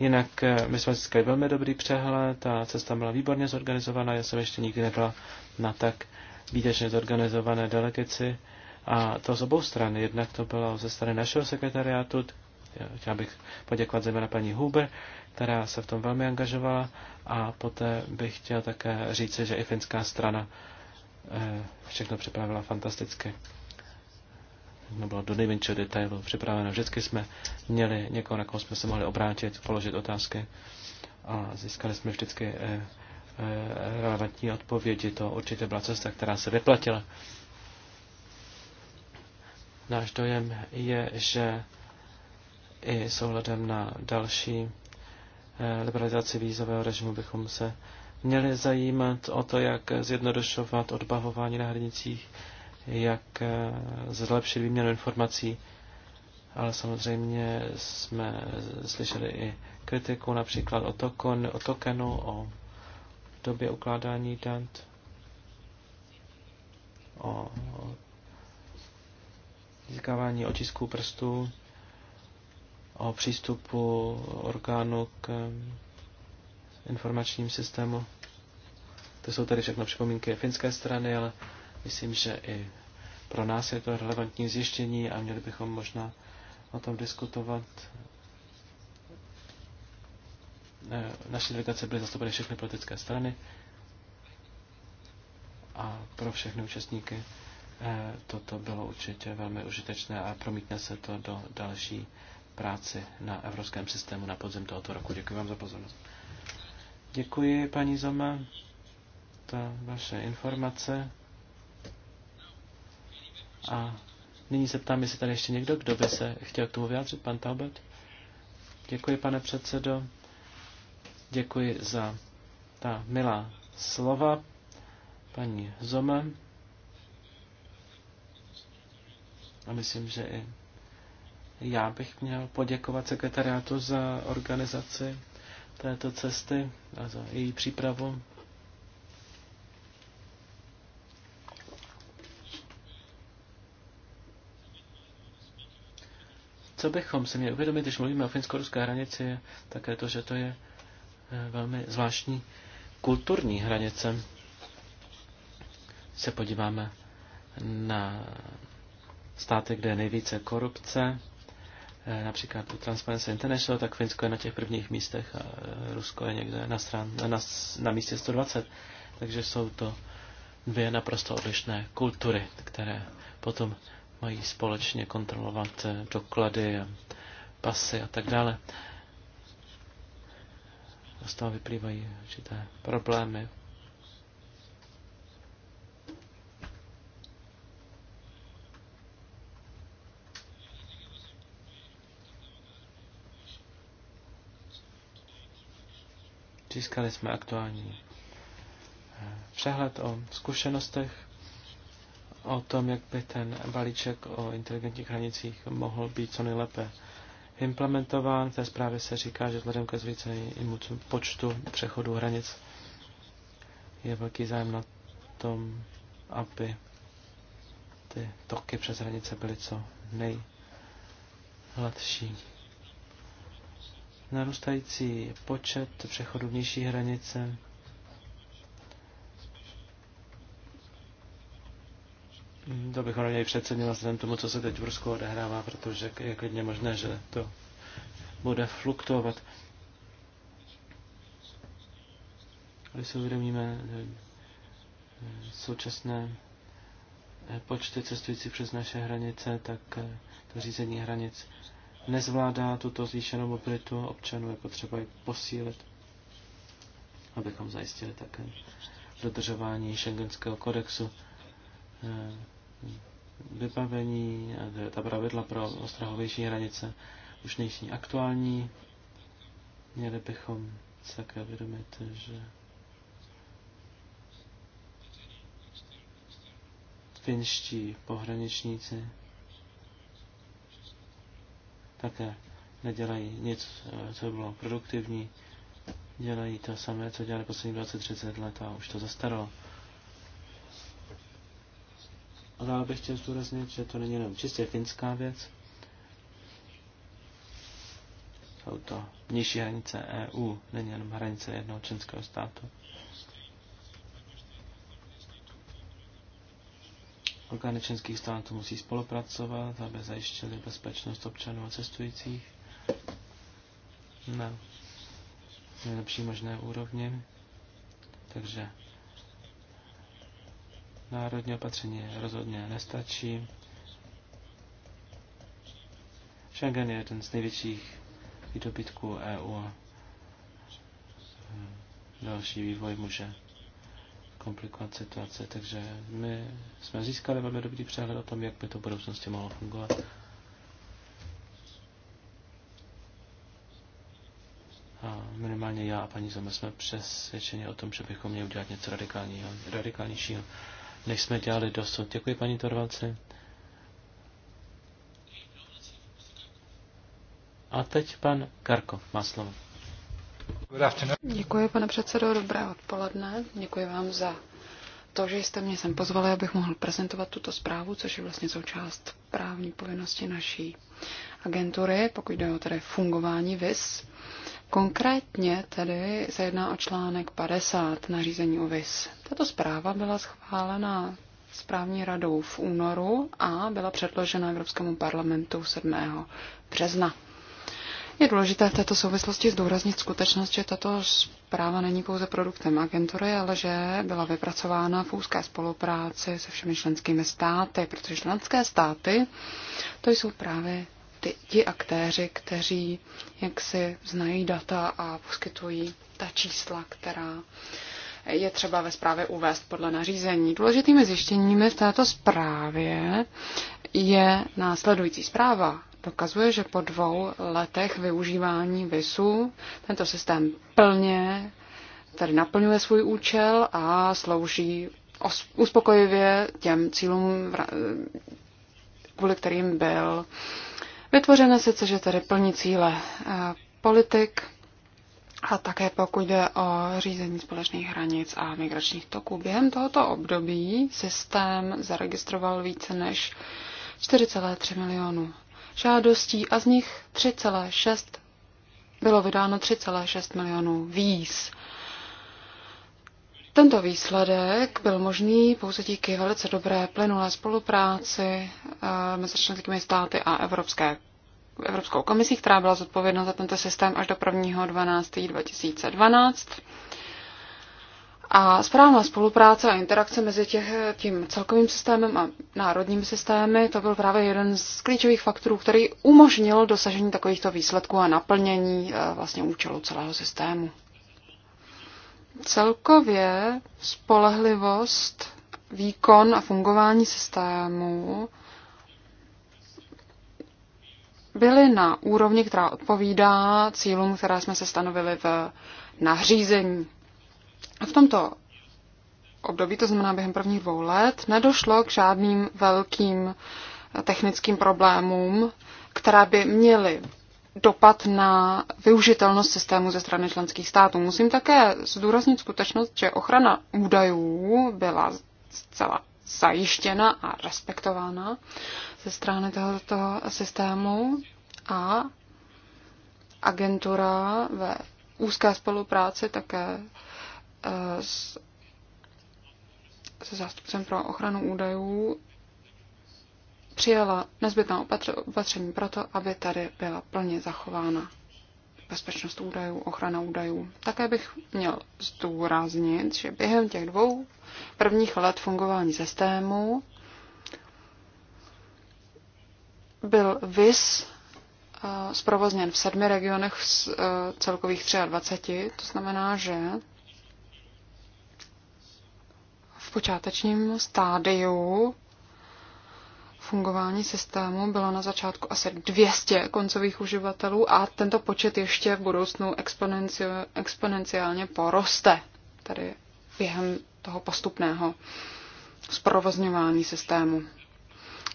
Jinak eh, my jsme získali velmi dobrý přehled, ta cesta byla výborně zorganizovaná, já jsem ještě nikdy nebyla na tak výtečně zorganizované delegaci. A to z obou stran, jednak to bylo ze strany našeho sekretariátu, chtěl bych poděkovat zejména paní Huber, která se v tom velmi angažovala a poté bych chtěl také říct, že i finská strana eh, všechno připravila fantasticky nebo do nejmenšího detailu připraveno. Vždycky jsme měli někoho, na koho jsme se mohli obrátit, položit otázky a získali jsme vždycky eh, eh, relevantní odpovědi. To určitě byla cesta, která se vyplatila. Náš dojem je, že i s ohledem na další eh, liberalizaci vízového režimu bychom se měli zajímat o to, jak zjednodušovat odbavování na hranicích, jak eh, zlepšit výměnu informací, ale samozřejmě jsme slyšeli i kritiku například o, tokon, o tokenu, o době ukládání dat, o získávání otisků prstů, o přístupu orgánu k eh, informačním systému. To jsou tady všechno připomínky finské strany, ale Myslím, že i pro nás je to relevantní zjištění a měli bychom možná o tom diskutovat. E, naše delegace byly zastoupeny všechny politické strany a pro všechny účastníky e, toto bylo určitě velmi užitečné a promítne se to do další práci na evropském systému na podzim tohoto roku. Děkuji vám za pozornost. Děkuji, paní Zoma, za vaše informace. A nyní se ptám, jestli tady ještě někdo, kdo by se chtěl k tomu vyjádřit, pan Taubert. Děkuji, pane předsedo. Děkuji za ta milá slova paní Zome. A myslím, že i já bych měl poděkovat sekretariátu za organizaci této cesty a za její přípravu. Co bychom si měli uvědomit, když mluvíme o finsko-ruské hranici, je také to, že to je e, velmi zvláštní kulturní hranice. Se podíváme na státy, kde je nejvíce korupce, e, například u Transparency International, tak Finsko je na těch prvních místech a e, Rusko je někde na, stran, na, na místě 120. Takže jsou to dvě naprosto odlišné kultury, které potom mají společně kontrolovat eh, doklady, pasy a tak dále. Z toho vyplývají určité problémy. Získali jsme aktuální eh, přehled o zkušenostech o tom, jak by ten balíček o inteligentních hranicích mohl být co nejlépe implementován. V té zprávě se říká, že vzhledem ke zvýšenému počtu přechodu hranic je velký zájem na tom, aby ty toky přes hranice byly co nejhladší. Narůstající počet přechodů vnější hranice To bychom měli přecenit vzhledem tomu, co se teď v Rusku odehrává, protože je klidně možné, že to bude fluktuovat. Když se uvědomíme eh, současné eh, počty cestující přes naše hranice, tak eh, to řízení hranic nezvládá tuto zvýšenou mobilitu občanů, je potřeba ji posílit, abychom zajistili také dodržování šengenského kodexu vybavení, ta pravidla pro ostrahovější hranice už nejsou aktuální. Měli bychom se také uvědomit, že finští pohraničníci také nedělají nic, co by bylo produktivní. Dělají to samé, co dělali poslední 20-30 let a už to zastaralo. A dále bych chtěl zdůraznit, že to není jenom čistě finská věc. Jsou to nižší hranice EU, není jenom hranice jednoho členského státu. Orgány členských států musí spolupracovat, aby zajištěli bezpečnost občanů a cestujících na nejlepší možné úrovni. Takže Národní opatření rozhodně nestačí. Schengen je jeden z největších výdobytků EU. Hm, další vývoj může komplikovat situace, takže my jsme získali velmi dobrý přehled o tom, jak by to v budoucnosti mohlo fungovat. A minimálně já a paní Zeme jsme přesvědčeni o tom, že bychom měli udělat něco radikálního, radikálnějšího než jsme dělali dosud. Děkuji, paní Torvalci. A teď pan Karko má slovo. Děkuji, pane předsedo, dobré odpoledne. Děkuji vám za to, že jste mě sem pozvali, abych mohl prezentovat tuto zprávu, což je vlastně součást právní povinnosti naší agentury, pokud jde o tedy fungování VIS. Konkrétně tedy se jedná o článek 50 na řízení UVIS. Tato zpráva byla schválena správní radou v únoru a byla předložena Evropskému parlamentu 7. března. Je důležité v této souvislosti zdůraznit skutečnost, že tato zpráva není pouze produktem agentury, ale že byla vypracována v úzké spolupráci se všemi členskými státy, protože členské státy to jsou právě ty, ti aktéři, kteří jak si znají data a poskytují ta čísla, která je třeba ve zprávě uvést podle nařízení. Důležitými zjištěními v této zprávě je následující zpráva. Dokazuje, že po dvou letech využívání VISu tento systém plně tedy naplňuje svůj účel a slouží uspokojivě těm cílům, kvůli kterým byl Vytvořené sice, že tady plní cíle eh, politik, a také pokud jde o řízení společných hranic a migračních toků. Během tohoto období systém zaregistroval více než 4,3 milionů žádostí a z nich 3,6 bylo vydáno 3,6 milionů víz. Tento výsledek byl možný pouze díky velice dobré plynulé spolupráci eh, mezi členskými státy a Evropské, Evropskou komisí, která byla zodpovědná za tento systém až do 1.12.2012. A správná spolupráce a interakce mezi těch, tím celkovým systémem a národními systémy, to byl právě jeden z klíčových faktorů, který umožnil dosažení takovýchto výsledků a naplnění eh, vlastně účelu celého systému. Celkově spolehlivost, výkon a fungování systému byly na úrovni, která odpovídá cílům, které jsme se stanovili v nařízení. A v tomto období, to znamená během prvních dvou let, nedošlo k žádným velkým technickým problémům, které by měly dopad na využitelnost systému ze strany členských států. Musím také zdůraznit skutečnost, že ochrana údajů byla zcela zajištěna a respektována ze strany tohoto systému a agentura ve úzké spolupráci také eh, s, se zástupcem pro ochranu údajů přijala nezbytná opatření proto, aby tady byla plně zachována bezpečnost údajů, ochrana údajů. Také bych měl zdůraznit, že během těch dvou prvních let fungování systému byl VIS eh, zprovozněn v sedmi regionech z eh, celkových 23. To znamená, že v počátečním stádiu fungování systému bylo na začátku asi 200 koncových uživatelů a tento počet ještě v budoucnu exponenciálně poroste, tedy během toho postupného zprovozňování systému.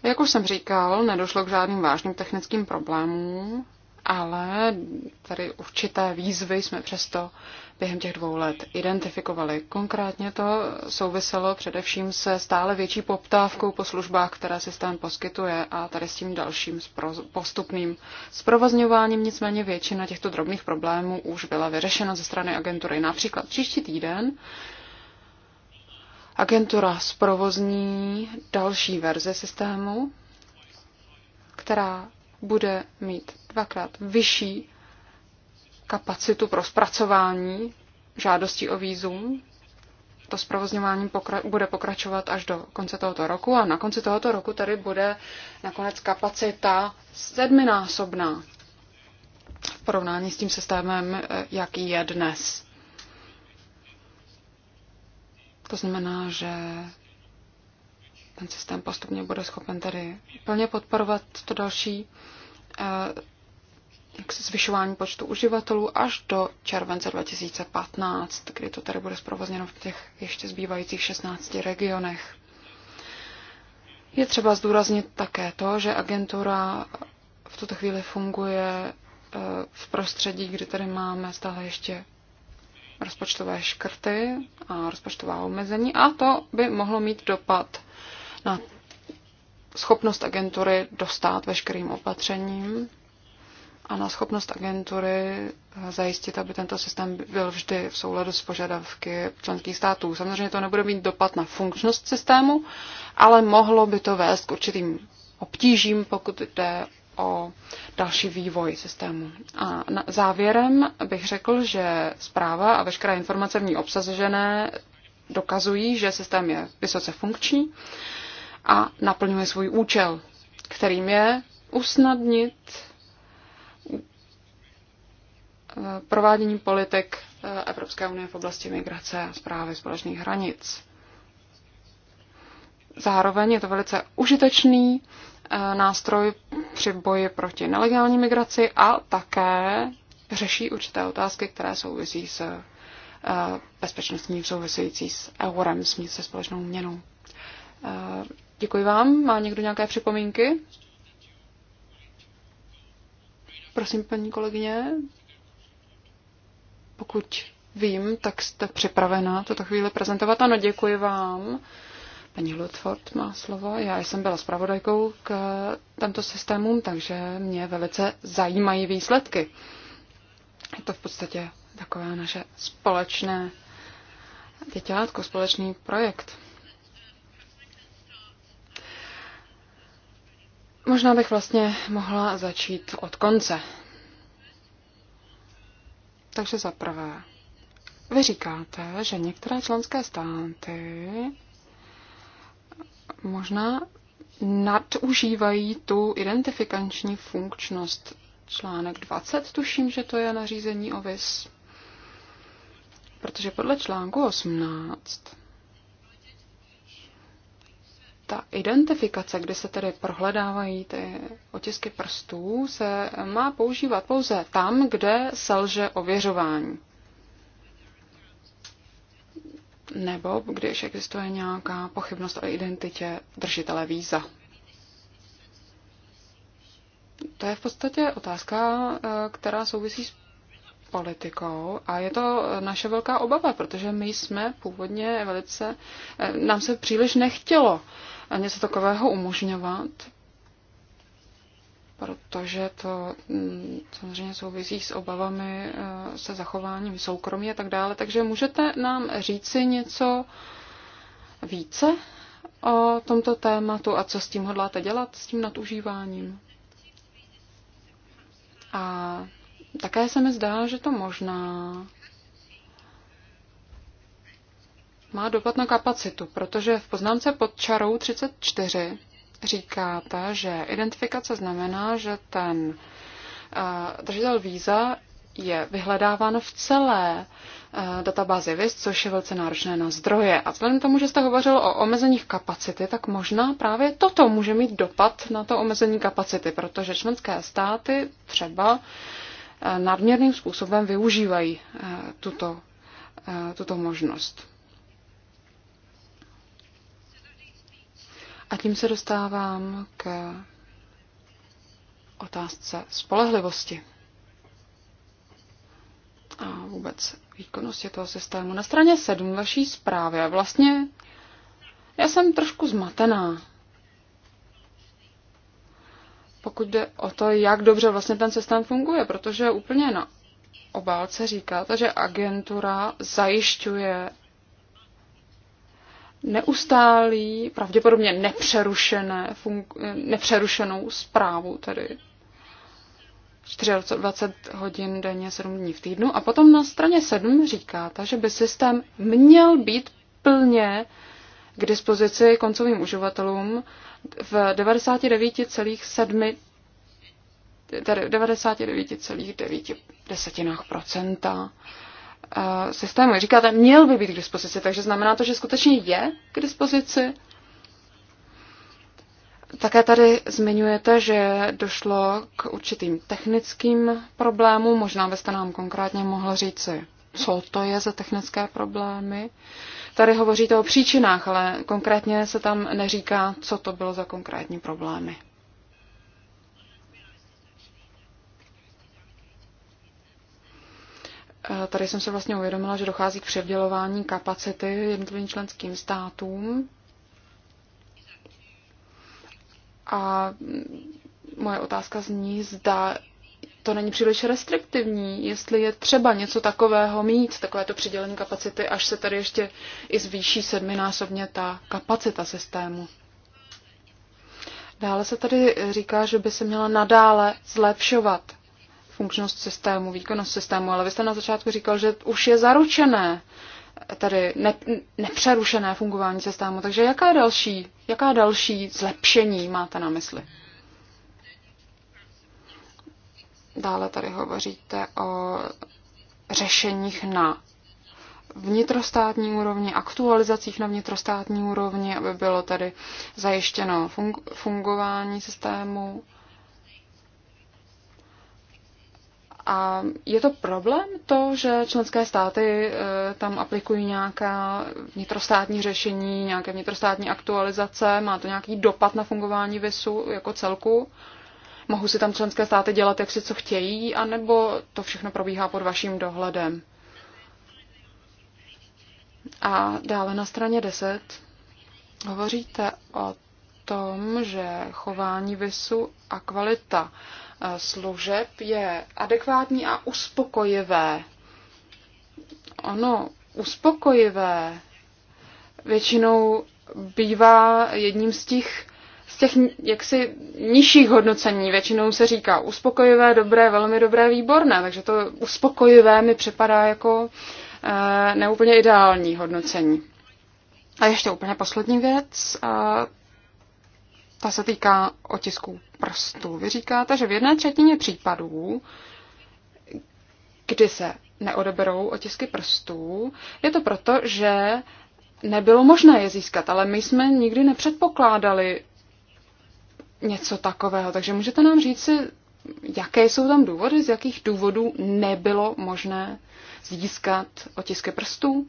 Jak už jsem říkal, nedošlo k žádným vážným technickým problémům, ale tady určité výzvy jsme přesto během těch dvou let identifikovali. Konkrétně to souviselo především se stále větší poptávkou po službách, které systém poskytuje a tady s tím dalším postupným zprovozňováním. Nicméně většina těchto drobných problémů už byla vyřešena ze strany agentury. Například příští týden agentura zprovozní další verze systému, která bude mít dvakrát vyšší kapacitu pro zpracování žádostí o výzum. To zprovozňování pokra- bude pokračovat až do konce tohoto roku a na konci tohoto roku tady bude nakonec kapacita sedminásobná v porovnání s tím systémem, jaký je dnes. To znamená, že ten systém postupně bude schopen tady plně podporovat to další eh, k zvyšování počtu uživatelů až do července 2015, kdy to tady bude zprovozněno v těch ještě zbývajících 16 regionech. Je třeba zdůraznit také to, že agentura v tuto chvíli funguje eh, v prostředí, kdy tady máme stále ještě rozpočtové škrty a rozpočtová omezení a to by mohlo mít dopad na schopnost agentury dostat veškerým opatřením a na schopnost agentury zajistit, aby tento systém byl vždy v souladu s požadavky členských států. Samozřejmě to nebude mít dopad na funkčnost systému, ale mohlo by to vést k určitým obtížím, pokud jde o další vývoj systému. A na, závěrem bych řekl, že zpráva a veškeré informace v ní obsažené dokazují, že systém je vysoce funkční a naplňuje svůj účel, kterým je usnadnit provádění politik eh, Evropské unie v oblasti migrace a zprávy společných hranic. Zároveň je to velice užitečný eh, nástroj při boji proti nelegální migraci a také řeší určité otázky, které souvisí s eh, bezpečnostní související s eurem, se společnou měnou. Děkuji vám. Má někdo nějaké připomínky? Prosím, paní kolegyně, pokud vím, tak jste připravena tuto chvíli prezentovat. Ano, děkuji vám. Paní Ludford má slovo. Já jsem byla zpravodajkou k tento systémům, takže mě velice zajímají výsledky. Je to v podstatě takové naše společné dětělátko, společný projekt. Možná bych vlastně mohla začít od konce. Takže za prvé, vy říkáte, že některé členské státy možná nadužívají tu identifikační funkčnost článek 20, tuším, že to je nařízení o VIS. Protože podle článku 18 ta identifikace, kdy se tedy prohledávají ty otisky prstů, se má používat pouze tam, kde selže ověřování. Nebo když existuje nějaká pochybnost o identitě držitele víza. To je v podstatě otázka, eh, která souvisí s politikou a je to naše velká obava, protože my jsme původně velice, eh, nám se příliš nechtělo něco takového umožňovat, protože to mm, samozřejmě souvisí s obavami eh, se zachováním soukromí a tak dále. Takže můžete nám říci něco více o tomto tématu a co s tím hodláte dělat, s tím nadužíváním? A také se mi zdá, že to možná má dopad na kapacitu, protože v poznámce pod čarou 34 říkáte, že identifikace znamená, že ten eh, držitel víza je vyhledáván v celé eh, databázi VIS, což je velice náročné na zdroje. A vzhledem k tomu, že jste hovořil o omezeních kapacity, tak možná právě toto může mít dopad na to omezení kapacity, protože členské státy třeba eh, nadměrným způsobem využívají tuto, tuto možnost. A tím se dostávám k otázce spolehlivosti a vůbec výkonnosti toho systému. Na straně 7 vaší zprávy vlastně já jsem trošku zmatená. Pokud jde o to, jak dobře vlastně ten systém funguje, protože úplně na obálce říkáte, že agentura zajišťuje neustálý, pravděpodobně nepřerušené, nepřerušenou zprávu, tedy 24 hodin denně, 7 dní v týdnu. A potom na straně 7 říkáte, že by systém měl být plně k dispozici koncovým uživatelům v 99,7 tedy 99,9 desetinách procenta. Eh, systému. Říkáte, měl by být k dispozici, takže znamená to, že skutečně je k dispozici. Také tady zmiňujete, že došlo k určitým technickým problémům. Možná byste nám konkrétně mohla říci, co to je za technické problémy. Tady hovoříte o příčinách, ale konkrétně se tam neříká, co to bylo za konkrétní problémy. Tady jsem se vlastně uvědomila, že dochází k převdělování kapacity jednotlivým členským státům. A moje otázka zní, zda to není příliš restriktivní, jestli je třeba něco takového mít, takovéto přidělení kapacity, až se tady ještě i zvýší sedminásobně ta kapacita systému. Dále se tady říká, že by se měla nadále zlepšovat funkčnost systému, výkonnost systému, ale vy jste na začátku říkal, že už je zaručené tady ne, nepřerušené fungování systému. Takže jaká další, jaká další zlepšení máte na mysli? Dále tady hovoříte o řešeních na vnitrostátní úrovni, aktualizacích na vnitrostátní úrovni, aby bylo tady zajištěno fungování systému A je to problém to, že členské státy e, tam aplikují nějaká vnitrostátní řešení, nějaké vnitrostátní aktualizace, má to nějaký dopad na fungování VISu jako celku? Mohou si tam členské státy dělat, jak si co chtějí, anebo to všechno probíhá pod vaším dohledem? A dále na straně 10 hovoříte o tom, že chování VISu a kvalita služeb je adekvátní a uspokojivé. Ono uspokojivé většinou bývá jedním z těch, z těch jaksi nižších hodnocení. Většinou se říká uspokojivé, dobré, velmi dobré, výborné. Takže to uspokojivé mi připadá jako eh, neúplně ideální hodnocení. A ještě úplně poslední věc. Eh, ta se týká otisků prstů. Vy říkáte, že v jedné třetině případů, kdy se neodeberou otisky prstů, je to proto, že nebylo možné je získat, ale my jsme nikdy nepředpokládali něco takového. Takže můžete nám říct si, jaké jsou tam důvody, z jakých důvodů nebylo možné získat otisky prstů?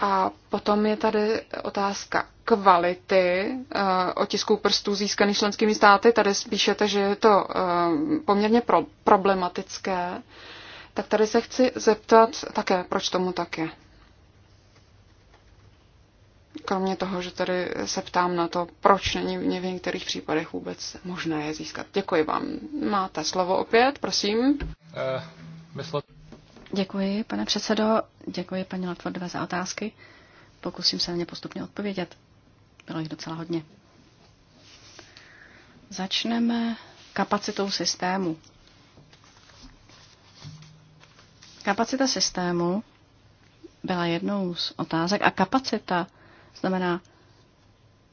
A potom je tady otázka kvality eh, otisků prstů získaných členskými státy. Tady spíšete, že je to eh, poměrně pro, problematické. Tak tady se chci zeptat také, proč tomu tak je. Kromě toho, že tady se ptám na to, proč není v některých případech vůbec možné je získat. Děkuji vám. Máte slovo opět, prosím. Uh, myslet. Děkuji, pane předsedo. Děkuji, paní Latvordové, za otázky. Pokusím se na ně postupně odpovědět. Bylo jich docela hodně. Začneme kapacitou systému. Kapacita systému byla jednou z otázek a kapacita znamená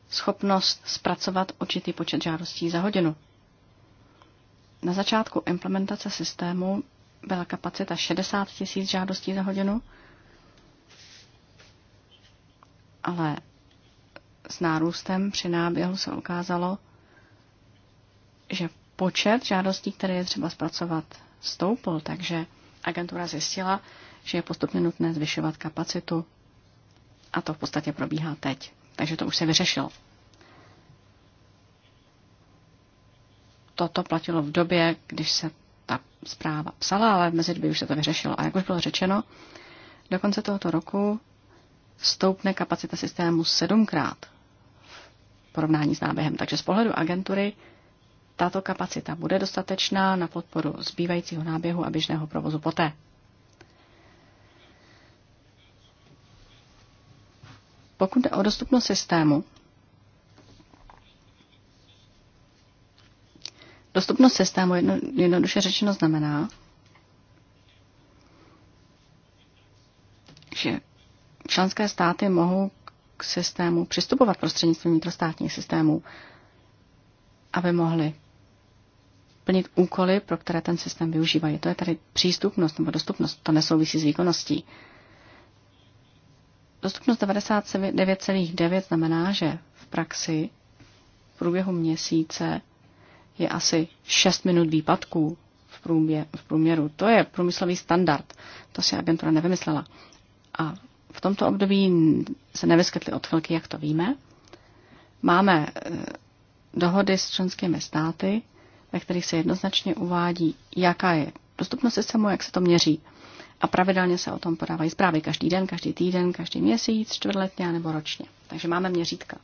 schopnost zpracovat určitý počet žádostí za hodinu. Na začátku implementace systému byla kapacita 60 tisíc žádostí za hodinu, ale s nárůstem při náběhu se ukázalo, že počet žádostí, které je třeba zpracovat, stoupl, takže agentura zjistila, že je postupně nutné zvyšovat kapacitu a to v podstatě probíhá teď. Takže to už se vyřešilo. Toto platilo v době, když se ta zpráva psala, ale mezi dvě už se to vyřešilo. A jak už bylo řečeno, do konce tohoto roku stoupne kapacita systému sedmkrát v porovnání s náběhem. Takže z pohledu agentury tato kapacita bude dostatečná na podporu zbývajícího náběhu a běžného provozu poté. Pokud jde o dostupnost systému, Dostupnost systému jedno, jednoduše řečeno znamená, že členské státy mohou k systému přistupovat prostřednictvím vnitrostátních systémů, aby mohly plnit úkoly, pro které ten systém využívají. To je tady přístupnost nebo dostupnost, to nesouvisí s výkonností. Dostupnost 99,9 znamená, že v praxi v průběhu měsíce je asi 6 minut výpadků v, průmě, v průměru. To je průmyslový standard. To si agentura nevymyslela. A v tomto období se nevyskytly odchylky, jak to víme. Máme e, dohody s členskými státy, ve kterých se jednoznačně uvádí, jaká je dostupnost systému, jak se to měří. A pravidelně se o tom podávají zprávy každý den, každý týden, každý měsíc, čtvrtletně nebo ročně. Takže máme měřítka.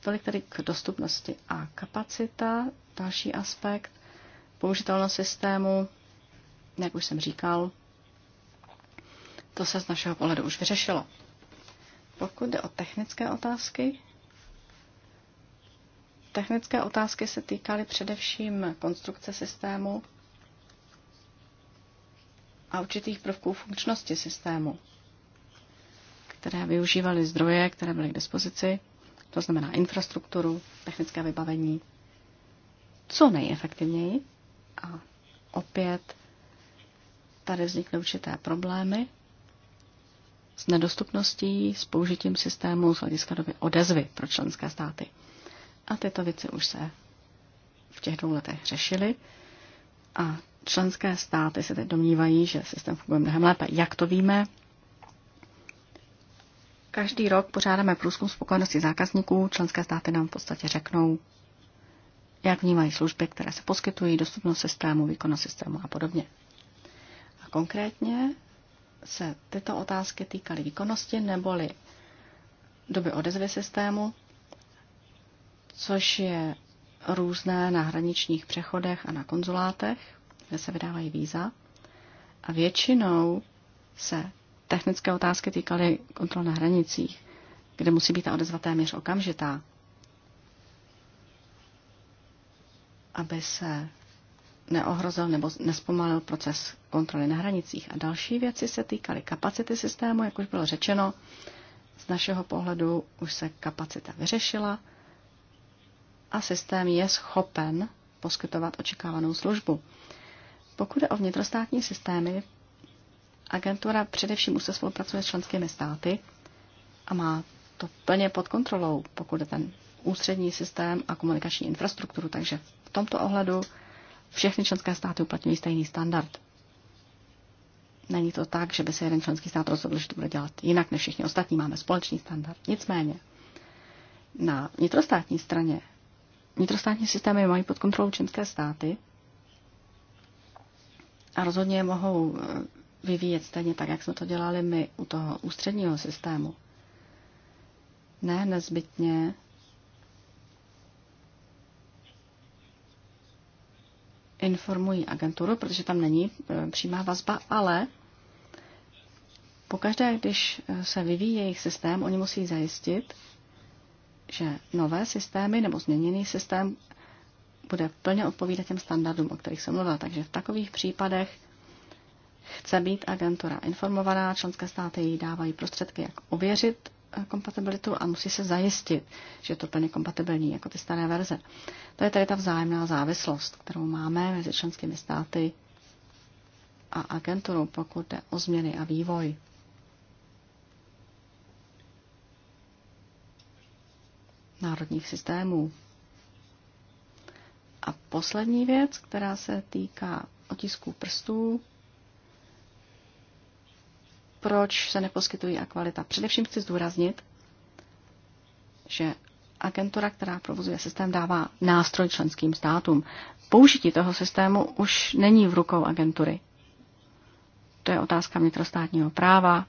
Tolik tedy k dostupnosti a kapacita, další aspekt, použitelnost systému, jak už jsem říkal, to se z našeho pohledu už vyřešilo. Pokud jde o technické otázky, technické otázky se týkaly především konstrukce systému a určitých prvků funkčnosti systému, které využívaly zdroje, které byly k dispozici to znamená infrastrukturu, technické vybavení, co nejefektivněji. A opět tady vznikly určité problémy s nedostupností, s použitím systému z hlediska doby odezvy pro členské státy. A tyto věci už se v těch dvou letech řešily a členské státy se teď domnívají, že systém funguje mnohem lépe. Jak to víme? Každý rok pořádáme průzkum spokojenosti zákazníků. Členské státy nám v podstatě řeknou, jak vnímají služby, které se poskytují, dostupnost systému, výkonnost systému a podobně. A konkrétně se tyto otázky týkaly výkonnosti neboli doby odezvy systému, což je různé na hraničních přechodech a na konzulátech, kde se vydávají víza. A většinou se technické otázky týkaly kontrol na hranicích, kde musí být ta odezva téměř okamžitá, aby se neohrozil nebo nespomalil proces kontroly na hranicích. A další věci se týkaly kapacity systému, jak už bylo řečeno. Z našeho pohledu už se kapacita vyřešila a systém je schopen poskytovat očekávanou službu. Pokud je o vnitrostátní systémy, Agentura především už se spolupracuje s členskými státy a má to plně pod kontrolou, pokud je ten ústřední systém a komunikační infrastrukturu. Takže v tomto ohledu všechny členské státy uplatňují stejný standard. Není to tak, že by se jeden členský stát rozhodl, že to bude dělat jinak než všichni ostatní. Máme společný standard. Nicméně, na vnitrostátní straně vnitrostátní systémy mají pod kontrolou členské státy a rozhodně je mohou vyvíjet stejně tak, jak jsme to dělali my u toho ústředního systému. Ne nezbytně informují agenturu, protože tam není e, přímá vazba, ale pokaždé, když e, se vyvíjí jejich systém, oni musí zajistit, že nové systémy nebo změněný systém bude plně odpovídat těm standardům, o kterých jsem mluvila. Takže v takových případech Chce být agentura informovaná, členské státy jí dávají prostředky, jak ověřit eh, kompatibilitu a musí se zajistit, že je to plně kompatibilní, jako ty staré verze. To je tady ta vzájemná závislost, kterou máme mezi členskými státy a agenturou, pokud jde o změny a vývoj. národních systémů. A poslední věc, která se týká otisků prstů, proč se neposkytují a kvalita. Především chci zdůraznit, že agentura, která provozuje systém, dává nástroj členským státům. Použití toho systému už není v rukou agentury. To je otázka vnitrostátního práva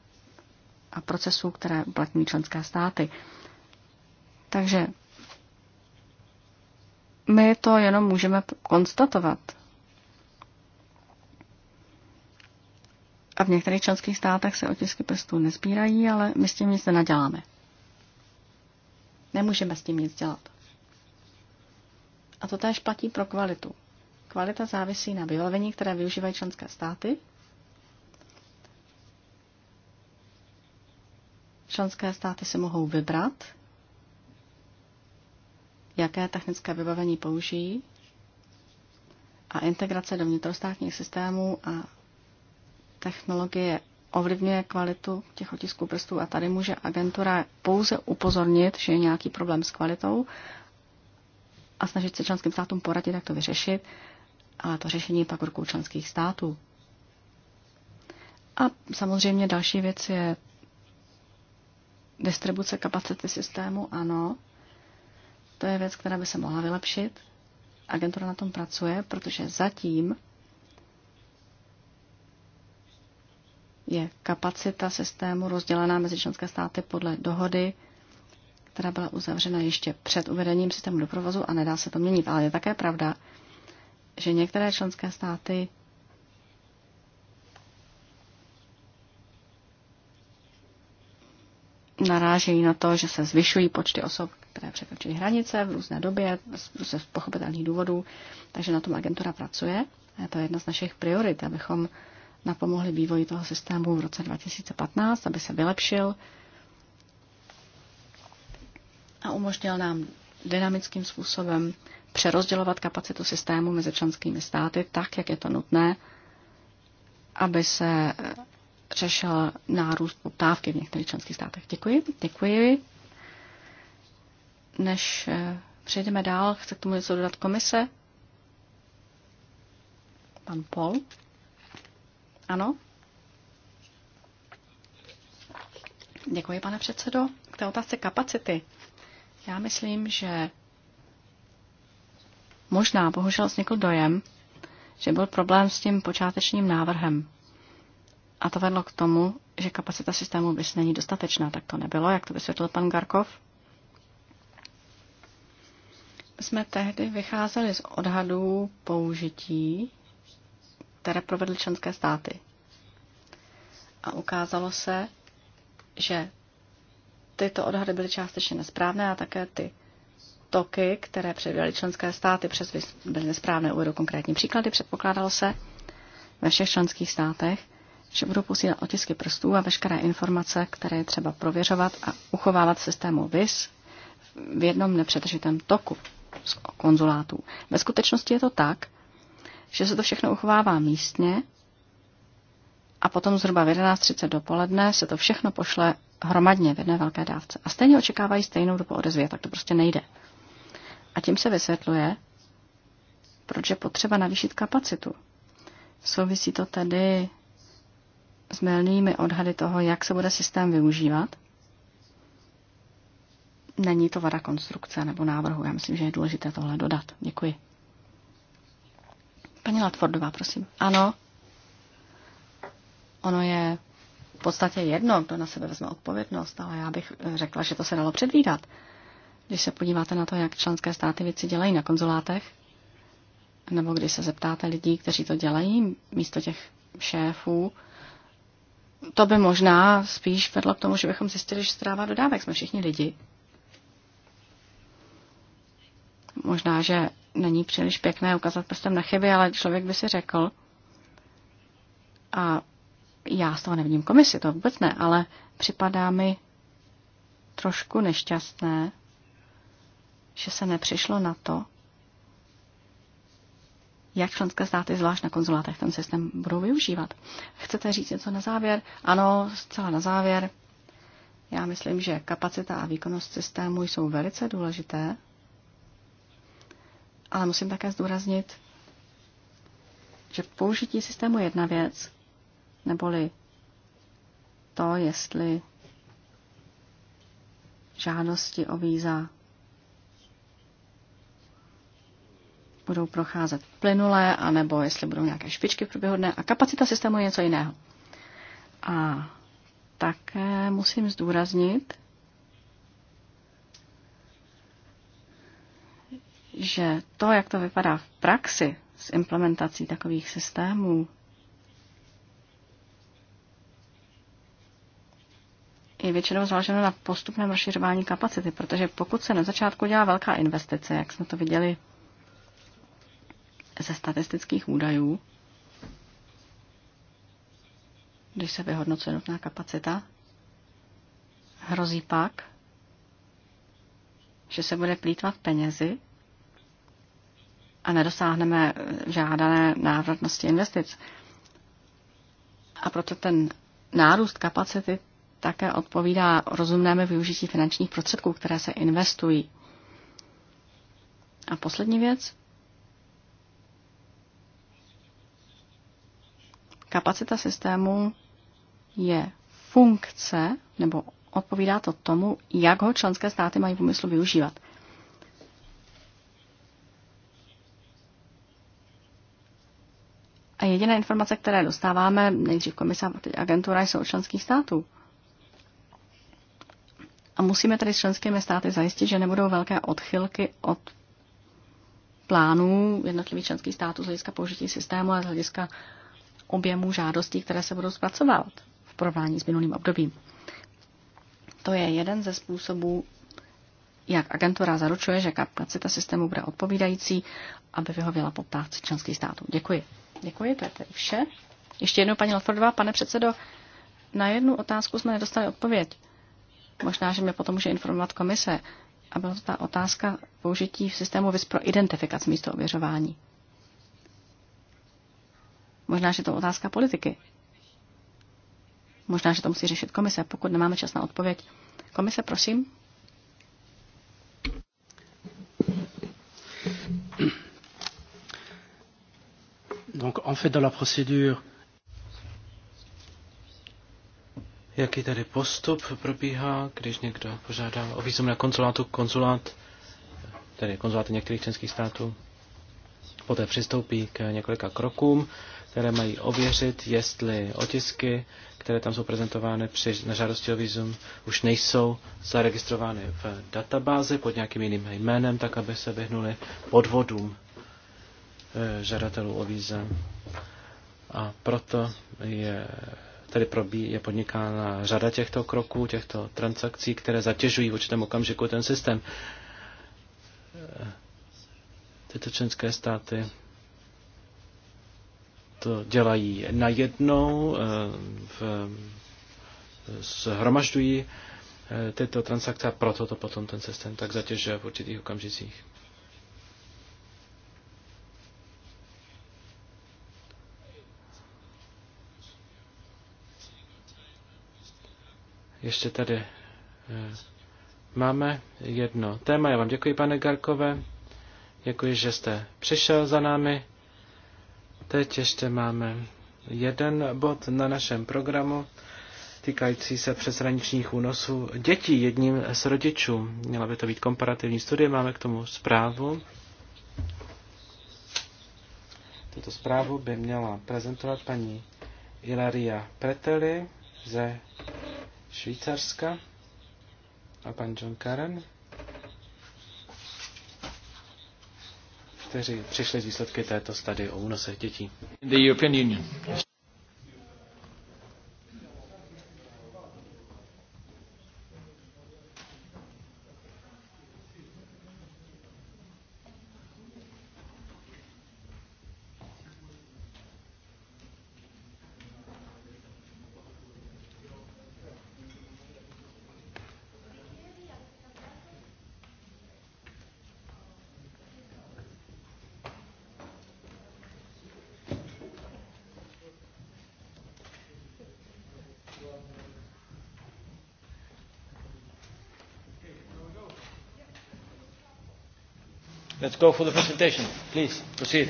a procesů, které uplatní členské státy. Takže my to jenom můžeme konstatovat. A v některých členských státech se otisky prstů nezbírají, ale my s tím nic nenaděláme. Nemůžeme s tím nic dělat. A to též platí pro kvalitu. Kvalita závisí na vybavení, které využívají členské státy. Členské státy si mohou vybrat, jaké technické vybavení použijí a integrace do vnitrostátních systémů a technologie ovlivňuje kvalitu těch otisků prstů a tady může agentura pouze upozornit, že je nějaký problém s kvalitou a snažit se členským státům poradit, jak to vyřešit, ale to řešení je pak rukou členských států. A samozřejmě další věc je distribuce kapacity systému, ano. To je věc, která by se mohla vylepšit. Agentura na tom pracuje, protože zatím je kapacita systému rozdělená mezi členské státy podle dohody, která byla uzavřena ještě před uvedením systému do provozu a nedá se to měnit. Ale je také pravda, že některé členské státy narážejí na to, že se zvyšují počty osob, které překročují hranice v různé době, z pochopitelných důvodů, takže na tom agentura pracuje. A je to jedna z našich priorit, abychom napomohly vývoji toho systému v roce 2015, aby se vylepšil a umožnil nám dynamickým způsobem přerozdělovat kapacitu systému mezi členskými státy tak, jak je to nutné, aby se řešil nárůst poptávky v některých členských státech. Děkuji, děkuji. Než eh, přejdeme dál, chce k tomu něco dodat komise? Pan Paul. Ano? Děkuji, pane předsedo. K té otázce kapacity. Já myslím, že možná bohužel vznikl dojem, že byl problém s tím počátečním návrhem. A to vedlo k tomu, že kapacita systému BIS není dostatečná. Tak to nebylo, jak to vysvětlil pan Garkov. Jsme tehdy vycházeli z odhadů použití které provedly členské státy. A ukázalo se, že tyto odhady byly částečně nesprávné a také ty toky, které předvědaly členské státy, přes byly nesprávné. Uvedu konkrétní příklady. Předpokládalo se ve všech členských státech, že budou posílat otisky prstů a veškeré informace, které je třeba prověřovat a uchovávat v systému VIS v jednom nepřetržitém toku z konzulátů. Ve skutečnosti je to tak, že se to všechno uchovává místně a potom zhruba v 11.30 dopoledne se to všechno pošle hromadně v jedné velké dávce. A stejně očekávají stejnou dobu odezvy, tak to prostě nejde. A tím se vysvětluje, proč je potřeba navýšit kapacitu. Souvisí to tedy s milnými odhady toho, jak se bude systém využívat. Není to vada konstrukce nebo návrhu. Já myslím, že je důležité tohle dodat. Děkuji. Paní Latfordová, prosím. Ano. Ono je v podstatě jedno, kdo na sebe vezme odpovědnost, ale já bych řekla, že to se dalo předvídat. Když se podíváte na to, jak členské státy věci dělají na konzulátech, nebo když se zeptáte lidí, kteří to dělají, místo těch šéfů, to by možná spíš vedlo k tomu, že bychom zjistili, že stráva dodávek jsme všichni lidi. Možná, že není příliš pěkné ukázat prstem na chyby, ale člověk by si řekl, a já z toho nevním komisi, to vůbec ne, ale připadá mi trošku nešťastné, že se nepřišlo na to, jak členské státy, zvlášť na konzulátech, ten systém budou využívat. Chcete říct něco na závěr? Ano, zcela na závěr. Já myslím, že kapacita a výkonnost systému jsou velice důležité ale musím také zdůraznit, že použití systému je jedna věc, neboli to, jestli žádosti o víza budou procházet plynulé, anebo jestli budou nějaké špičky v průběhu dne. A kapacita systému je něco jiného. A také musím zdůraznit, že to, jak to vypadá v praxi s implementací takových systémů, je většinou založeno na postupném rozšiřování kapacity, protože pokud se na začátku dělá velká investice, jak jsme to viděli ze statistických údajů, když se vyhodnocuje nutná kapacita, hrozí pak, že se bude plítvat penězi a nedosáhneme žádané návratnosti investic. A proto ten nárůst kapacity také odpovídá rozumnému využití finančních prostředků, které se investují. A poslední věc. Kapacita systému je funkce, nebo odpovídá to tomu, jak ho členské státy mají v úmyslu využívat. jediné informace, které dostáváme, nejdřív komise a teď agentura, jsou od členských států. A musíme tedy s členskými státy zajistit, že nebudou velké odchylky od plánů jednotlivých členských států z hlediska použití systému a z hlediska objemu žádostí, které se budou zpracovávat v porovnání s minulým obdobím. To je jeden ze způsobů, jak agentura zaručuje, že kapacita systému bude odpovídající, aby vyhověla poptávce členských států. Děkuji. Děkuji, to je tady vše. Ještě jednou, paní Lafordová, pane předsedo, na jednu otázku jsme nedostali odpověď. Možná, že mě potom může informovat komise. A byla to ta otázka použití v systému VIS pro identifikaci místo ověřování. Možná, že to otázka politiky. Možná, že to musí řešit komise, pokud nemáme čas na odpověď. Komise, prosím. Donc en fait dans la procédure Jaký tady postup probíhá, když někdo požádá o výzum na konzulátu, konzulát, tedy konzuláty některých členských států, poté přistoupí k několika krokům, které mají ověřit, jestli otisky, které tam jsou prezentovány při na žádosti o výzum, už nejsou zaregistrovány v databázi pod nějakým jiným jménem, tak aby se vyhnuli podvodům. Eh, žadatelů o víza. A proto je tady probí, je podnikána řada těchto kroků, těchto transakcí, které zatěžují v určitém okamžiku ten systém. Eh, tyto členské státy to dělají najednou, eh, v, zhromažďují tyto transakce a proto to potom ten systém tak zatěžuje v určitých okamžicích. Ještě tady eh, máme jedno téma. Já vám děkuji, pane Garkové. Děkuji, že jste přišel za námi. Teď ještě máme jeden bod na našem programu týkající se přeshraničních únosů dětí jedním z rodičů. Měla by to být komparativní studie, máme k tomu zprávu. Tuto zprávu by měla prezentovat paní Ilaria Preteli ze Švýcarska a pan John Karen, kteří přišli z výsledky této stady o únosech dětí. The European Union. Let's go for the presentation. Please, proceed.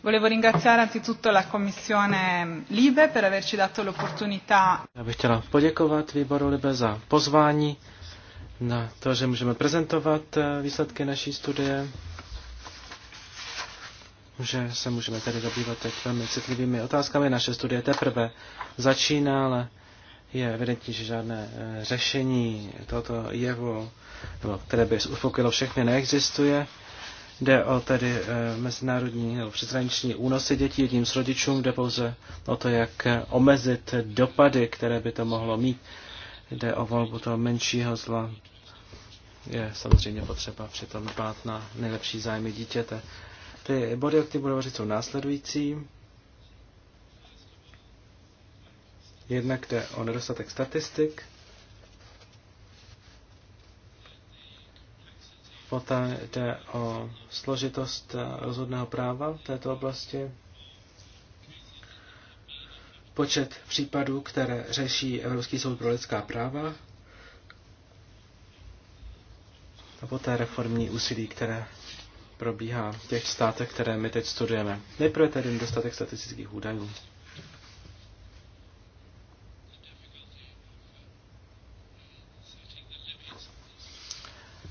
Volevo, ringraziare. anzitutto la Commissione Libe per averci dato l'opportunità. Já bych chtěla poděkovat výboru Libe za pozvání na to, že můžeme prezentovat eh, výsledky naší studie, že se můžeme tady zabývat teď velmi citlivými otázkami. Naše studie teprve začíná, ale je evidentní, že žádné eh, řešení tohoto jevu, nebo které by uspokojilo všechny, neexistuje. Jde o tedy eh, mezinárodní nebo přeshraniční únosy dětí jedním z rodičům, jde pouze o to, jak omezit dopady, které by to mohlo mít jde o volbu toho menšího zla, je samozřejmě potřeba přitom dbát na nejlepší zájmy dítěte. Ty body, o kterých budu hovořit, jsou následující. Jednak jde o nedostatek statistik, poté jde o složitost rozhodného práva v této oblasti, počet případů, které řeší Evropský soud pro lidská práva a poté reformní úsilí, které probíhá v těch státech, které my teď studujeme. Nejprve tedy dostatek statistických údajů.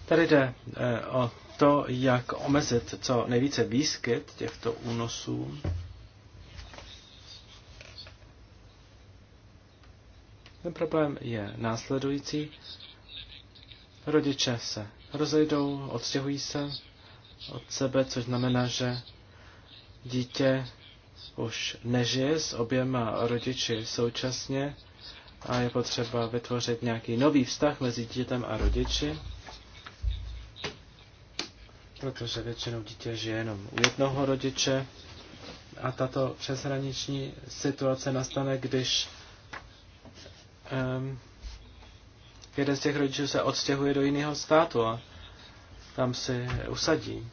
Tady jde eh, o to, jak omezit co nejvíce výskyt těchto únosů. Ten problém je následující. Rodiče se rozejdou, odstěhují se od sebe, což znamená, že dítě už nežije s oběma rodiči současně a je potřeba vytvořit nějaký nový vztah mezi dítětem a rodiči, protože většinou dítě žije jenom u jednoho rodiče a tato přeshraniční situace nastane, když jeden z těch rodičů se odstěhuje do jiného státu a tam si usadí.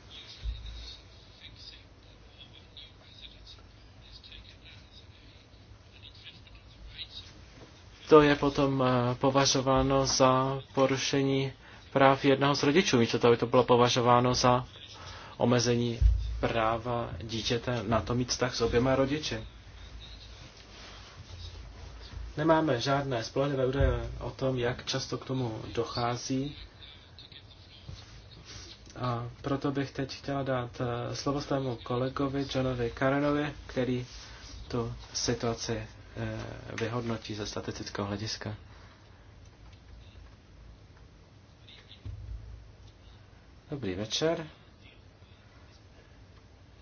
To je potom eh, považováno za porušení práv jednoho z rodičů, místo toho by to bylo považováno za omezení práva dítěte na to mít vztah s oběma rodiči. Nemáme žádné spolehlivé údaje o tom, jak často k tomu dochází. A proto bych teď chtěla dát eh, slovo svému kolegovi Johnovi Karenovi, který tu situaci eh, vyhodnotí ze statistického hlediska. Dobrý večer.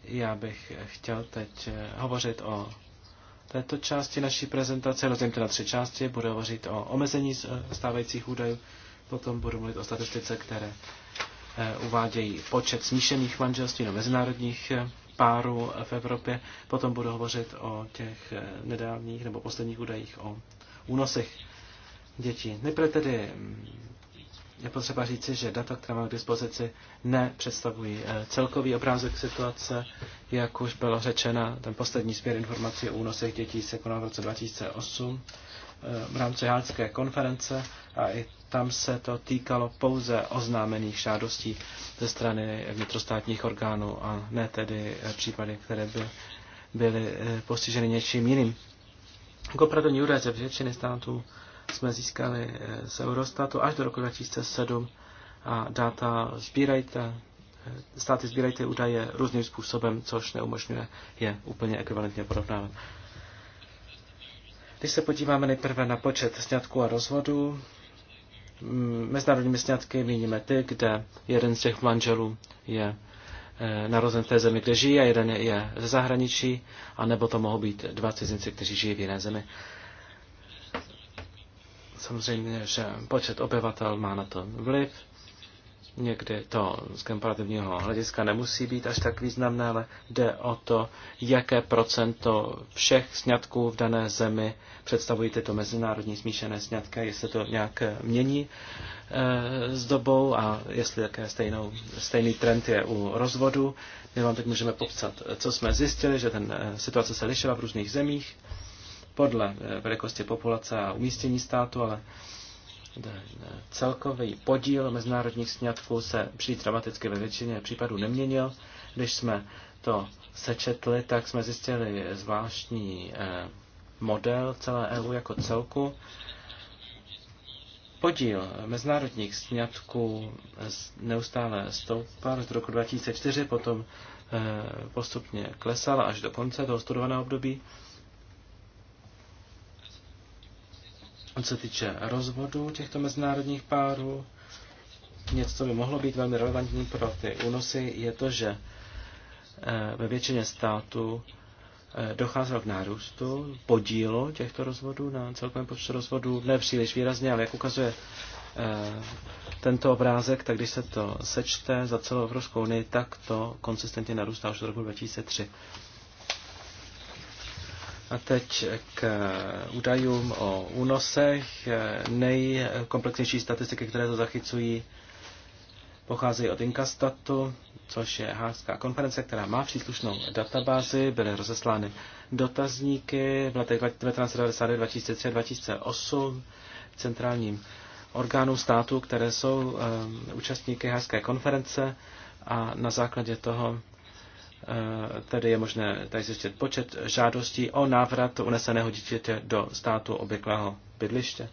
Já bych chtěl teď eh, hovořit o této části naší prezentace, rozdělím to na tři části, budu hovořit o omezení eh, stávajících údajů, potom budu mluvit o statistice, které eh, uvádějí počet smíšených manželství nebo mezinárodních eh, párů v Evropě, potom budu hovořit o těch nedávných nebo posledních údajích o únosech dětí. Nejprve tedy mm, je potřeba říci, že data, která máme k dispozici, nepředstavují eh, celkový obrázek situace. Jak už bylo řečeno, ten poslední sběr informací o únosech dětí se konal v roce 2008 eh, v rámci Hádské konference a i tam se to týkalo pouze oznámených žádostí ze strany vnitrostátních orgánů a ne tedy eh, případy, které by byly postiženy něčím jiným. K opravdu údaje ze většiny států jsme získali eh, z Eurostatu až do roku 2007 a data sbírajte, eh, státy sbírají ty údaje různým způsobem, což neumožňuje je úplně ekvivalentně porovnávat. Když se podíváme nejprve na počet sňatků a rozvodů, mm, mezinárodními sňatky míníme ty, kde jeden z těch manželů je eh, narozen v té zemi, kde žije, jeden je ze zahraničí, anebo to mohou být dva cizinci, kteří žijí v jiné zemi. Samozřejmě, že počet obyvatel má na to vliv. Někdy to z komparativního hlediska nemusí být až tak významné, ale jde o to, jaké procento všech sňatků v dané zemi představují tyto mezinárodní smíšené sňatky, jestli to nějak mění e, s dobou a jestli také stejnou, stejný trend je u rozvodu. My vám teď můžeme popsat, co jsme zjistili, že ten, e, situace se lišila v různých zemích podle eh, velikosti populace a umístění státu, ale eh, celkový podíl mezinárodních sňatků se příliš dramaticky ve většině případů neměnil. Když jsme to sečetli, tak jsme zjistili zvláštní eh, model celé EU jako celku. Podíl mezinárodních sňatků neustále stoupal z roku 2004, potom postupně klesal až do konce toho studovaného období. co se týče rozvodu těchto mezinárodních párů, něco, co by mohlo být velmi relevantní pro ty únosy, je to, že eh, ve většině států eh, docházelo k nárůstu podílu těchto rozvodů na celkovém počtu rozvodů, ne příliš výrazně, ale jak ukazuje eh, tento obrázek, tak když se to sečte za celou Evropskou unii, tak to konsistentně narůstá už od roku 2003. A teď k údajům o únosech. Nejkomplexnější statistiky, které to zachycují, pocházejí od Inkastatu, což je hářská konference, která má příslušnou databázi. Byly rozeslány dotazníky v letech 1992, 2003, 2008 centrálním orgánům státu, které jsou um, účastníky hářské konference a na základě toho Eh, tedy je možné tady zjistit počet žádostí o návrat uneseného dítěte do státu obvyklého bydliště.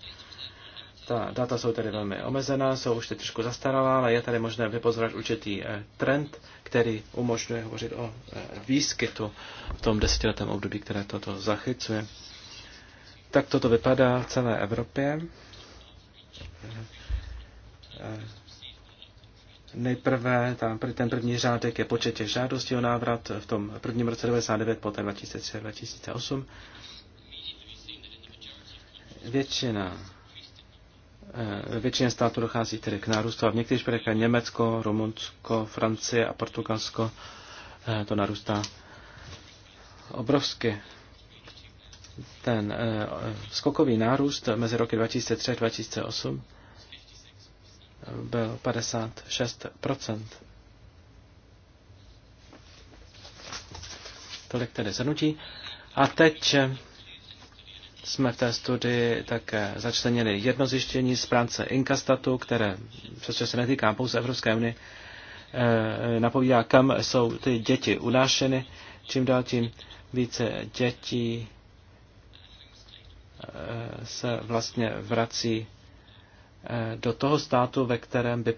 Ta data jsou tedy velmi omezená, jsou už teď trošku zastaralá, ale je tady možné vypozorovat určitý eh, trend, který umožňuje hovořit o eh, výskytu v tom desetiletém období, které toto zachycuje. Tak toto vypadá v celé Evropě Nejprve tam, ten první řádek je počet těch žádostí o návrat v tom prvním roce 99, poté 2003, 2008. Většina většina eh, většině států dochází tedy k nárůstu a v některých případech Německo, Rumunsko, Francie a Portugalsko eh, to narůstá obrovsky. Ten eh, skokový nárůst mezi roky 2003 a 2008 byl 56 Tolik tedy zhrnutí. A teď jsme v té studii také začleněni jedno zjištění práce Inkastatu, které přestože se netýká pouze Evropské unie, eh, napovídá, kam jsou ty děti unášeny. Čím dál tím více dětí eh, se vlastně vrací Eh, do toho státu, ve kterém by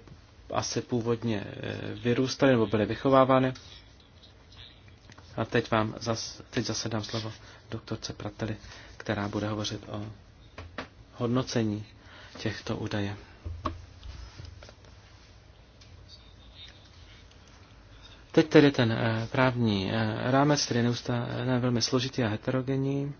asi původně eh, vyrůstaly nebo byly vychovávány. A teď vám zase, teď zase dám slovo doktorce Prateli, která bude hovořit o hodnocení těchto údaje. Teď tedy ten eh, právní rámec, který je neustále velmi složitý a heterogenní.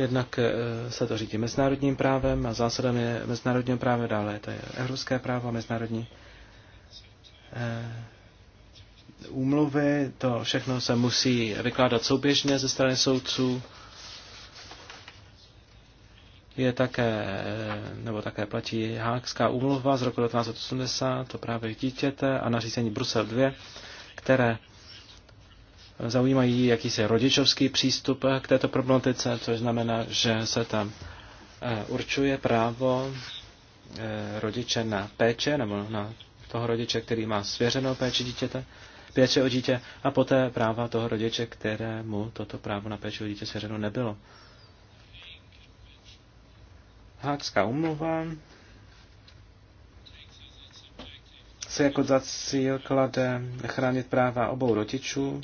Jednak eh, se to řídí mezinárodním právem a zásadami mezinárodního práva dále. To je evropské právo a mezinárodní eh, úmluvy. To všechno se musí vykládat souběžně ze strany soudců. Je také, eh, nebo také platí Hákská úmluva z roku 1980, to právě dítěte a nařízení Brusel 2, které zaujímají jakýsi rodičovský přístup k této problematice, což znamená, že se tam eh, určuje právo eh, rodiče na péče nebo na toho rodiče, který má svěřenou péči dítěte, péče o dítě a poté práva toho rodiče, kterému toto právo na péči o dítě svěřeno nebylo. Hádská umluva se jako za cíl klade chránit práva obou rodičů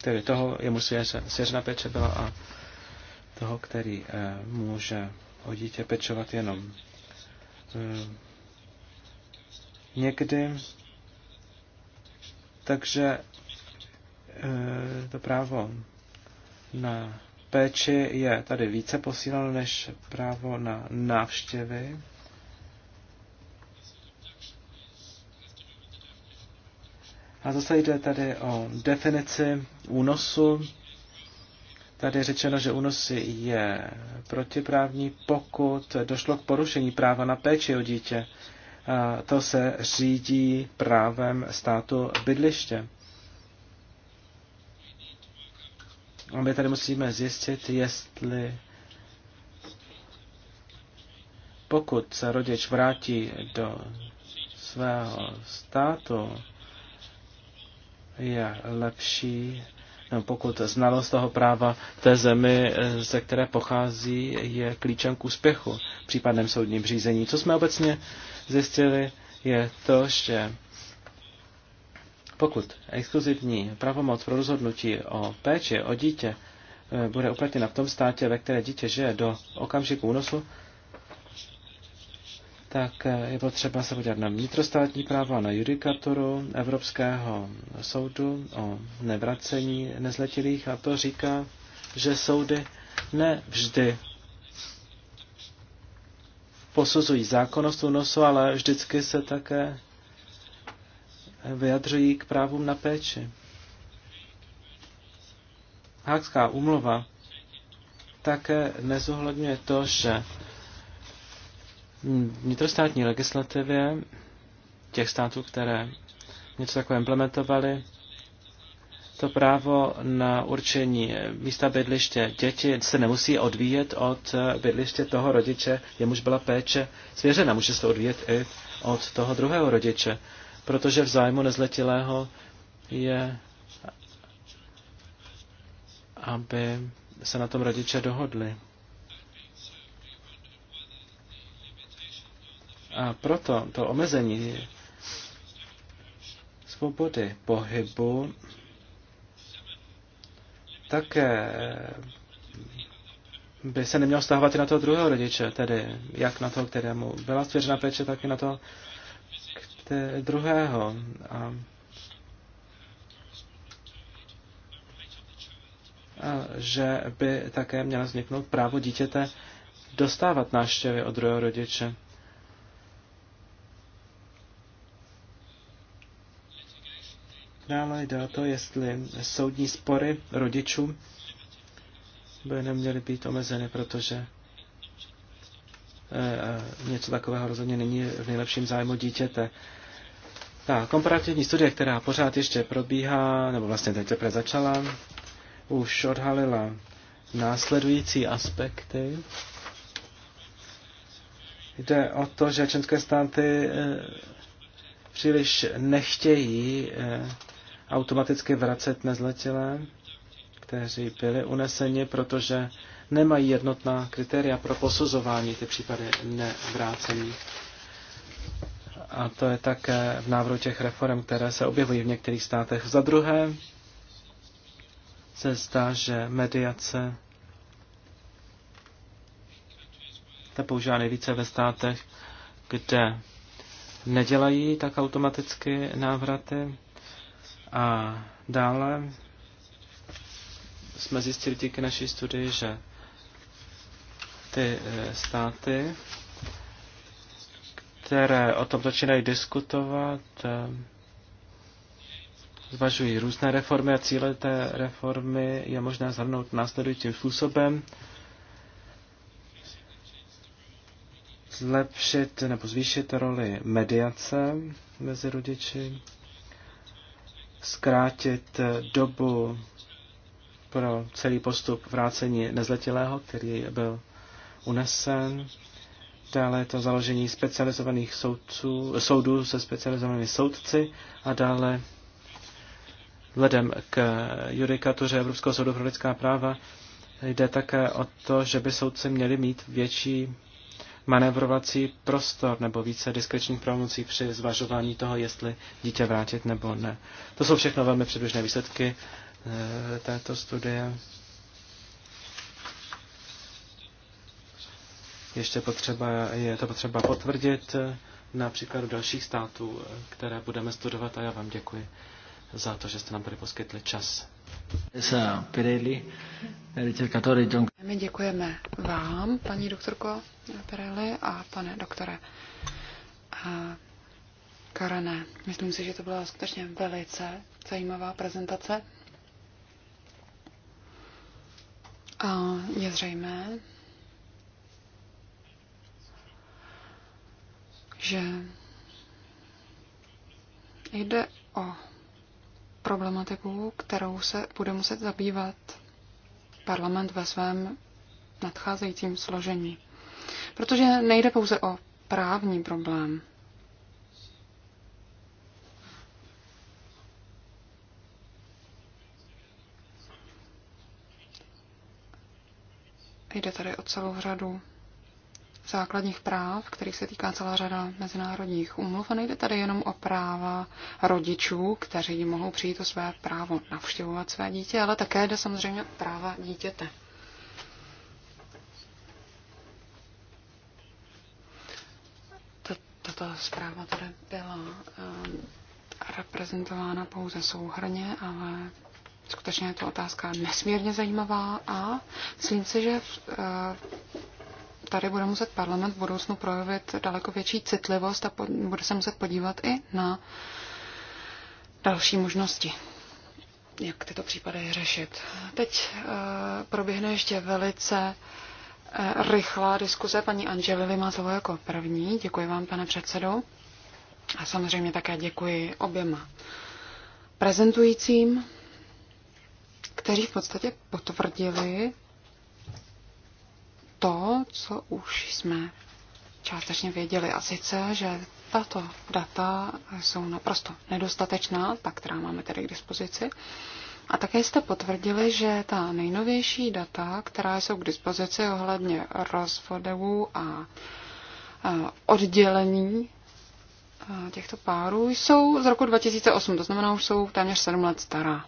tedy toho, jemu svěřena péče byla a toho, který eh, může o dítě pečovat jenom. Eh, někdy takže eh, to právo na péči je tady více posíleno než právo na návštěvy. A zase jde tady o definici únosu. Tady je řečeno, že únos je protiprávní, pokud došlo k porušení práva na péči o dítě. A to se řídí právem státu bydliště. A my tady musíme zjistit, jestli pokud se rodič vrátí do svého státu, je lepší, no pokud znalost toho práva té zemi, eh, ze které pochází, je klíčem k úspěchu v případném soudním řízení. Co jsme obecně zjistili, je to, že pokud exkluzivní pravomoc pro rozhodnutí o péči o dítě eh, bude uplatněna v tom státě, ve které dítě žije do okamžiku únosu, tak je potřeba se podívat na vnitrostátní právo a na judikaturu Evropského soudu o nevracení nezletilých a to říká, že soudy ne vždy posuzují zákonnost únosu, ale vždycky se také vyjadřují k právům na péči. Hákská úmluva také nezohledňuje to, že vnitrostátní legislativě těch států, které něco takové implementovaly, to právo na určení místa bydliště děti se nemusí odvíjet od bydliště toho rodiče, jemuž byla péče svěřena. Může se odvíjet i od toho druhého rodiče, protože v zájmu nezletilého je, aby se na tom rodiče dohodli. A proto to omezení svobody pohybu také by se nemělo stahovat i na toho druhého rodiče, tedy jak na toho, kterému byla svěřena péče, tak i na toho druhého. A že by také měla vzniknout právo dítěte dostávat náštěvy od druhého rodiče. Dále jde o to, jestli soudní spory rodičů by neměly být omezeny, protože eh, eh, něco takového rozhodně není v nejlepším zájmu dítěte. Ta komparativní studie, která pořád ještě probíhá, nebo vlastně teď teprve začala, už odhalila následující aspekty. Jde o to, že členské státy eh, příliš nechtějí automaticky vracet nezletilé, kteří byli uneseni, protože nemají jednotná kritéria pro posuzování ty případy nevrácení. A to je také v návrhu těch reform, které se objevují v některých státech. Za druhé se zdá, že mediace ta používá nejvíce ve státech, kde nedělají tak automaticky návraty. A dále jsme zjistili díky naší studii, že ty e, státy, které o tom začínají diskutovat, e, zvažují různé reformy a cíle té reformy je možné zhrnout následujícím způsobem. Zlepšit nebo zvýšit roli mediace mezi rodiči, zkrátit dobu pro celý postup vrácení nezletilého, který byl unesen. Dále to založení specializovaných soudců, soudů se specializovanými soudci a dále vzhledem k judikatuře Evropského soudu pro lidská práva jde také o to, že by soudci měli mít větší manevrovací prostor nebo více diskrečních pravomocí při zvažování toho, jestli dítě vrátit nebo ne. To jsou všechno velmi předběžné výsledky eh, této studie. Ještě potřeba, je to potřeba potvrdit eh, například dalších států, eh, které budeme studovat a já vám děkuji za to, že jste nám tady poskytli čas. My děkujeme vám, paní doktorko Pirelli a pane doktore eh, Karane. Myslím si, že to byla skutečně velice zajímavá prezentace. A je zřejmé, že jde o problematiku, kterou se bude muset zabývat parlament ve svém nadcházejícím složení. Protože nejde pouze o právní problém. Jde tady o celou řadu základních práv, kterých se týká celá řada mezinárodních umluv. A nejde tady jenom o práva rodičů, kteří mohou přijít o své právo navštěvovat své dítě, ale také jde samozřejmě o práva dítěte. Tato zpráva tady byla eh, reprezentována pouze souhrně, ale skutečně je to otázka nesmírně zajímavá a myslím si, že v eh, tady bude muset parlament v budoucnu projevit daleko větší citlivost a bude se muset podívat i na další možnosti jak tyto případy řešit. Teď eh, proběhne ještě velice eh, rychlá diskuze. Paní Angelili má slovo jako první. Děkuji vám, pane předsedo. A samozřejmě také děkuji oběma prezentujícím, kteří v podstatě potvrdili to, co už jsme částečně věděli, a sice, že tato data jsou naprosto nedostatečná, ta, která máme tedy k dispozici. A také jste potvrdili, že ta nejnovější data, která jsou k dispozici ohledně rozvodů a oddělení těchto párů, jsou z roku 2008, to znamená, už jsou téměř 7 let stará.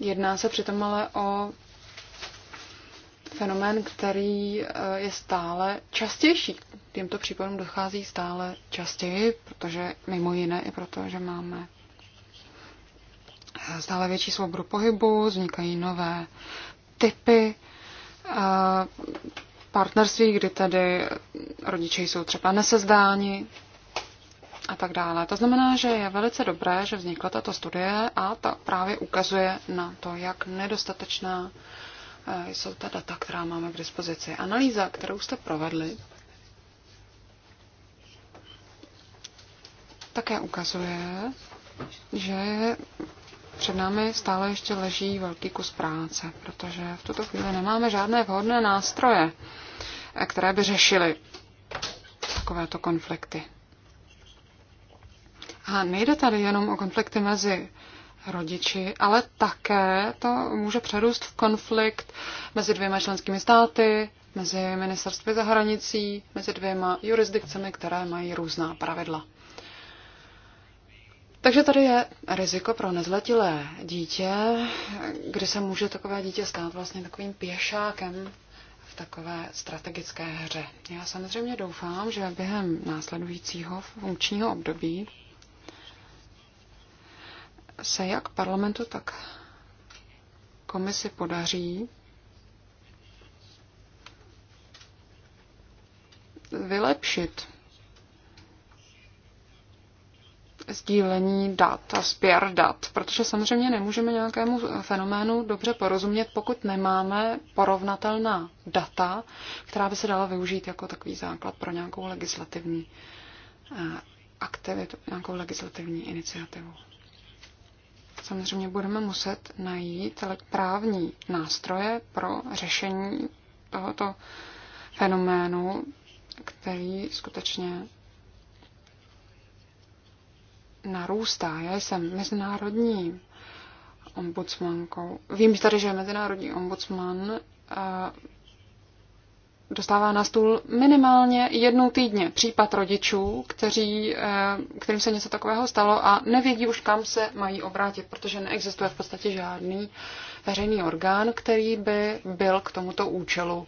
Jedná se přitom ale o fenomén, který eh, je stále častější. K těmto případům dochází stále častěji, protože mimo jiné i proto, že máme eh, stále větší svobodu pohybu, vznikají nové typy eh, partnerství, kdy tedy rodiče jsou třeba nesezdáni a tak dále. To znamená, že je velice dobré, že vznikla tato studie a ta právě ukazuje na to, jak nedostatečná jsou ta data, která máme k dispozici. Analýza, kterou jste provedli, také ukazuje, že před námi stále ještě leží velký kus práce, protože v tuto chvíli nemáme žádné vhodné nástroje, které by řešily takovéto konflikty. A nejde tady jenom o konflikty mezi rodiči, ale také to může přerůst v konflikt mezi dvěma členskými státy, mezi ministerstvy zahranicí, mezi dvěma jurisdikcemi, které mají různá pravidla. Takže tady je riziko pro nezletilé dítě, kdy se může takové dítě stát vlastně takovým pěšákem v takové strategické hře. Já samozřejmě doufám, že během následujícího funkčního období se jak parlamentu, tak komisi podaří vylepšit sdílení dat a sběr dat, protože samozřejmě nemůžeme nějakému fenoménu dobře porozumět, pokud nemáme porovnatelná data, která by se dala využít jako takový základ pro nějakou legislativní eh, aktivitu, nějakou legislativní iniciativu samozřejmě budeme muset najít právní nástroje pro řešení tohoto fenoménu, který skutečně narůstá. Já jsem mezinárodní ombudsmankou. Vím tady, že mezinárodní ombudsman dostává na stůl minimálně jednou týdně případ rodičů, kteří, eh, kterým se něco takového stalo a nevědí už, kam se mají obrátit, protože neexistuje v podstatě žádný veřejný orgán, který by byl k tomuto účelu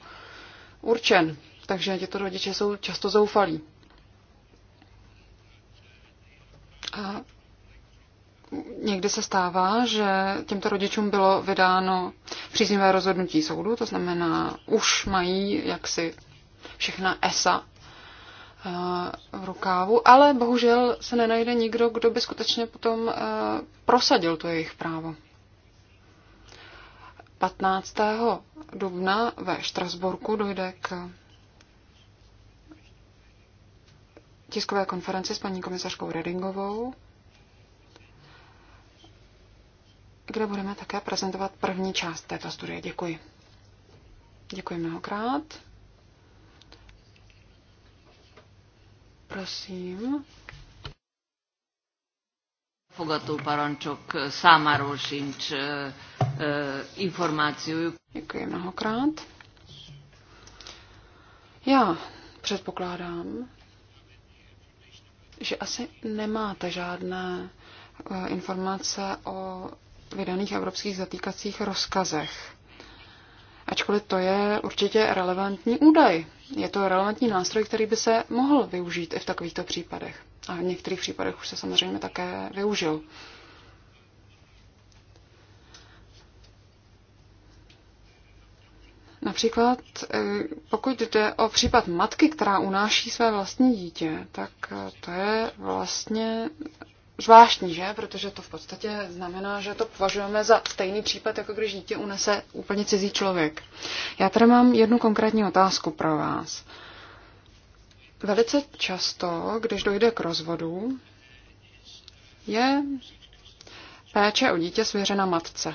určen. Takže tyto rodiče jsou často zoufalí. A někdy se stává, že těmto rodičům bylo vydáno příznivé rozhodnutí soudu, to znamená, už mají jaksi všechna ESA eh, v rukávu, ale bohužel se nenajde nikdo, kdo by skutečně potom eh, prosadil to jejich právo. 15. dubna ve Štrasburku dojde k tiskové konferenci s paní komisařkou Redingovou kde budeme také prezentovat první část této studie. Děkuji. Děkuji mnohokrát. Prosím. Fogadó parancsok számáról sincs információjuk. Děkuji mnohokrát. Já předpokládám, že asi nemáte žádné informace o vydaných evropských zatýkacích rozkazech. Ačkoliv to je určitě relevantní údaj. Je to relevantní nástroj, který by se mohl využít i v takovýchto případech. A v některých případech už se samozřejmě také využil. Například, eh, pokud jde o případ matky, která unáší své vlastní dítě, tak eh, to je vlastně zvláštní, že? Protože to v podstatě znamená, že to považujeme za stejný případ, jako když dítě unese úplně cizí člověk. Já tady mám jednu konkrétní otázku pro vás. Velice často, když dojde k rozvodu, je péče o dítě svěřena matce.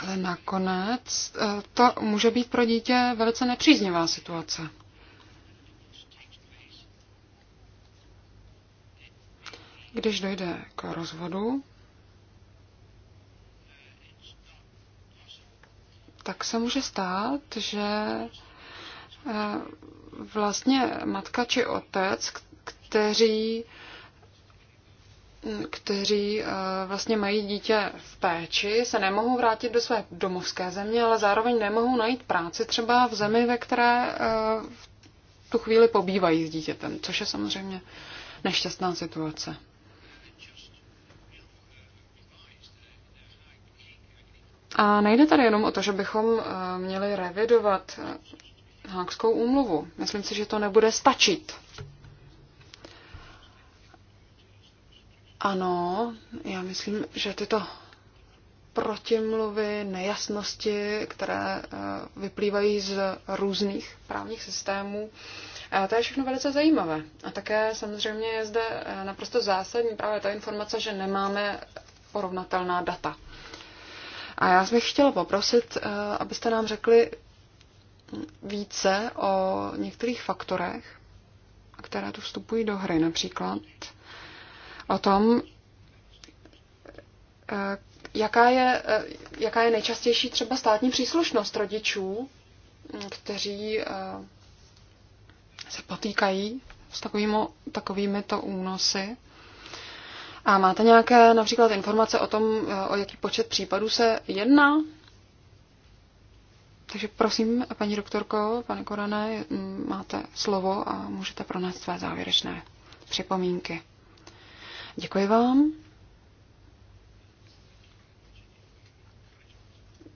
Ale nakonec eh, to může být pro dítě velice nepříznivá situace. Když dojde k rozvodu, tak se může stát, že eh, vlastně matka či otec, kteří hm, kteří eh, vlastně mají dítě v péči, se nemohou vrátit do své domovské země, ale zároveň nemohou najít práci třeba v zemi, ve které eh, v tu chvíli pobývají s dítětem, což je samozřejmě nešťastná situace. A nejde tady jenom o to, že bychom eh, měli revidovat eh, Hákskou úmluvu. Myslím si, že to nebude stačit. Ano, já myslím, že tyto protimluvy, nejasnosti, které eh, vyplývají z různých právních systémů. To je všechno velice zajímavé. A také samozřejmě je zde naprosto zásadní právě ta informace, že nemáme porovnatelná data. A já bych chtěla poprosit, eh, abyste nám řekli více o některých faktorech, které tu vstupují do hry. Například o tom, eh, jaká je, eh, jaká je nejčastější třeba státní příslušnost rodičů, mm, kteří se potýkají s takovými, takovými to únosy. A máte nějaké například informace o tom, eh, o jaký počet případů se jedná? Takže prosím, paní doktorko, pane Korane, máte slovo a můžete pronést své závěrečné připomínky. Děkuji vám.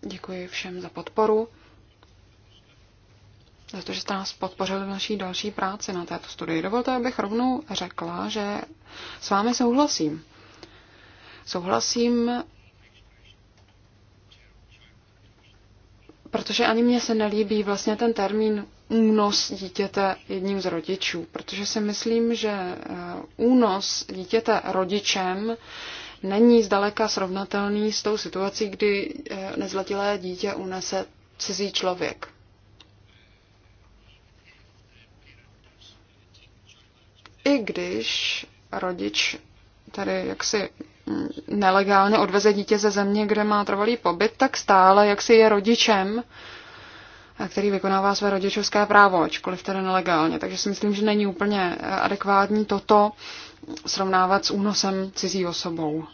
Děkuji všem za podporu za to, že jste nás podpořili v naší další práci na této studii. Dovolte, abych rovnou řekla, že s vámi souhlasím. Souhlasím, protože ani mně se nelíbí vlastně ten termín únos dítěte jedním z rodičů, protože si myslím, že eh, únos dítěte rodičem není zdaleka srovnatelný s tou situací, kdy eh, nezletilé dítě unese cizí člověk. i když rodič tady jaksi nelegálně odveze dítě ze země, kde má trvalý pobyt, tak stále jaksi je rodičem, který vykonává své rodičovské právo, ačkoliv tedy nelegálně. Takže si myslím, že není úplně eh, adekvátní toto srovnávat s únosem cizí osobou.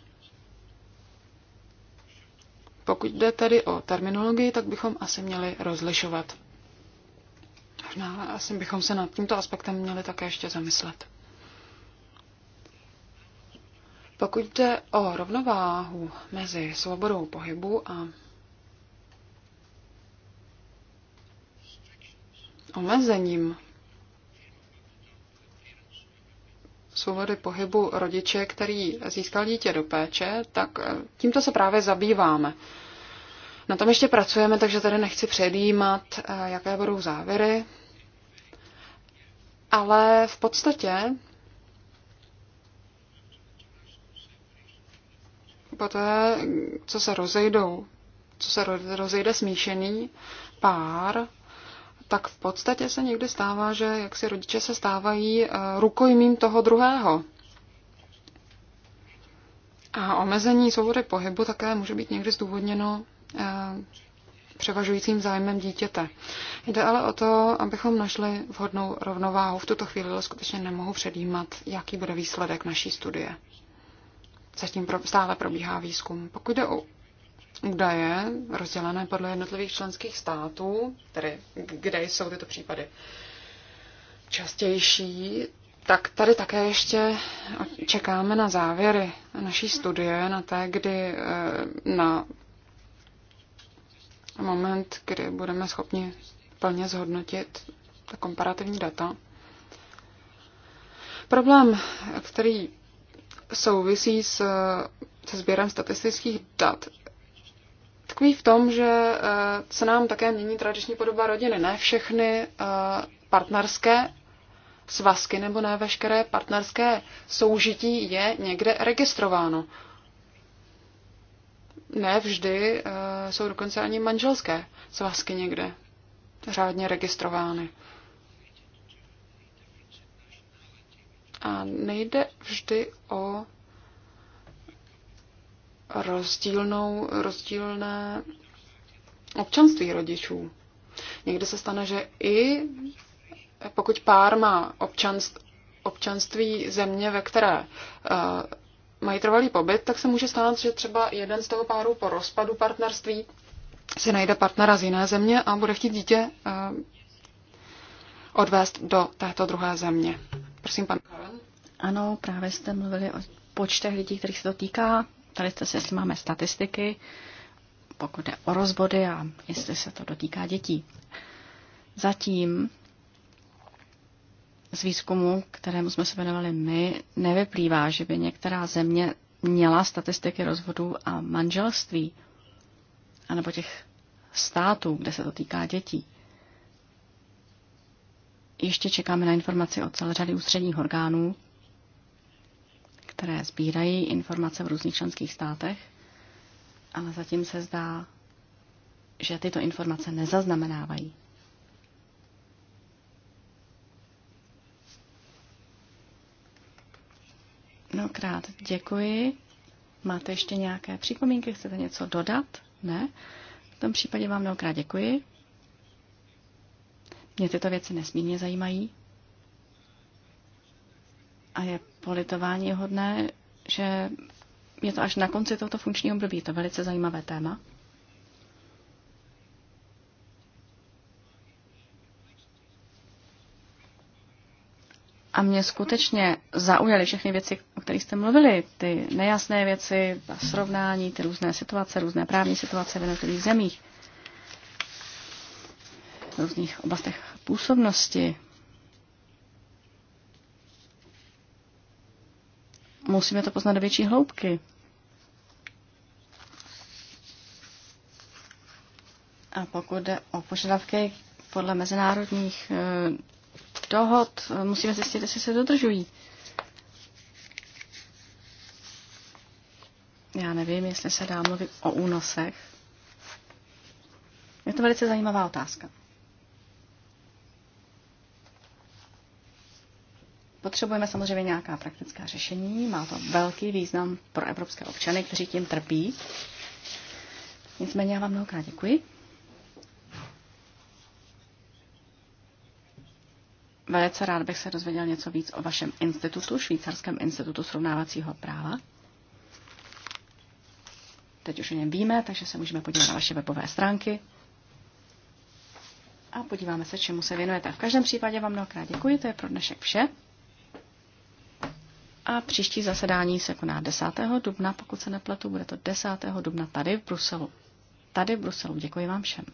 Pokud jde tedy o terminologii, tak bychom asi měli rozlišovat. Možná asi bychom se nad tímto aspektem měli také ještě zamyslet. Pokud jde o rovnováhu mezi svobodou pohybu a omezením svobody pohybu rodiče, který získal dítě do péče, tak eh, tímto se právě zabýváme. Na tom ještě pracujeme, takže tady nechci předjímat, eh, jaké budou závěry. Ale v podstatě poté, co se rozejdou, co se rozejde smíšený pár, tak v podstatě se někdy stává, že jak si rodiče se stávají eh, rukojmím toho druhého. A omezení svobody pohybu také může být někdy zdůvodněno eh, převažujícím zájmem dítěte. Jde ale o to, abychom našli vhodnou rovnováhu. V tuto chvíli skutečně nemohu předjímat, jaký bude výsledek naší studie zatím stále probíhá výzkum. Pokud jde o údaje rozdělené podle jednotlivých členských států, tedy kde jsou tyto případy častější, tak tady také ještě čekáme na závěry naší studie, na té, kdy eh, na moment, kdy budeme schopni plně zhodnotit ta komparativní data. Problém, který souvisí s, se sběrem statistických dat. Takový v tom, že eh, se nám také mění tradiční podoba rodiny. Ne všechny eh, partnerské svazky nebo ne veškeré partnerské soužití je někde registrováno. Ne vždy eh, jsou dokonce ani manželské svazky někde řádně registrovány. A nejde vždy o rozdílnou, rozdílné občanství rodičů. Někdy se stane, že i pokud pár má občanství, občanství země, ve které eh, mají trvalý pobyt, tak se může stát, že třeba jeden z toho páru po rozpadu partnerství si najde partnera z jiné země a bude chtít dítě eh, odvést do této druhé země. Prosím, pan ano, právě jste mluvili o počtech lidí, kterých se to týká. Tady jste se, jestli máme statistiky, pokud jde o rozvody a jestli se to dotýká dětí. Zatím z výzkumu, kterému jsme se věnovali my, nevyplývá, že by některá země měla statistiky rozvodů a manželství, anebo těch států, kde se to týká dětí. Ještě čekáme na informaci od celé řady ústředních orgánů, které sbírají informace v různých členských státech, ale zatím se zdá, že tyto informace nezaznamenávají. Mnohokrát děkuji. Máte ještě nějaké připomínky? Chcete něco dodat? Ne? V tom případě vám mnohokrát děkuji. Mě tyto věci nesmírně zajímají. A je politování hodné, že je to až na konci tohoto funkčního období. Je to velice zajímavé téma. A mě skutečně zaujaly všechny věci, o kterých jste mluvili. Ty nejasné věci, ta srovnání, ty různé situace, různé právní situace v jednotlivých zemích, v různých oblastech působnosti, musíme to poznat do větší hloubky. A pokud jde o požadavky podle mezinárodních eh, dohod, eh, musíme zjistit, jestli se dodržují. Já nevím, jestli se dá mluvit o únosech. Je to velice zajímavá otázka. Potřebujeme samozřejmě nějaká praktická řešení, má to velký význam pro evropské občany, kteří tím trpí. Nicméně já vám mnohokrát děkuji. Velice rád bych se dozvěděl něco víc o vašem institutu, Švýcarském institutu srovnávacího práva. Teď už o něm víme, takže se můžeme podívat na vaše webové stránky a podíváme se, čemu se věnujete. V každém případě vám mnohokrát děkuji, to je pro dnešek vše. A příští zasedání se koná 10. dubna, pokud se nepletu, bude to 10. dubna tady v Bruselu. Tady v Bruselu. Děkuji vám všem.